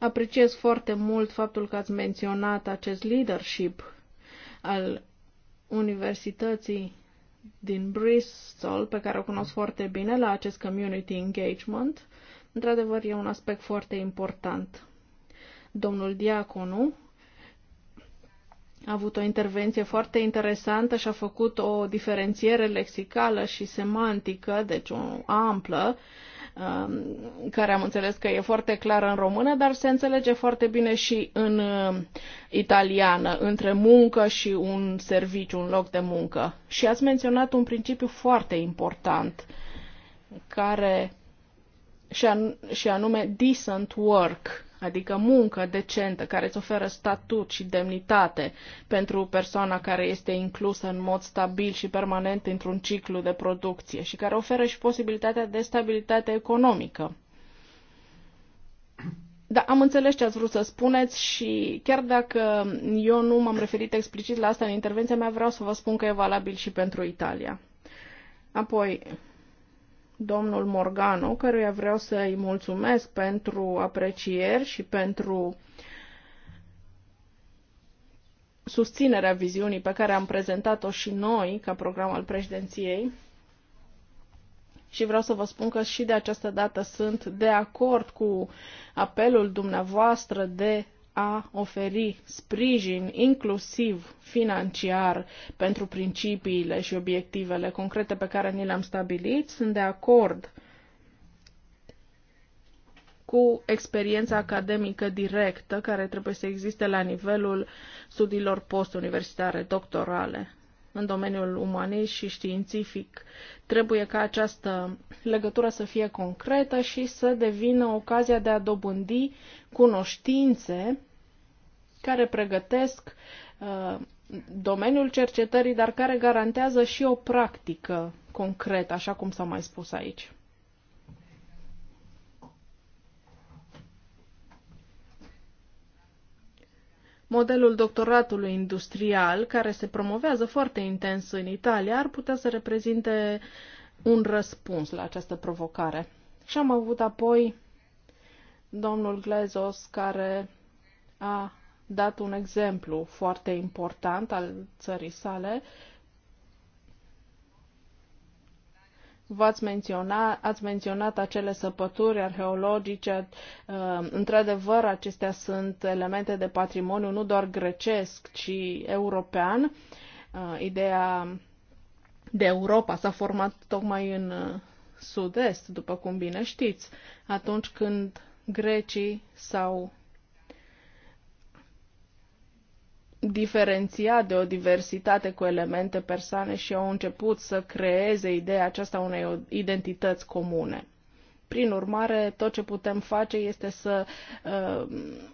Apreciez foarte mult faptul că ați menționat acest leadership al Universității din Bristol, pe care o cunosc foarte bine, la acest community engagement. Într-adevăr, e un aspect foarte important. Domnul Diaconu a avut o intervenție foarte interesantă și a făcut o diferențiere lexicală și semantică, deci o amplă, Um, care am înțeles că e foarte clară în română, dar se înțelege foarte bine și în um, italiană, între muncă și un serviciu, un loc de muncă. Și ați menționat un principiu foarte important, care și anume decent work, adică muncă decentă care îți oferă statut și demnitate pentru persoana care este inclusă în mod stabil și permanent într-un ciclu de producție și care oferă și posibilitatea de stabilitate economică. Da, am înțeles ce ați vrut să spuneți și chiar dacă eu nu m-am referit explicit la asta în intervenția mea, vreau să vă spun că e valabil și pentru Italia. Apoi, domnul Morgano, căruia vreau să-i mulțumesc pentru aprecieri și pentru susținerea viziunii pe care am prezentat-o și noi ca program al președinției. Și vreau să vă spun că și de această dată sunt de acord cu apelul dumneavoastră de a oferi sprijin inclusiv financiar pentru principiile și obiectivele concrete pe care ni le-am stabilit. Sunt de acord cu experiența academică directă care trebuie să existe la nivelul studiilor postuniversitare, doctorale, în domeniul umanist și științific. Trebuie ca această legătură să fie concretă și să devină ocazia de a dobândi cunoștințe care pregătesc uh, domeniul cercetării, dar care garantează și o practică concretă, așa cum s-a mai spus aici. Modelul doctoratului industrial, care se promovează foarte intens în Italia, ar putea să reprezinte un răspuns la această provocare. Și am avut apoi domnul Glezos, care a dat un exemplu foarte important al țării sale. V-ați menționat, ați menționat acele săpături arheologice. Uh, într-adevăr, acestea sunt elemente de patrimoniu nu doar grecesc, ci european. Uh, ideea de Europa s-a format tocmai în uh, sud-est, după cum bine știți, atunci când grecii s-au diferenția de o diversitate cu elemente persoane și au început să creeze ideea aceasta unei identități comune. Prin urmare, tot ce putem face este să uh,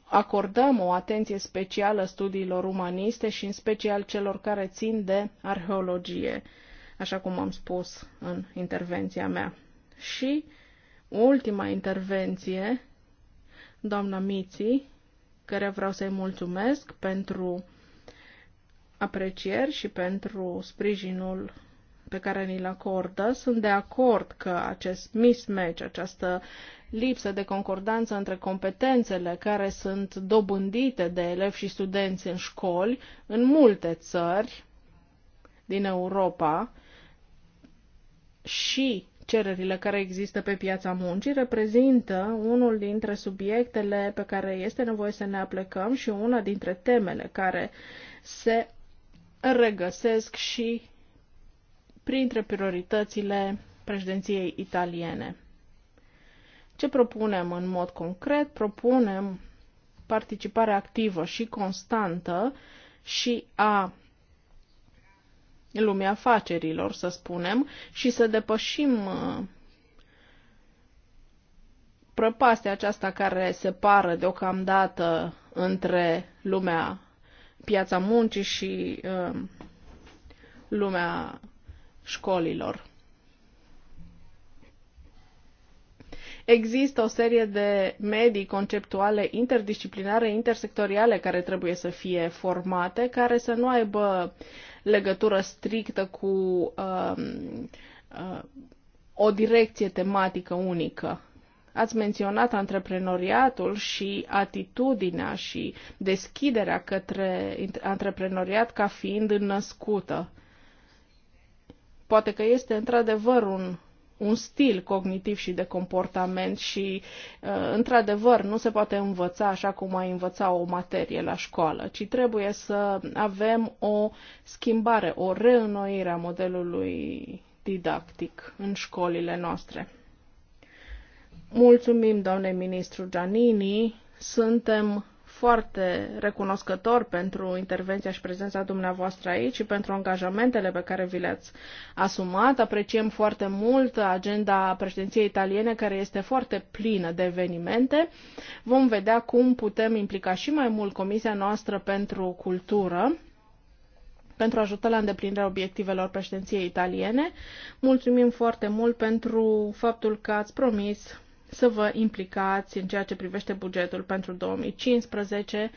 acordăm o atenție specială studiilor umaniste și în special celor care țin de arheologie, așa cum am spus în intervenția mea. Și ultima intervenție, doamna Miții, care vreau să-i mulțumesc pentru aprecieri și pentru sprijinul pe care ni-l acordă. Sunt de acord că acest mismatch, această lipsă de concordanță între competențele care sunt dobândite de elevi și studenți în școli în multe țări din Europa și cererile care există pe piața muncii reprezintă unul dintre subiectele pe care este nevoie să ne aplecăm și una dintre temele care se regăsesc și printre prioritățile președinției italiene. Ce propunem în mod concret? Propunem participare activă și constantă și a lumii afacerilor, să spunem, și să depășim uh, prăpastea aceasta care se deocamdată între lumea piața muncii și uh, lumea școlilor. Există o serie de medii conceptuale interdisciplinare, intersectoriale care trebuie să fie formate, care să nu aibă legătură strictă cu uh, uh, o direcție tematică unică. Ați menționat antreprenoriatul și atitudinea și deschiderea către antreprenoriat ca fiind născută. Poate că este într-adevăr un un stil cognitiv și de comportament și, uh, într-adevăr, nu se poate învăța așa cum ai învăța o materie la școală, ci trebuie să avem o schimbare, o reînnoire a modelului didactic în școlile noastre. Mulțumim, doamne ministru Giannini. Suntem foarte recunoscător pentru intervenția și prezența dumneavoastră aici și pentru angajamentele pe care vi le-ați asumat. Apreciem foarte mult agenda președinției italiene, care este foarte plină de evenimente. Vom vedea cum putem implica și mai mult Comisia noastră pentru cultură pentru a ajuta la îndeplinirea obiectivelor președinției italiene. Mulțumim foarte mult pentru faptul că ați promis să vă implicați în ceea ce privește bugetul pentru 2015.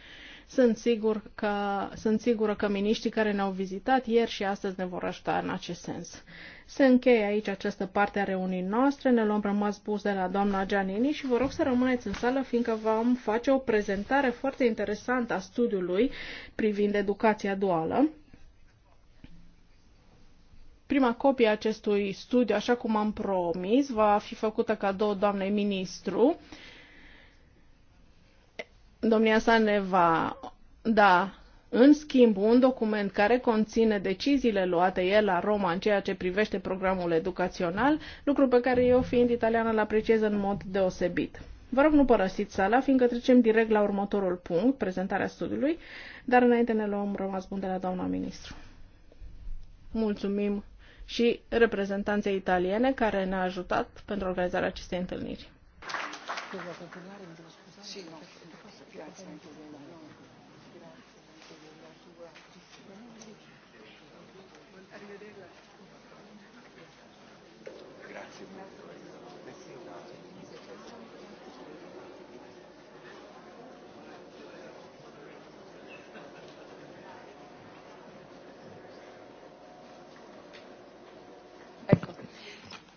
Sunt, sigur că, sunt sigură că miniștrii care ne-au vizitat ieri și astăzi ne vor ajuta în acest sens. Se încheie aici această parte a reunii noastre, ne luăm rămas bus de la doamna Gianini și vă rog să rămâneți în sală, fiindcă vom face o prezentare foarte interesantă a studiului privind educația duală. Prima copie a acestui studiu, așa cum am promis, va fi făcută cadou doamnei ministru. Domnia sa ne va da în schimb, un document care conține deciziile luate el la Roma în ceea ce privește programul educațional, lucru pe care eu, fiind italiană, îl apreciez în mod deosebit. Vă rog, nu părăsiți sala, fiindcă trecem direct la următorul punct, prezentarea studiului, dar înainte ne luăm rămas bun de la doamna ministru. Mulțumim și reprezentanței italiene care ne-a ajutat pentru organizarea acestei întâlniri. Grazie.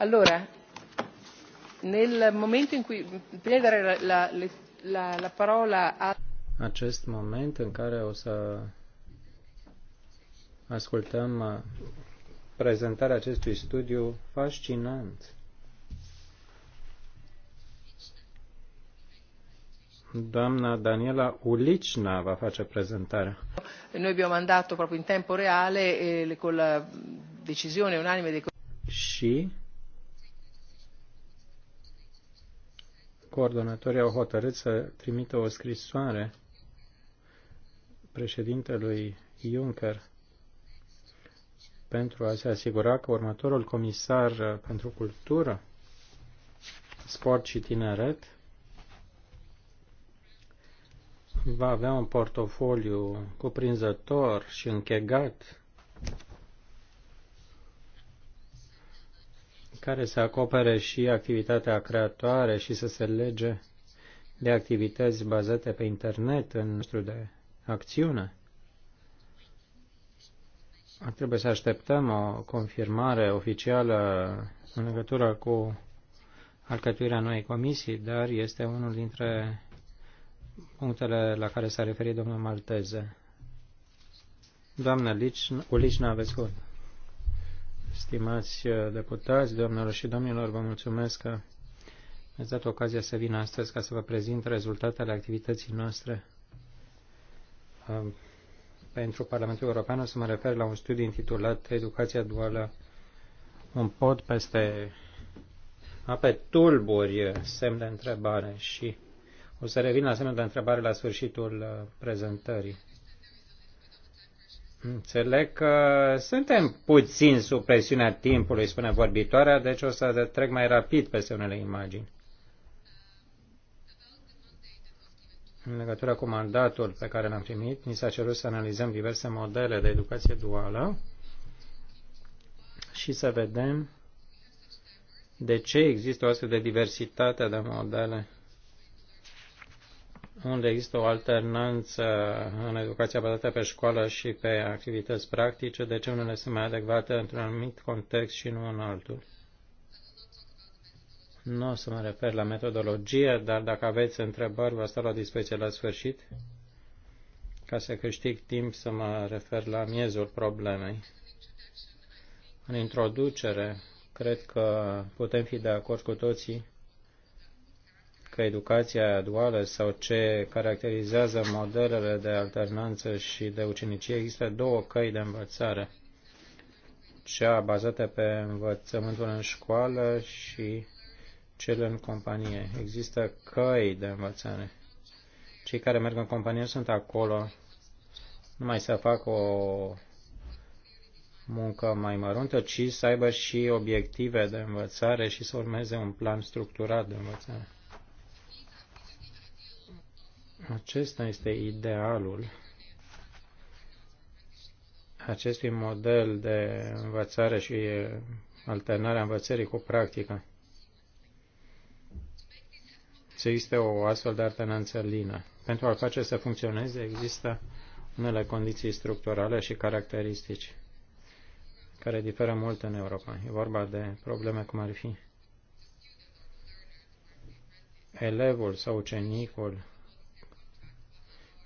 allora nel momento in cui prima la, la, la parola a acest moment în care o să ascultăm uh, prezentarea acestui studiu fascinant. Doamna Daniela Ulicna va face prezentarea. Noi abbiamo mandato proprio in tempo reale eh, con la decisione unanime dei Și coordonatorii au hotărât să trimită o scrisoare președintelui Juncker pentru a se asigura că următorul comisar pentru cultură, sport și tineret va avea un portofoliu cuprinzător și închegat care să acopere și activitatea creatoare și să se lege de activități bazate pe internet în nostru de acțiune. Trebuie să așteptăm o confirmare oficială în legătură cu alcătuirea noii comisii, dar este unul dintre punctele la care s-a referit domnul Malteze. Doamnă Ulicna, aveți cuvânt. Stimați uh, deputați, doamnelor și domnilor, vă mulțumesc că mi-ați dat ocazia să vin astăzi ca să vă prezint rezultatele activității noastre um, pentru Parlamentul European. O să mă refer la un studiu intitulat Educația duală, un pod peste ape tulburi, semn de întrebare și o să revin la semnul de întrebare la sfârșitul uh, prezentării. Înțeleg că suntem puțin sub presiunea timpului, spune vorbitoarea, deci o să trec mai rapid peste unele imagini. În legătură cu mandatul pe care l-am primit, ni s-a cerut să analizăm diverse modele de educație duală și să vedem de ce există o astfel de diversitate de modele unde există o alternanță în educația bazată pe școală și pe activități practice, de ce unele sunt mai adecvate într-un anumit context și nu în altul. Nu o să mă refer la metodologie, dar dacă aveți întrebări, vă stau la dispoziție la sfârșit ca să câștig timp să mă refer la miezul problemei. În introducere, cred că putem fi de acord cu toții că educația duală sau ce caracterizează modelele de alternanță și de ucenicie, există două căi de învățare. Cea bazată pe învățământul în școală și cel în companie. Există căi de învățare. Cei care merg în companie sunt acolo numai să facă o muncă mai măruntă, ci să aibă și obiective de învățare și să urmeze un plan structurat de învățare. Acesta este idealul acestui model de învățare și alternarea învățării cu practica. Să existe o astfel de alternanță lină. Pentru a face să funcționeze, există unele condiții structurale și caracteristici care diferă mult în Europa. E vorba de probleme cum ar fi elevul sau ucenicul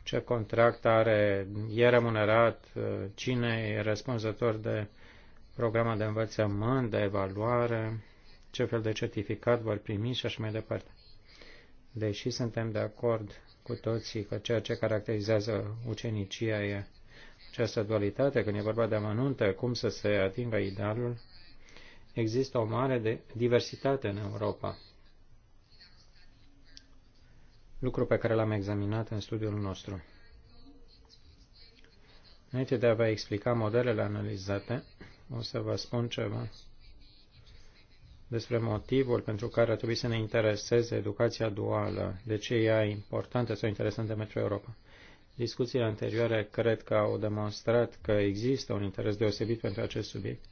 ce contract are, e remunerat, cine e răspunzător de programa de învățământ, de evaluare, ce fel de certificat vor primi și așa mai departe. Deși suntem de acord cu toții că ceea ce caracterizează ucenicia e această dualitate, când e vorba de amănunte, cum să se atingă idealul, există o mare de diversitate în Europa lucru pe care l-am examinat în studiul nostru. Înainte de a vă explica modelele analizate, o să vă spun ceva despre motivul pentru care ar trebui să ne intereseze educația duală, de ce ea e importantă sau interesantă pentru Europa. Discuțiile anterioare cred că au demonstrat că există un interes deosebit pentru acest subiect.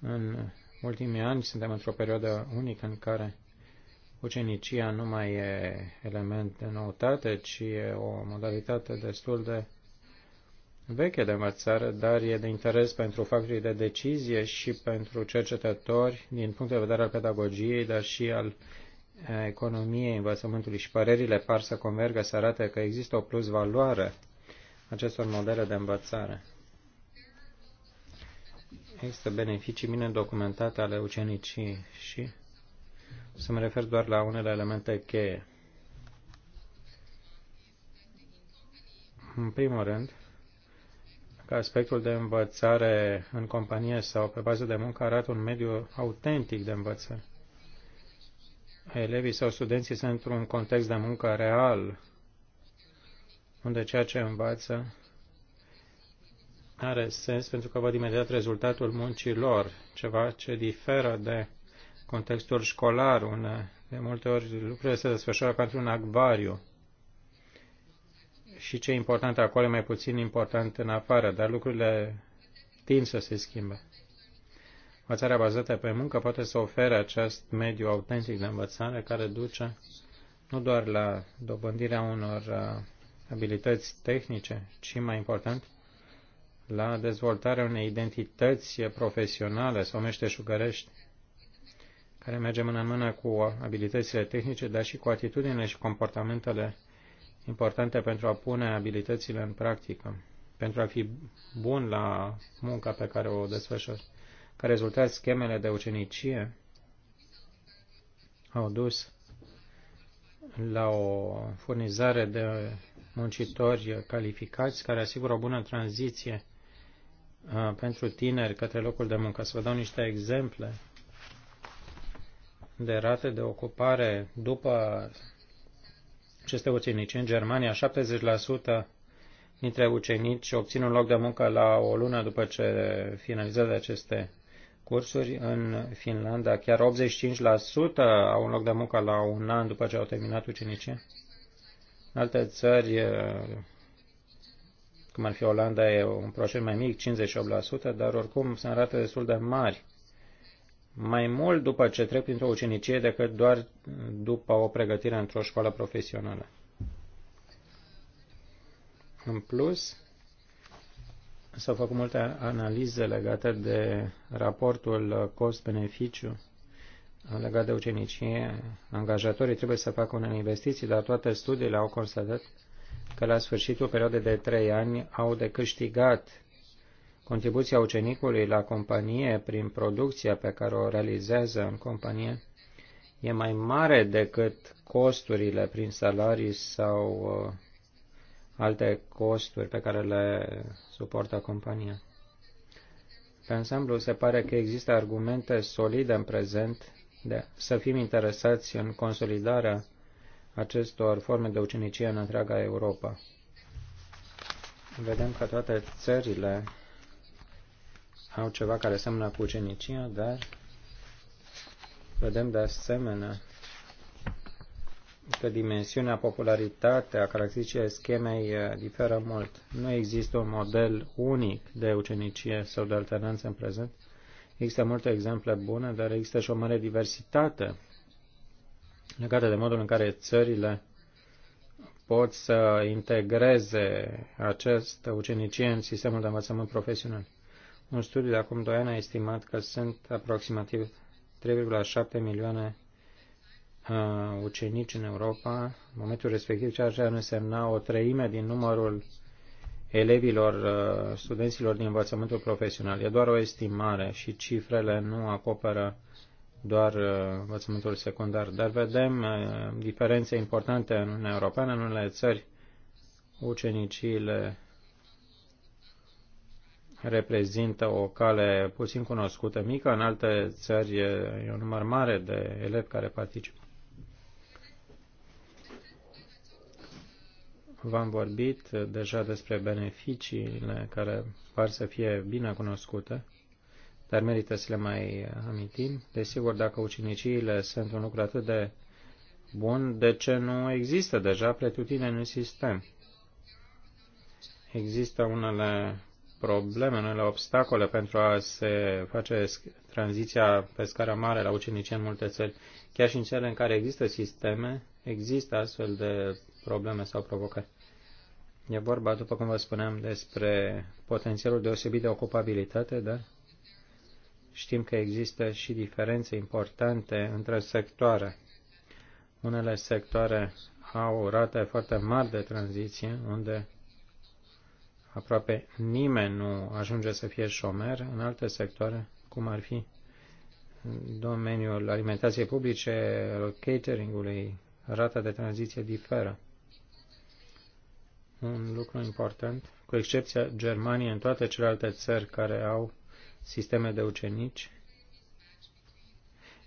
În ultimii ani suntem într-o perioadă unică în care ucenicia nu mai e element de noutate, ci e o modalitate destul de veche de învățare, dar e de interes pentru factorii de decizie și pentru cercetători din punct de vedere al pedagogiei, dar și al eh, economiei învățământului și părerile par să convergă, să arate că există o plus valoare acestor modele de învățare. Există beneficii bine documentate ale ucenicii și să mă refer doar la unele elemente cheie. În primul rând, că aspectul de învățare în companie sau pe bază de muncă arată un mediu autentic de învățare. Elevii sau studenții sunt într-un context de muncă real, unde ceea ce învață are sens pentru că văd imediat rezultatul muncii lor, ceva ce diferă de contextul școlar, un, de multe ori lucrurile se desfășoară ca într-un acvariu. Și ce e important acolo e mai puțin important în afară, dar lucrurile tind să se schimbe. Învățarea bazată pe muncă poate să ofere acest mediu autentic de învățare care duce nu doar la dobândirea unor uh, abilități tehnice, ci mai important, la dezvoltarea unei identități profesionale sau meșteșugărești care merge mână în mână cu abilitățile tehnice, dar și cu atitudinile și comportamentele importante pentru a pune abilitățile în practică, pentru a fi bun la munca pe care o desfășor. Ca rezultat, schemele de ucenicie au dus la o furnizare de muncitori calificați care asigură o bună tranziție uh, pentru tineri către locul de muncă. Să vă dau niște exemple de rate de ocupare după aceste ucenici în Germania, 70% dintre ucenici obțin un loc de muncă la o lună după ce finalizează aceste cursuri. În Finlanda chiar 85% au un loc de muncă la un an după ce au terminat ucenicii. În alte țări, cum ar fi Olanda, e un procent mai mic, 58%, dar oricum sunt rate destul de mari mai mult după ce trec printr-o ucenicie decât doar după o pregătire într-o școală profesională. În plus, s-au făcut multe analize legate de raportul cost-beneficiu legat de ucenicie. Angajatorii trebuie să facă unele investiții, dar toate studiile au constatat că la sfârșitul perioadei de trei ani au de câștigat Contribuția ucenicului la companie prin producția pe care o realizează în companie e mai mare decât costurile prin salarii sau uh, alte costuri pe care le suportă compania. Pe ansamblu, se pare că există argumente solide în prezent de să fim interesați în consolidarea acestor forme de ucenicie în întreaga Europa. Vedem că toate țările au ceva care seamănă cu ucenicia, dar vedem de asemenea că dimensiunea, popularitatea, caracteristicile schemei eh, diferă mult. Nu există un model unic de ucenicie sau de alternanță în prezent. Există multe exemple bune, dar există și o mare diversitate legată de modul în care țările pot să integreze această ucenicie în sistemul de învățământ profesional. Un studiu de acum 2 ani a estimat că sunt aproximativ 3,7 milioane uh, ucenici în Europa. În momentul respectiv, ceea ce ar însemna o treime din numărul elevilor, uh, studenților din învățământul profesional. E doar o estimare și cifrele nu acoperă doar uh, învățământul secundar, dar vedem uh, diferențe importante în Uniunea Europeană, în unele țări ucenicile reprezintă o cale puțin cunoscută, mică. În alte țări e un număr mare de elevi care participă. V-am vorbit deja despre beneficiile care par să fie bine cunoscute, dar merită să le mai amintim. Desigur, dacă uciniciile sunt un lucru atât de bun, de ce nu există deja pretutine în sistem? Există unele probleme, unele obstacole pentru a se face tranziția pe scară mare la ucenicie în multe țări. Chiar și în cele în care există sisteme, există astfel de probleme sau provocări. E vorba, după cum vă spuneam, despre potențialul deosebit de ocupabilitate, dar știm că există și diferențe importante între sectoare. Unele sectoare au rate foarte mari de tranziție, unde aproape nimeni nu ajunge să fie șomer în alte sectoare, cum ar fi domeniul alimentației publice, cateringului, rata de tranziție diferă. Un lucru important, cu excepția Germaniei, în toate celelalte țări care au sisteme de ucenici,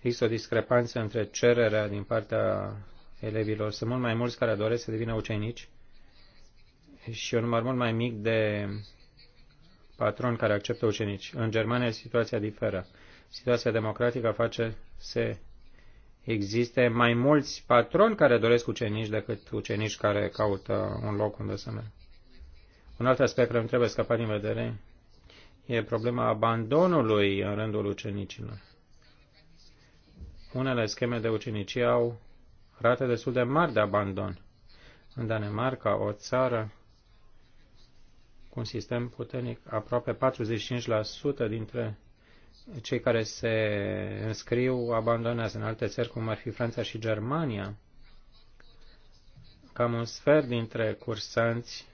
există o discrepanță între cererea din partea elevilor. Sunt mult mai mulți care doresc să devină ucenici și un număr mult mai mic de patroni care acceptă ucenici. În Germania situația diferă. Situația democratică face să existe mai mulți patroni care doresc ucenici decât ucenici care caută un loc unde să meargă. Un alt aspect care nu trebuie scăpat din vedere e problema abandonului în rândul ucenicilor. Unele scheme de ucenicie au rate destul de mari de abandon. În Danemarca, o țară cu un sistem puternic. Aproape 45% dintre cei care se înscriu abandonează în alte țări, cum ar fi Franța și Germania. Cam un sfert dintre cursanți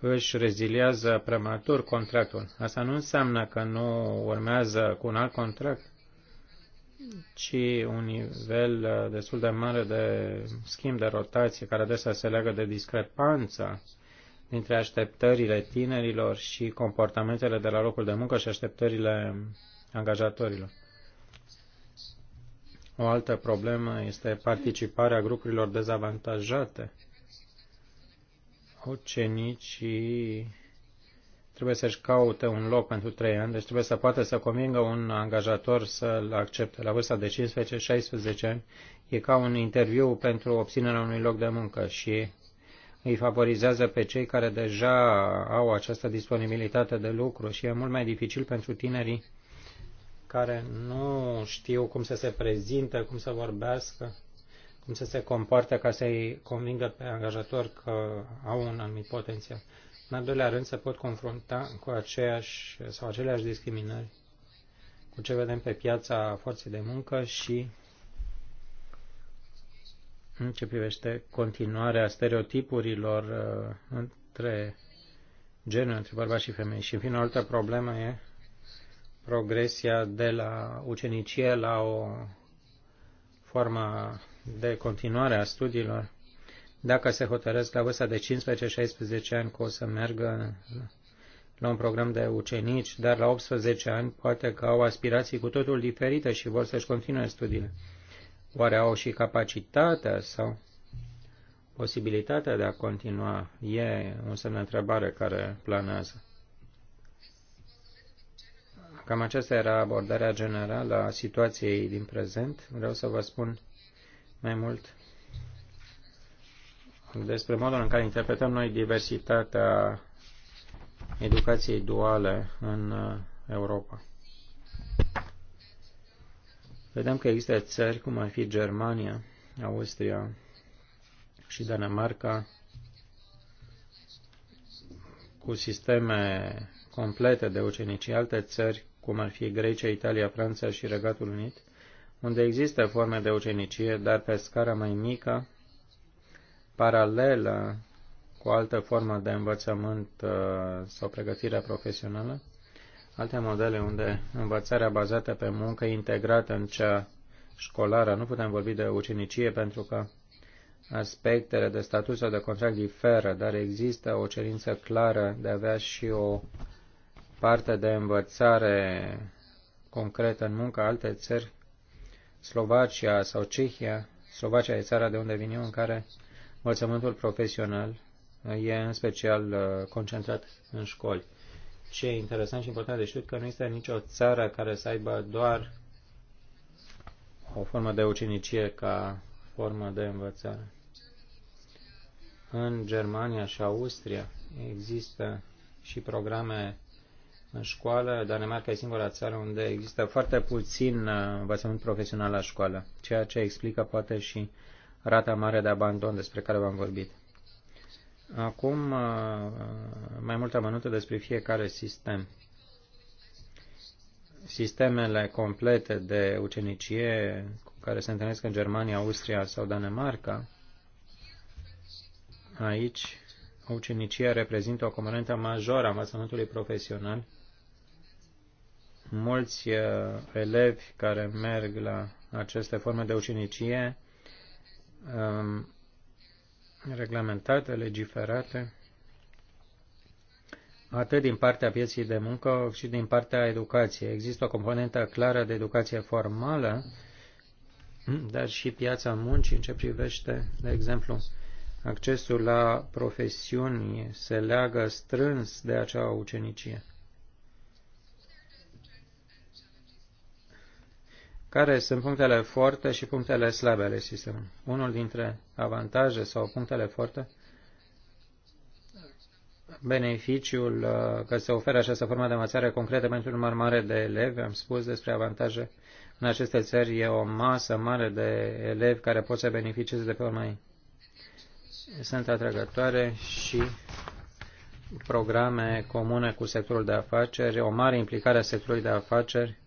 își reziliază prematur contractul. Asta nu înseamnă că nu urmează cu un alt contract, ci un nivel uh, destul de mare de schimb de rotație, care adesea se leagă de discrepanța dintre așteptările tinerilor și comportamentele de la locul de muncă și așteptările angajatorilor. O altă problemă este participarea grupurilor dezavantajate. Ucenicii trebuie să-și caute un loc pentru trei ani, deci trebuie să poată să convingă un angajator să-l accepte. La vârsta de 15-16 ani e ca un interviu pentru obținerea unui loc de muncă și îi favorizează pe cei care deja au această disponibilitate de lucru și e mult mai dificil pentru tinerii care nu știu cum să se prezinte, cum să vorbească, cum să se comporte ca să-i convingă pe angajator că au un anumit potențial. În al doilea rând, se pot confrunta cu aceeași sau aceleași discriminări cu ce vedem pe piața forței de muncă și în ce privește continuarea stereotipurilor uh, între genul între bărbați și femei. Și, în fine, o altă problemă e progresia de la ucenicie la o formă de continuare a studiilor. Dacă se hotărăsc la vârsta de 15-16 ani că o să meargă la un program de ucenici, dar la 18 ani poate că au aspirații cu totul diferite și vor să-și continue studiile. Oare au și capacitatea sau posibilitatea de a continua? E un semn de întrebare care planează. Cam aceasta era abordarea generală a situației din prezent. Vreau să vă spun mai mult despre modul în care interpretăm noi diversitatea educației duale în uh, Europa. Vedem că există țări, cum ar fi Germania, Austria și Danemarca, cu sisteme complete de ucenicii, alte țări, cum ar fi Grecia, Italia, Franța și Regatul Unit, unde există forme de ucenicie, dar pe scară mai mică, paralelă cu altă formă de învățământ uh, sau pregătire profesională, alte modele unde învățarea bazată pe muncă integrată în cea școlară, nu putem vorbi de ucenicie pentru că aspectele de statut sau de contract diferă, dar există o cerință clară de a avea și o parte de învățare concretă în muncă. Alte țări, Slovacia sau Cehia, Slovacia e țara de unde vin eu, în care învățământul profesional e în special uh, concentrat în școli ce e interesant și important de știut că nu este nicio țară care să aibă doar o formă de ucenicie ca formă de învățare. În Germania și Austria există și programe în școală. Danemarca e singura țară unde există foarte puțin uh, învățământ profesional la școală, ceea ce explică poate și rata mare de abandon despre care v-am vorbit. Acum uh, mai multe amănunte despre fiecare sistem. Sistemele complete de ucenicie cu care se întâlnesc în Germania, Austria sau Danemarca, aici ucenicia reprezintă o componentă majoră a învățământului profesional. Mulți uh, elevi care merg la aceste forme de ucenicie um, reglementate, legiferate, atât din partea pieții de muncă, cât și din partea educației. Există o componentă clară de educație formală, dar și piața muncii în ce privește, de exemplu, accesul la profesiuni se leagă strâns de acea ucenicie. care sunt punctele forte și punctele slabe ale sistemului. Unul dintre avantaje sau punctele forte, beneficiul uh, că se oferă această formă de învățare concretă pentru un număr mare de elevi, am spus despre avantaje, în aceste țări e o masă mare de elevi care pot să beneficieze de pe urmă ei. Sunt atrăgătoare și programe comune cu sectorul de afaceri, o mare implicare a sectorului de afaceri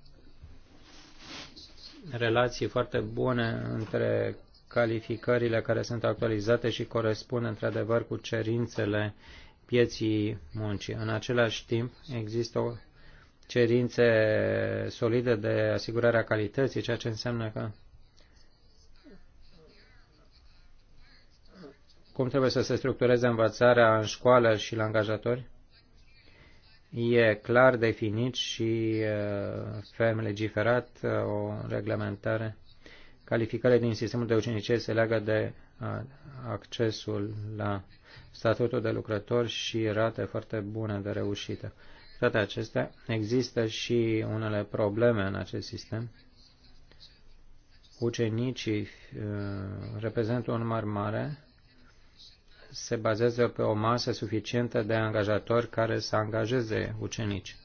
relații foarte bune între calificările care sunt actualizate și corespund într-adevăr cu cerințele pieții muncii. În același timp, există o cerințe solide de asigurare a calității, ceea ce înseamnă că cum trebuie să se structureze învățarea în școală și la angajatori e clar definit și uh, ferm legiferat uh, o reglementare. Calificările din sistemul de ucenicie se leagă de uh, accesul la statutul de lucrător și rate foarte bune de reușită. Toate acestea, există și unele probleme în acest sistem. Ucenicii reprezintă un număr mare se bazează pe o masă suficientă de angajatori care să angajeze ucenici.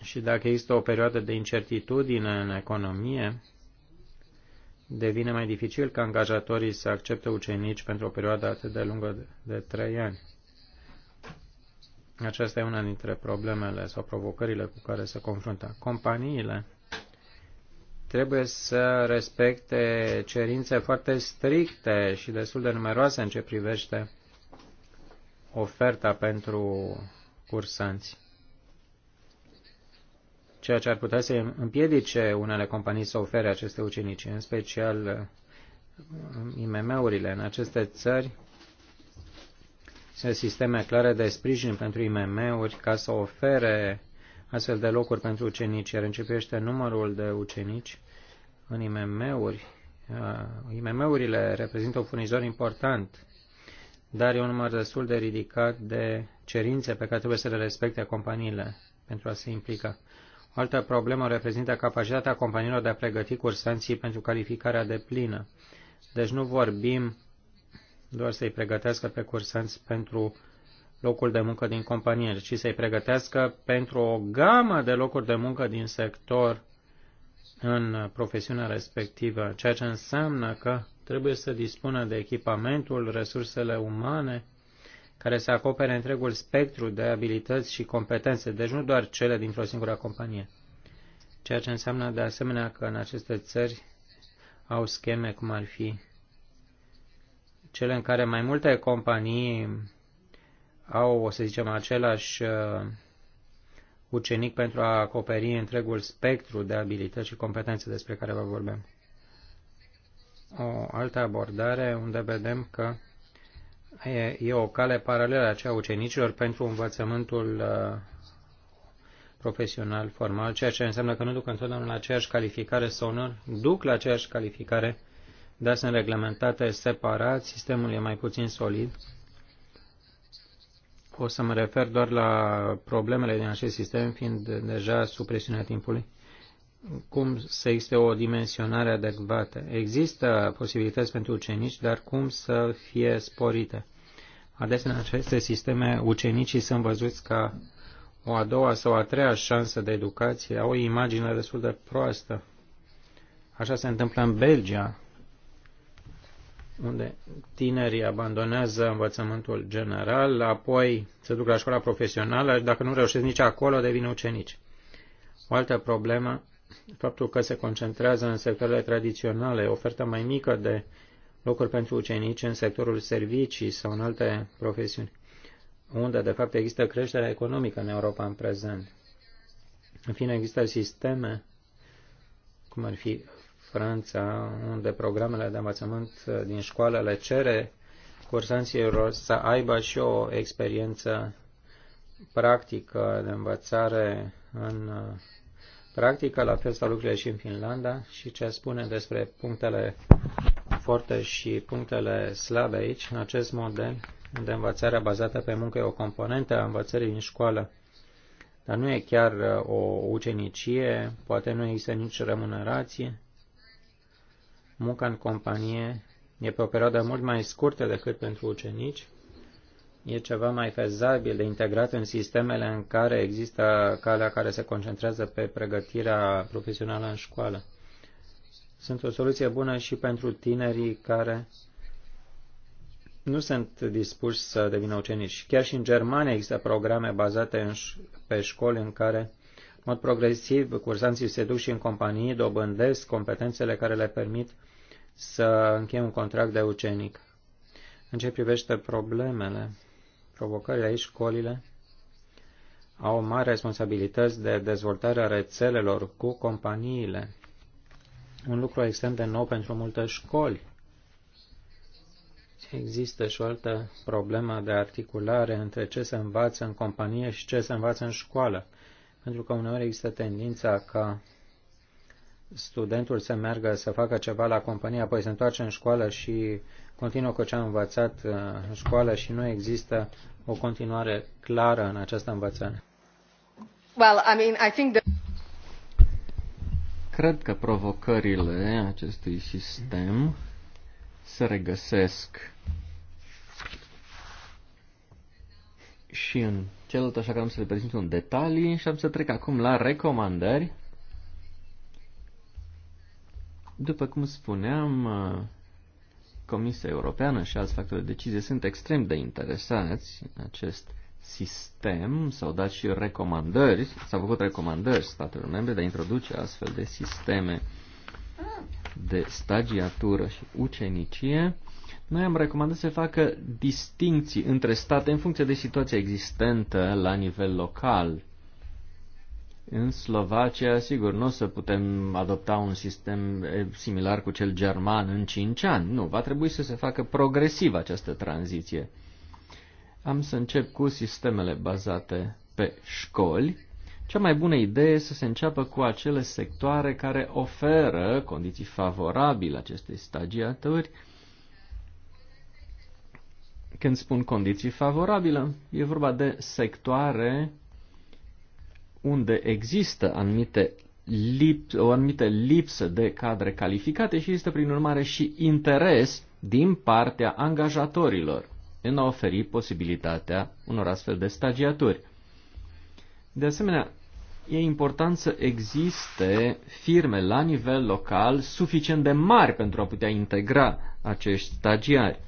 Și dacă există o perioadă de incertitudine în economie, devine mai dificil ca angajatorii să accepte ucenici pentru o perioadă atât de lungă de trei ani. Aceasta e una dintre problemele sau provocările cu care se confruntă companiile trebuie să respecte cerințe foarte stricte și destul de numeroase în ce privește oferta pentru cursanți. Ceea ce ar putea să împiedice unele companii să ofere aceste ucenici, în special uh, IMM-urile în aceste țări. Sunt sisteme clare de sprijin pentru IMM-uri ca să ofere astfel de locuri pentru ucenici, iar începește numărul de ucenici în IMM-uri. Uh, IMM-urile reprezintă un furnizor important, dar e un număr destul de ridicat de cerințe pe care trebuie să le respecte companiile pentru a se implica. O altă problemă reprezintă capacitatea companiilor de a pregăti cursanții pentru calificarea de plină. Deci nu vorbim doar să-i pregătească pe cursanți pentru locul de muncă din companie, ci să-i pregătească pentru o gamă de locuri de muncă din sector în profesiunea respectivă, ceea ce înseamnă că trebuie să dispună de echipamentul, resursele umane care să acopere întregul spectru de abilități și competențe, deci nu doar cele dintr-o singură companie. Ceea ce înseamnă de asemenea că în aceste țări au scheme cum ar fi cele în care mai multe companii au, o să zicem, același uh, ucenic pentru a acoperi întregul spectru de abilități și competențe despre care vă vorbim. O altă abordare unde vedem că e, e o cale paralelă a cea ucenicilor pentru învățământul uh, profesional, formal, ceea ce înseamnă că nu duc întotdeauna la aceeași calificare sau nu duc la aceeași calificare, dar sunt reglementate separat, sistemul e mai puțin solid o să mă refer doar la problemele din acest sistem, fiind deja sub presiunea timpului. Cum să existe o dimensionare adecvată? Există posibilități pentru ucenici, dar cum să fie sporite? Adesea în aceste sisteme ucenicii sunt văzuți ca o a doua sau a treia șansă de educație, au o imagine destul de proastă. Așa se întâmplă în Belgia, unde tinerii abandonează învățământul general, apoi se duc la școala profesională, dacă nu reușesc nici acolo, devin ucenici. O altă problemă, faptul că se concentrează în sectoarele tradiționale, oferta mai mică de locuri pentru ucenici în sectorul servicii sau în alte profesiuni, unde de fapt există creștere economică în Europa în prezent. În fine, există sisteme, cum ar fi Franța, unde programele de învățământ din școală le cere cursanților să aibă și o experiență practică de învățare în practică, la fel stau lucrurile și în Finlanda și ce spune despre punctele forte și punctele slabe aici, în acest model de învățare bazată pe muncă e o componentă a învățării în școală, dar nu e chiar uh, o ucenicie, poate nu există nici remunerație, Munca în companie e pe o perioadă mult mai scurtă decât pentru ucenici. E ceva mai fezabil de integrat în sistemele în care există calea care se concentrează pe pregătirea profesională în școală. Sunt o soluție bună și pentru tinerii care nu sunt dispuși să devină ucenici. Chiar și în Germania există programe bazate în, pe școli în care, în mod progresiv, cursanții se duc și în companii, dobândesc competențele care le permit să încheie un contract de ucenic. În ce privește problemele, provocările aici, școlile au mari responsabilități de dezvoltare a rețelelor cu companiile. Un lucru extrem de nou pentru multe școli. Există și o altă problemă de articulare între ce se învață în companie și ce se învață în școală, pentru că uneori există tendința ca studentul să meargă să facă ceva la companie, apoi se întoarce în școală și continuă cu ce a învățat uh, în școală și nu există o continuare clară în această învățare? Well, I mean, I think the... Cred că provocările acestui sistem se regăsesc și în celălalt, așa că am să le prezint un detalii și am să trec acum la recomandări. După cum spuneam, uh, Comisia Europeană și alți factori de decizie sunt extrem de interesați în acest sistem, s-au dat și recomandări, s-au făcut recomandări statelor membre de a introduce astfel de sisteme de stagiatură și ucenicie. Noi am recomandat să facă distinții între state în funcție de situația existentă la nivel local. În Slovacia, sigur, nu o să putem adopta un sistem similar cu cel german în 5 ani. Nu, va trebui să se facă progresiv această tranziție. Am să încep cu sistemele bazate pe școli. Cea mai bună idee este să se înceapă cu acele sectoare care oferă condiții favorabile acestei stagiatori. Când spun condiții favorabile, e vorba de sectoare unde există anumite lip, o anumită lipsă de cadre calificate și există prin urmare și interes din partea angajatorilor în a oferi posibilitatea unor astfel de stagiaturi. De asemenea, e important să existe firme la nivel local suficient de mari pentru a putea integra acești stagiari.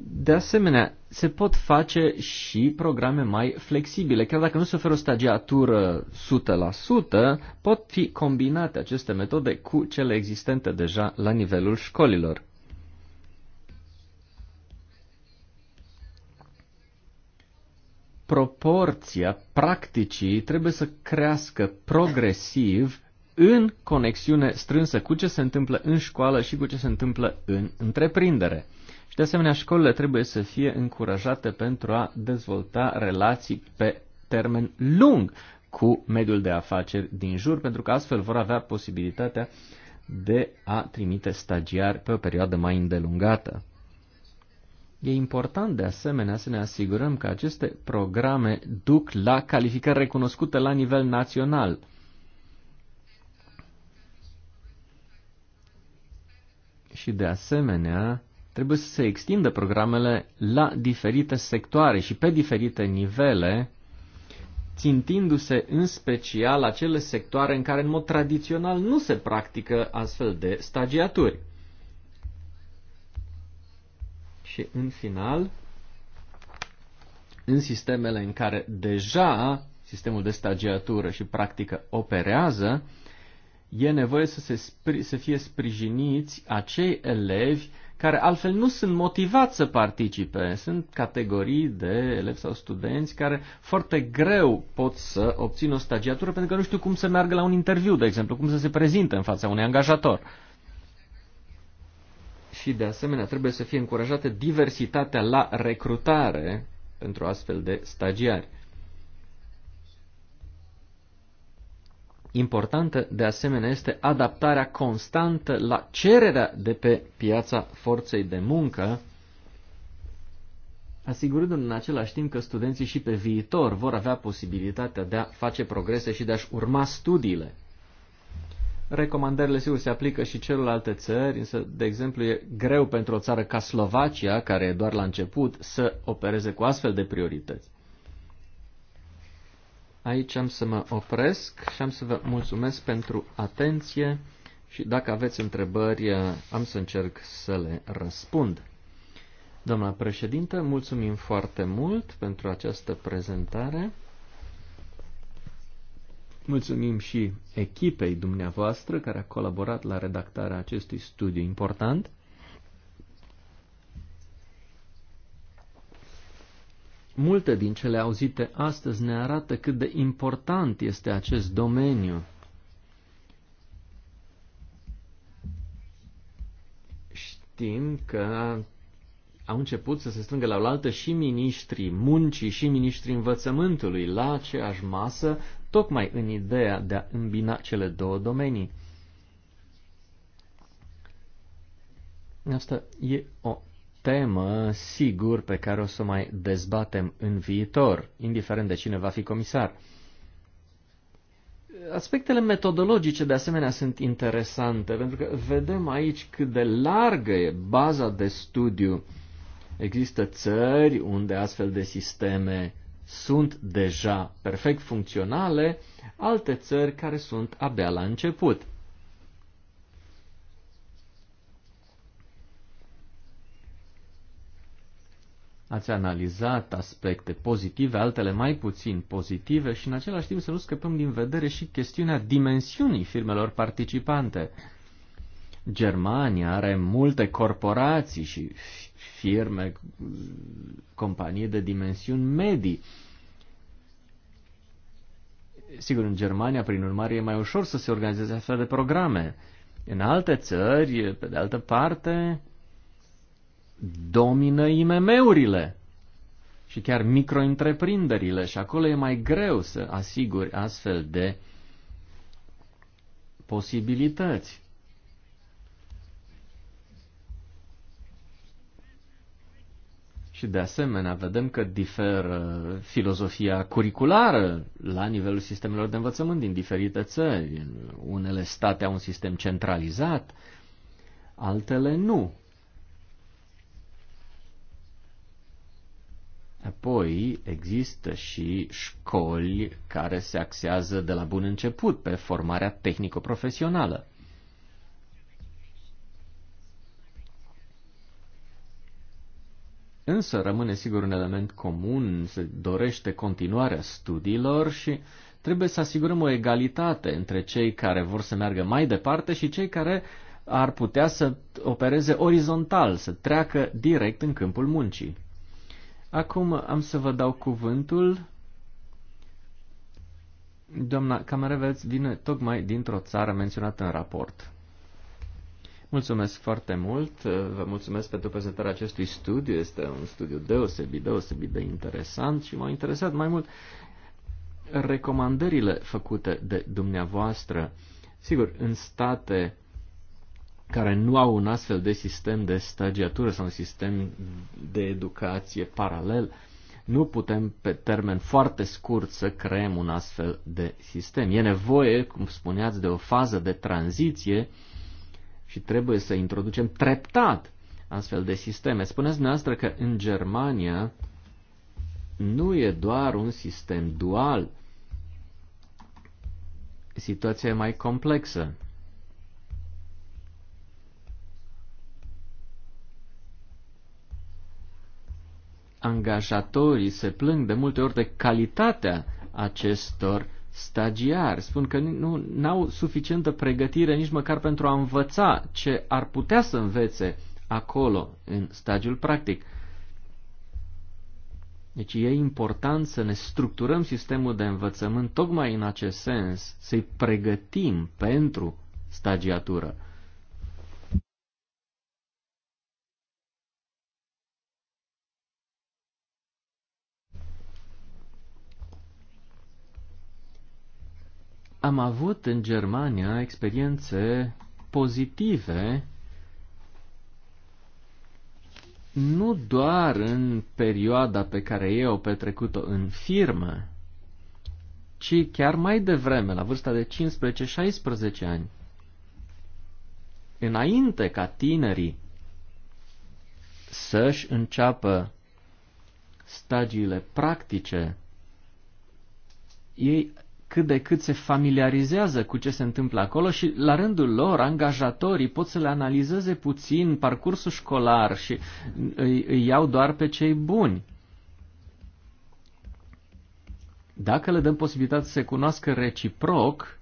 De asemenea, se pot face și programe mai flexibile. Chiar dacă nu se oferă o stagiatură 100%, pot fi combinate aceste metode cu cele existente deja la nivelul școlilor. Proporția practicii trebuie să crească progresiv în conexiune strânsă cu ce se întâmplă în școală și cu ce se întâmplă în întreprindere. Și de asemenea, școlile trebuie să fie încurajate pentru a dezvolta relații pe termen lung cu mediul de afaceri din jur, pentru că astfel vor avea posibilitatea de a trimite stagiari pe o perioadă mai îndelungată. E important de asemenea să ne asigurăm că aceste programe duc la calificări recunoscute la nivel național. Și de asemenea, trebuie să se extindă programele la diferite sectoare și pe diferite nivele, țintindu-se în special acele sectoare în care în mod tradițional nu se practică astfel de stagiaturi. Și în final, în sistemele în care deja sistemul de stagiatură și practică operează, e nevoie să, se, să fie sprijiniți acei elevi care altfel nu sunt motivați să participe. Sunt categorii de elevi sau studenți care foarte greu pot să obțină o stagiatură pentru că nu știu cum să meargă la un interviu, de exemplu, cum să se prezinte în fața unui angajator. Și de asemenea trebuie să fie încurajată diversitatea la recrutare pentru astfel de stagiari. Importantă de asemenea este adaptarea constantă la cererea de pe piața forței de muncă, asigurându-ne în același timp că studenții și pe viitor vor avea posibilitatea de a face progrese și de a-și urma studiile. Recomandările, sigur, se aplică și celorlalte țări, însă, de exemplu, e greu pentru o țară ca Slovacia, care e doar la început, să opereze cu astfel de priorități. Aici am să mă opresc și am să vă mulțumesc pentru atenție și dacă aveți întrebări, am să încerc să le răspund. Doamna președintă, mulțumim foarte mult pentru această prezentare. Mulțumim și echipei dumneavoastră care a colaborat la redactarea acestui studiu important. Multe din cele auzite astăzi ne arată cât de important este acest domeniu. Știm că au început să se strângă la oaltă și miniștrii muncii și miniștrii învățământului la aceeași masă, tocmai în ideea de a îmbina cele două domenii. Asta e o temă, sigur, pe care o să mai dezbatem în viitor, indiferent de cine va fi comisar. Aspectele metodologice, de asemenea, sunt interesante, pentru că vedem aici cât de largă e baza de studiu. Există țări unde astfel de sisteme sunt deja perfect funcționale, alte țări care sunt abia la început. ați analizat aspecte pozitive, altele mai puțin pozitive și în același timp să nu scăpăm din vedere și chestiunea dimensiunii firmelor participante. Germania are multe corporații și firme, companii de dimensiuni medii. Sigur, în Germania, prin urmare, e mai ușor să se organizeze astfel de programe. În alte țări, pe de altă parte, domină IMM-urile și chiar micro-întreprinderile și acolo e mai greu să asiguri astfel de posibilități. Și de asemenea, vedem că diferă filozofia curriculară la nivelul sistemelor de învățământ din diferite țări. Unele state au un sistem centralizat, altele nu. Apoi există și școli care se axează de la bun început pe formarea tehnico-profesională. Însă rămâne sigur un element comun, se dorește continuarea studiilor și trebuie să asigurăm o egalitate între cei care vor să meargă mai departe și cei care ar putea să opereze orizontal, să treacă direct în câmpul muncii. Acum am să vă dau cuvântul. Doamna Camereveț vine tocmai dintr-o țară menționată în raport. Mulțumesc foarte mult, vă mulțumesc pentru prezentarea acestui studiu, este un studiu deosebit, deosebit de interesant și m a interesat mai mult recomandările făcute de dumneavoastră. Sigur, în state care nu au un astfel de sistem de stagiatură sau un sistem de educație paralel, nu putem pe termen foarte scurt să creăm un astfel de sistem. E nevoie, cum spuneați, de o fază de tranziție și trebuie să introducem treptat astfel de sisteme. Spuneți dumneavoastră că în Germania nu e doar un sistem dual. Situația e mai complexă. angajatorii se plâng de multe ori de calitatea acestor stagiari. Spun că nu au suficientă pregătire nici măcar pentru a învăța ce ar putea să învețe acolo, în stagiul practic. Deci e important să ne structurăm sistemul de învățământ tocmai în acest sens, să-i pregătim pentru stagiatură. Am avut în Germania experiențe pozitive nu doar în perioada pe care eu o petrecut-o în firmă, ci chiar mai devreme, la vârsta de 15-16 ani, înainte ca tinerii să-și înceapă stagiile practice, ei cât de cât se familiarizează cu ce se întâmplă acolo și, la rândul lor, angajatorii pot să le analizeze puțin parcursul școlar și îi, îi iau doar pe cei buni. Dacă le dăm posibilitatea să se cunoască reciproc,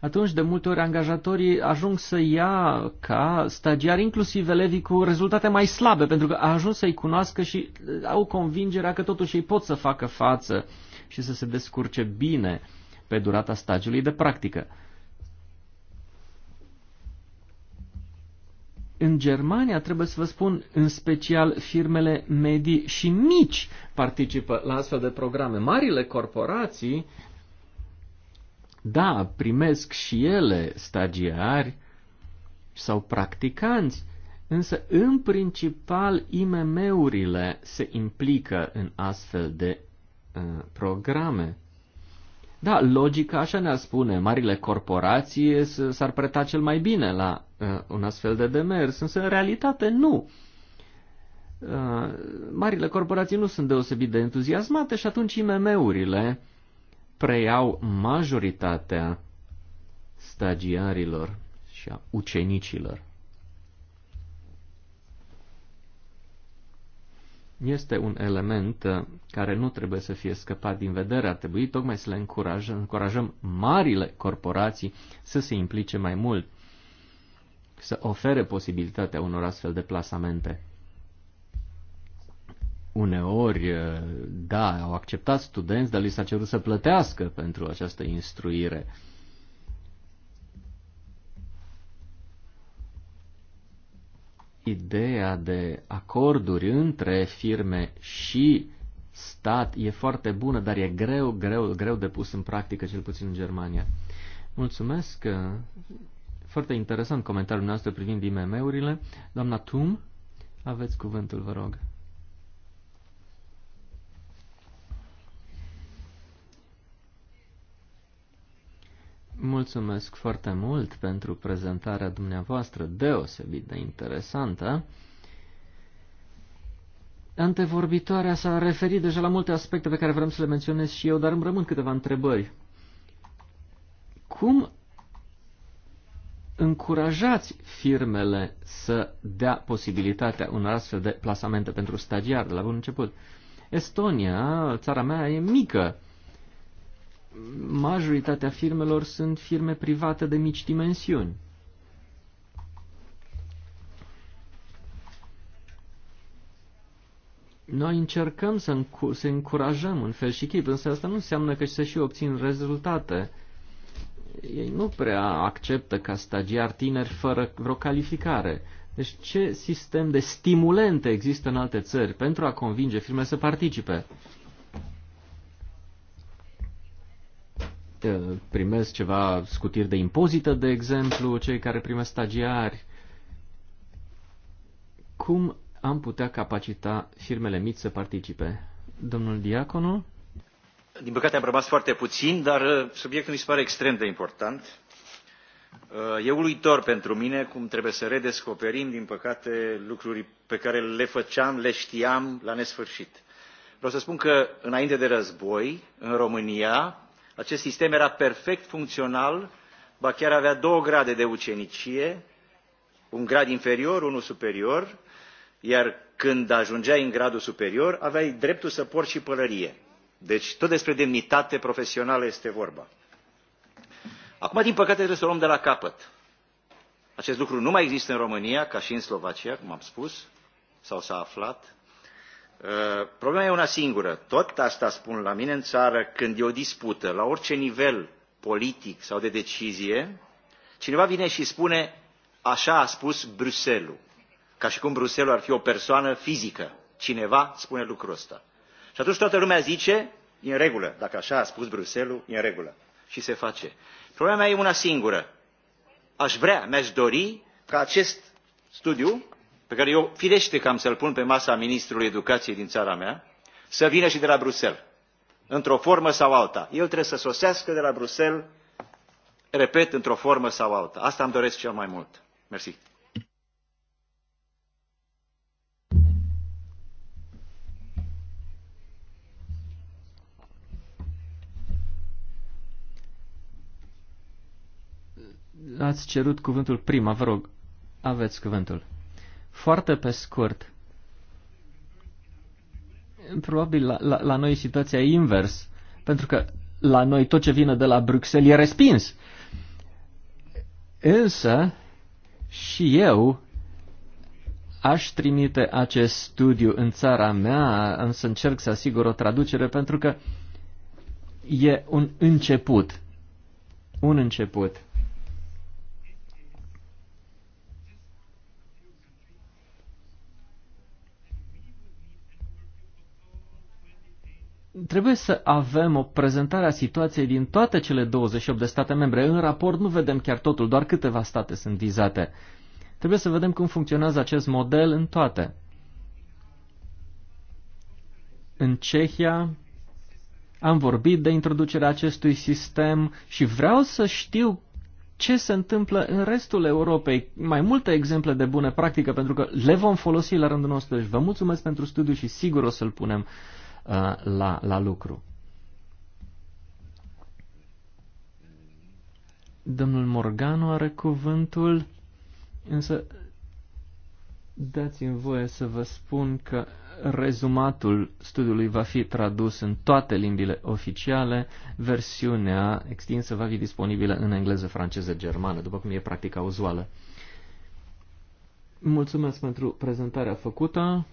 atunci de multe ori angajatorii ajung să ia ca stagiari inclusiv elevii cu rezultate mai slabe, pentru că a ajuns să-i cunoască și uh, au convingerea că totuși ei pot să facă față și să se descurce bine pe durata stagiului de practică. În Germania, trebuie să vă spun, în special firmele medii și mici participă la astfel de programe. Marile corporații, da, primesc și ele stagiari sau practicanți, Însă, în principal, IMM-urile se implică în astfel de uh, programe. Da, logica așa ne-ar spune, marile corporații s-ar preta cel mai bine la uh, un astfel de demers, însă în realitate nu. Uh, marile corporații nu sunt deosebit de entuziasmate și atunci IMM-urile preiau majoritatea stagiarilor și a ucenicilor. este un element uh, care nu trebuie să fie scăpat din vedere. Ar trebui tocmai să le încurajăm, încurajăm marile corporații să se implice mai mult, să ofere posibilitatea unor astfel de plasamente. Uneori, uh, da, au acceptat studenți, dar li s-a cerut să plătească pentru această instruire. Uh, ideea de acorduri între firme și stat e foarte bună, dar e greu, greu, greu de pus în practică, cel puțin în Germania. Mulțumesc! Foarte interesant comentariul noastră privind IMM-urile. Doamna Tum, aveți cuvântul, vă rog. Mulțumesc foarte mult pentru prezentarea dumneavoastră deosebit de interesantă. Antevorbitoarea s-a referit deja la multe aspecte pe care vreau să le menționez și eu, dar îmi rămân câteva întrebări. Cum încurajați firmele să dea posibilitatea unor astfel de plasamente pentru stagiar de la bun început? Estonia, țara mea, e mică majoritatea firmelor sunt firme private de mici dimensiuni. Noi încercăm să, încu- să încurajăm în fel și chip, însă asta nu înseamnă că să și obțin rezultate. Ei nu prea acceptă ca stagiar tineri fără vreo calificare. Deci ce sistem de stimulente există în alte țări pentru a convinge firme să participe? Uh, primesc ceva scutiri de impozită, de exemplu, cei care primesc stagiari. Cum am putea capacita firmele mici să participe? Domnul Diaconu? Din păcate am rămas foarte puțin, dar uh, subiectul mi se pare extrem de important. Uh, e uluitor pentru mine cum trebuie să redescoperim, din păcate, lucruri pe care le făceam, le știam la nesfârșit. Vreau să spun că înainte de război, în România, acest sistem era perfect funcțional, ba chiar avea două grade de ucenicie, un grad inferior, unul superior, iar când ajungeai în gradul superior, aveai dreptul să porți și pălărie. Deci tot despre demnitate profesională este vorba. Acum, din păcate, trebuie să o luăm de la capăt. Acest lucru nu mai există în România, ca și în Slovacia, cum am spus, sau s-a aflat, Eh, problema e una singură. Tot asta spun la mine în țară când e o dispută, la orice nivel politic sau de decizie, cineva vine și spune așa a spus Bruselul. Ca și cum Bruselul ar fi o persoană fizică. Cineva spune lucrul ăsta. Și atunci toată lumea zice, e în regulă, dacă așa a spus Bruselul, e în regulă. Și se face. Problema e una singură. Aș vrea, mi-aș dori ca acest studiu pe care eu firește că am să-l pun pe masa ministrului educației din țara mea, să vină și de la Bruxelles, într-o formă sau alta. El trebuie să sosească de la Bruxelles, repet, într-o formă sau alta. Asta îmi doresc cel mai mult. Mersi. ați cerut cuvântul prima, vă rog, aveți cuvântul. Foarte pe scurt, probabil la, la, la noi situația e invers, pentru că la noi tot ce vine de la Bruxelles e respins. Însă, și eu aș trimite acest studiu în țara mea, am să încerc să asigur o traducere, pentru că e un început. Un început. trebuie să avem o prezentare a situației din toate cele 28 de state membre. În raport nu vedem chiar totul, doar câteva state sunt vizate. Trebuie să vedem cum funcționează acest model în toate. În Cehia am vorbit de introducerea acestui sistem și vreau să știu ce se întâmplă în restul Europei. Mai multe exemple de bune practică, pentru că le vom folosi la rândul nostru. Deci vă mulțumesc pentru studiu și sigur o să-l punem Uh, la, la lucru. Domnul Morgano are cuvântul, însă dați-mi voie să vă spun că rezumatul studiului va fi tradus în toate limbile oficiale, versiunea extinsă va fi disponibilă în engleză, franceză, germană, după cum e practica uzuală. Mulțumesc pentru prezentarea făcută.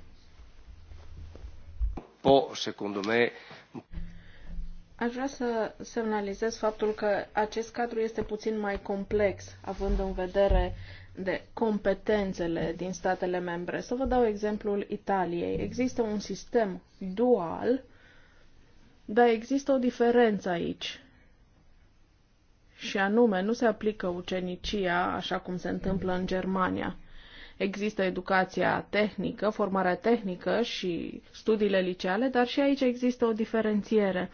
Aș vrea să semnalizez faptul că acest cadru este puțin mai complex, având în vedere de competențele din statele membre. Să vă dau exemplul Italiei. Există un sistem dual, dar există o diferență aici. Și anume, nu se aplică ucenicia așa cum se întâmplă în Germania. Există educația tehnică, formarea tehnică și studiile liceale, dar și aici există o diferențiere.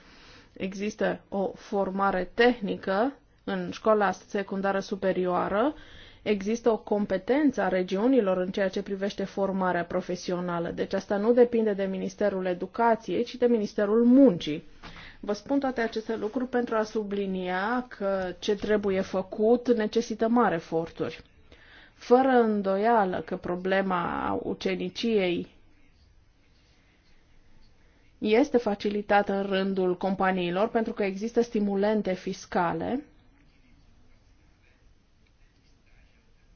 Există o formare tehnică în școala secundară superioară, există o competență a regiunilor în ceea ce privește formarea profesională. Deci asta nu depinde de Ministerul Educației, ci de Ministerul Muncii. Vă spun toate aceste lucruri pentru a sublinia că ce trebuie făcut necesită mari eforturi. Fără îndoială că problema uceniciei este facilitată în rândul companiilor pentru că există stimulente fiscale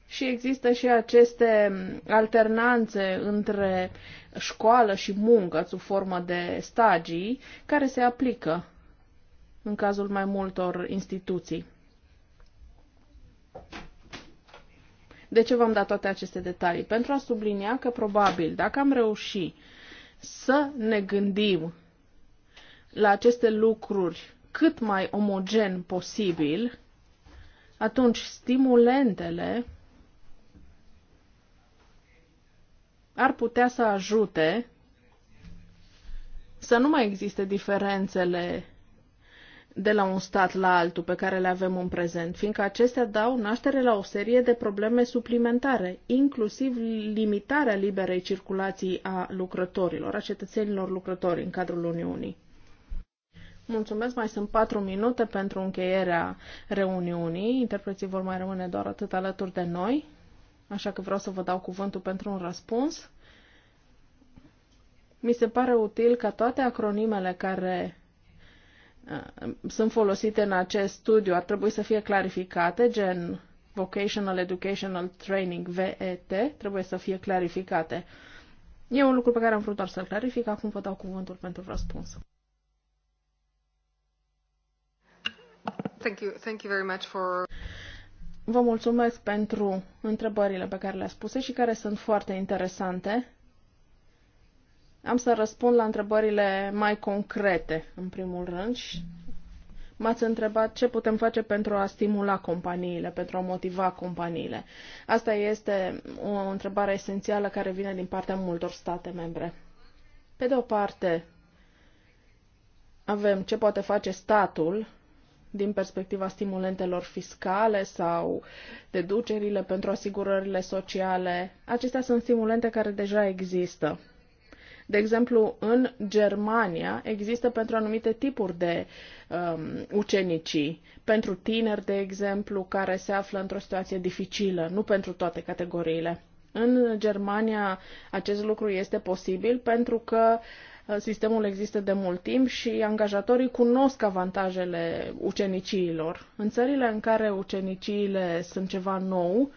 și există și aceste alternanțe între școală și muncă sub formă de stagii care se aplică în cazul mai multor instituții. De ce v-am dat toate aceste detalii? Pentru a sublinia că probabil, dacă am reușit să ne gândim la aceste lucruri cât mai omogen posibil, atunci stimulentele ar putea să ajute să nu mai existe diferențele de la un stat la altul pe care le avem în prezent, fiindcă acestea dau naștere la o serie de probleme suplimentare, inclusiv limitarea liberei circulații a lucrătorilor, a cetățenilor lucrători în cadrul Uniunii. Mulțumesc, mai sunt patru minute pentru încheierea reuniunii. Interpreții vor mai rămâne doar atât alături de noi, așa că vreau să vă dau cuvântul pentru un răspuns. Mi se pare util ca toate acronimele care Uh, sunt folosite în acest studiu ar trebui să fie clarificate, gen Vocational Educational Training, VET, trebuie să fie clarificate. E un lucru pe care am vrut doar să-l clarific, acum vă dau cuvântul pentru răspuns. Thank you. Thank you very much for... Vă mulțumesc pentru întrebările pe care le-ați puse și care sunt foarte interesante. Am să răspund la întrebările mai concrete, în primul rând. M-ați întrebat ce putem face pentru a stimula companiile, pentru a motiva companiile. Asta este o întrebare esențială care vine din partea multor state membre. Pe de o parte, avem ce poate face statul din perspectiva stimulentelor fiscale sau deducerile pentru asigurările sociale. Acestea sunt stimulente care deja există de exemplu, în Germania există pentru anumite tipuri de um, ucenicii, pentru tineri, de exemplu, care se află într-o situație dificilă, nu pentru toate categoriile. În Germania acest lucru este posibil pentru că uh, sistemul există de mult timp și angajatorii cunosc avantajele uceniciilor. În țările în care uceniciile sunt ceva nou,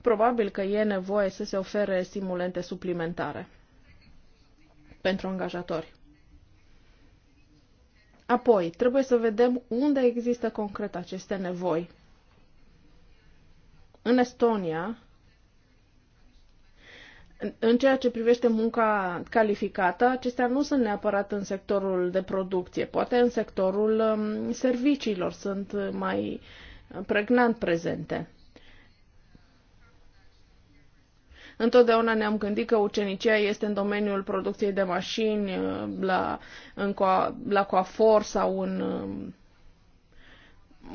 probabil că e nevoie să se ofere simulente suplimentare pentru angajatori. Apoi, trebuie să vedem unde există concret aceste nevoi. În Estonia, în ceea ce privește munca calificată, acestea nu sunt neapărat în sectorul de producție, poate în sectorul um, serviciilor sunt mai pregnant prezente. Întotdeauna ne-am gândit că ucenicia este în domeniul producției de mașini, uh, la, în coa, la coafor sau în um,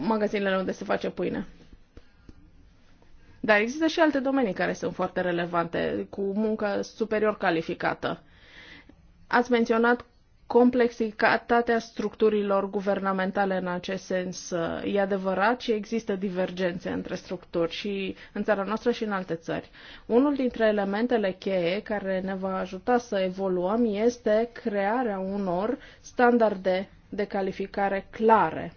magazinele unde se face pâine. Dar există și alte domenii care sunt foarte relevante, cu muncă superior calificată. Ați menționat complexitatea structurilor guvernamentale în acest sens. E adevărat și există divergențe între structuri și în țara noastră și în alte țări. Unul dintre elementele cheie care ne va ajuta să evoluăm este crearea unor standarde de calificare clare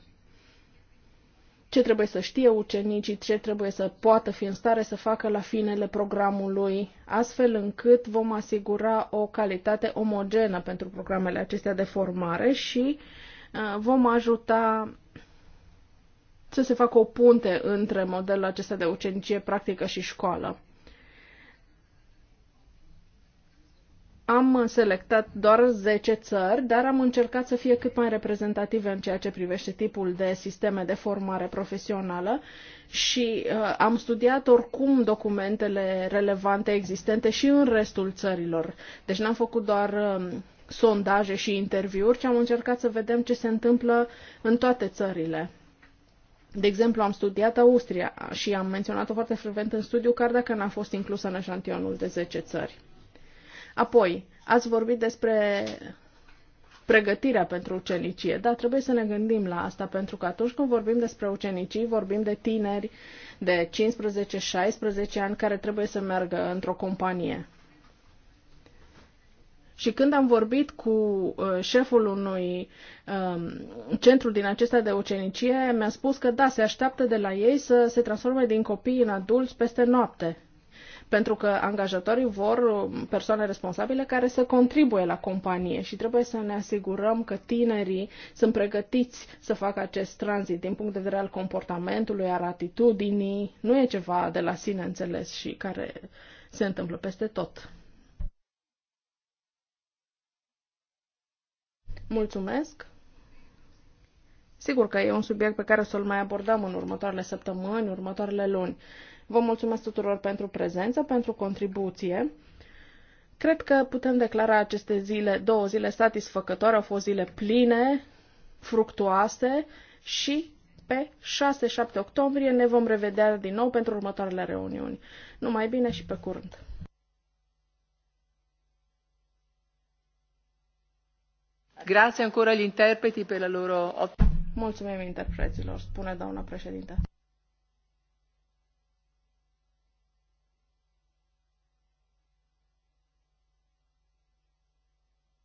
ce trebuie să știe ucenicii, ce trebuie să poată fi în stare să facă la finele programului, astfel încât vom asigura o calitate omogenă pentru programele acestea de formare și uh, vom ajuta să se facă o punte între modelul acesta de ucenicie practică și școală. Am selectat doar 10 țări, dar am încercat să fie cât mai reprezentative în ceea ce privește tipul de sisteme de formare profesională și uh, am studiat oricum documentele relevante existente și în restul țărilor. Deci n-am făcut doar uh, sondaje și interviuri, ci am încercat să vedem ce se întâmplă în toate țările. De exemplu, am studiat Austria și am menționat-o foarte frecvent în studiu, chiar dacă n-a fost inclusă în eșantionul de 10 țări. Apoi, ați vorbit despre pregătirea pentru ucenicie, dar trebuie să ne gândim la asta, pentru că atunci când vorbim despre ucenicii, vorbim de tineri de 15-16 ani care trebuie să meargă într-o companie. Și când am vorbit cu uh, șeful unui um, centru din acesta de ucenicie, mi-a spus că da, se așteaptă de la ei să se transforme din copii în adulți peste noapte pentru că angajatorii vor um, persoane responsabile care să contribuie la companie și trebuie să ne asigurăm că tinerii sunt pregătiți să facă acest tranzit din punct de vedere al comportamentului, al atitudinii. Nu e ceva de la sine înțeles și care se întâmplă peste tot. Mulțumesc! Sigur că e un subiect pe care o să-l mai abordăm în următoarele săptămâni, următoarele luni. Vă mulțumesc tuturor pentru prezență, pentru contribuție. Cred că putem declara aceste zile, două zile satisfăcătoare, au fost zile pline, fructuoase și pe 6-7 octombrie ne vom revedea din nou pentru următoarele reuniuni. Numai bine și pe curând! Grazie ancora agli interpreti per la loro... Mulțumim interpreților, spune doamna președinte.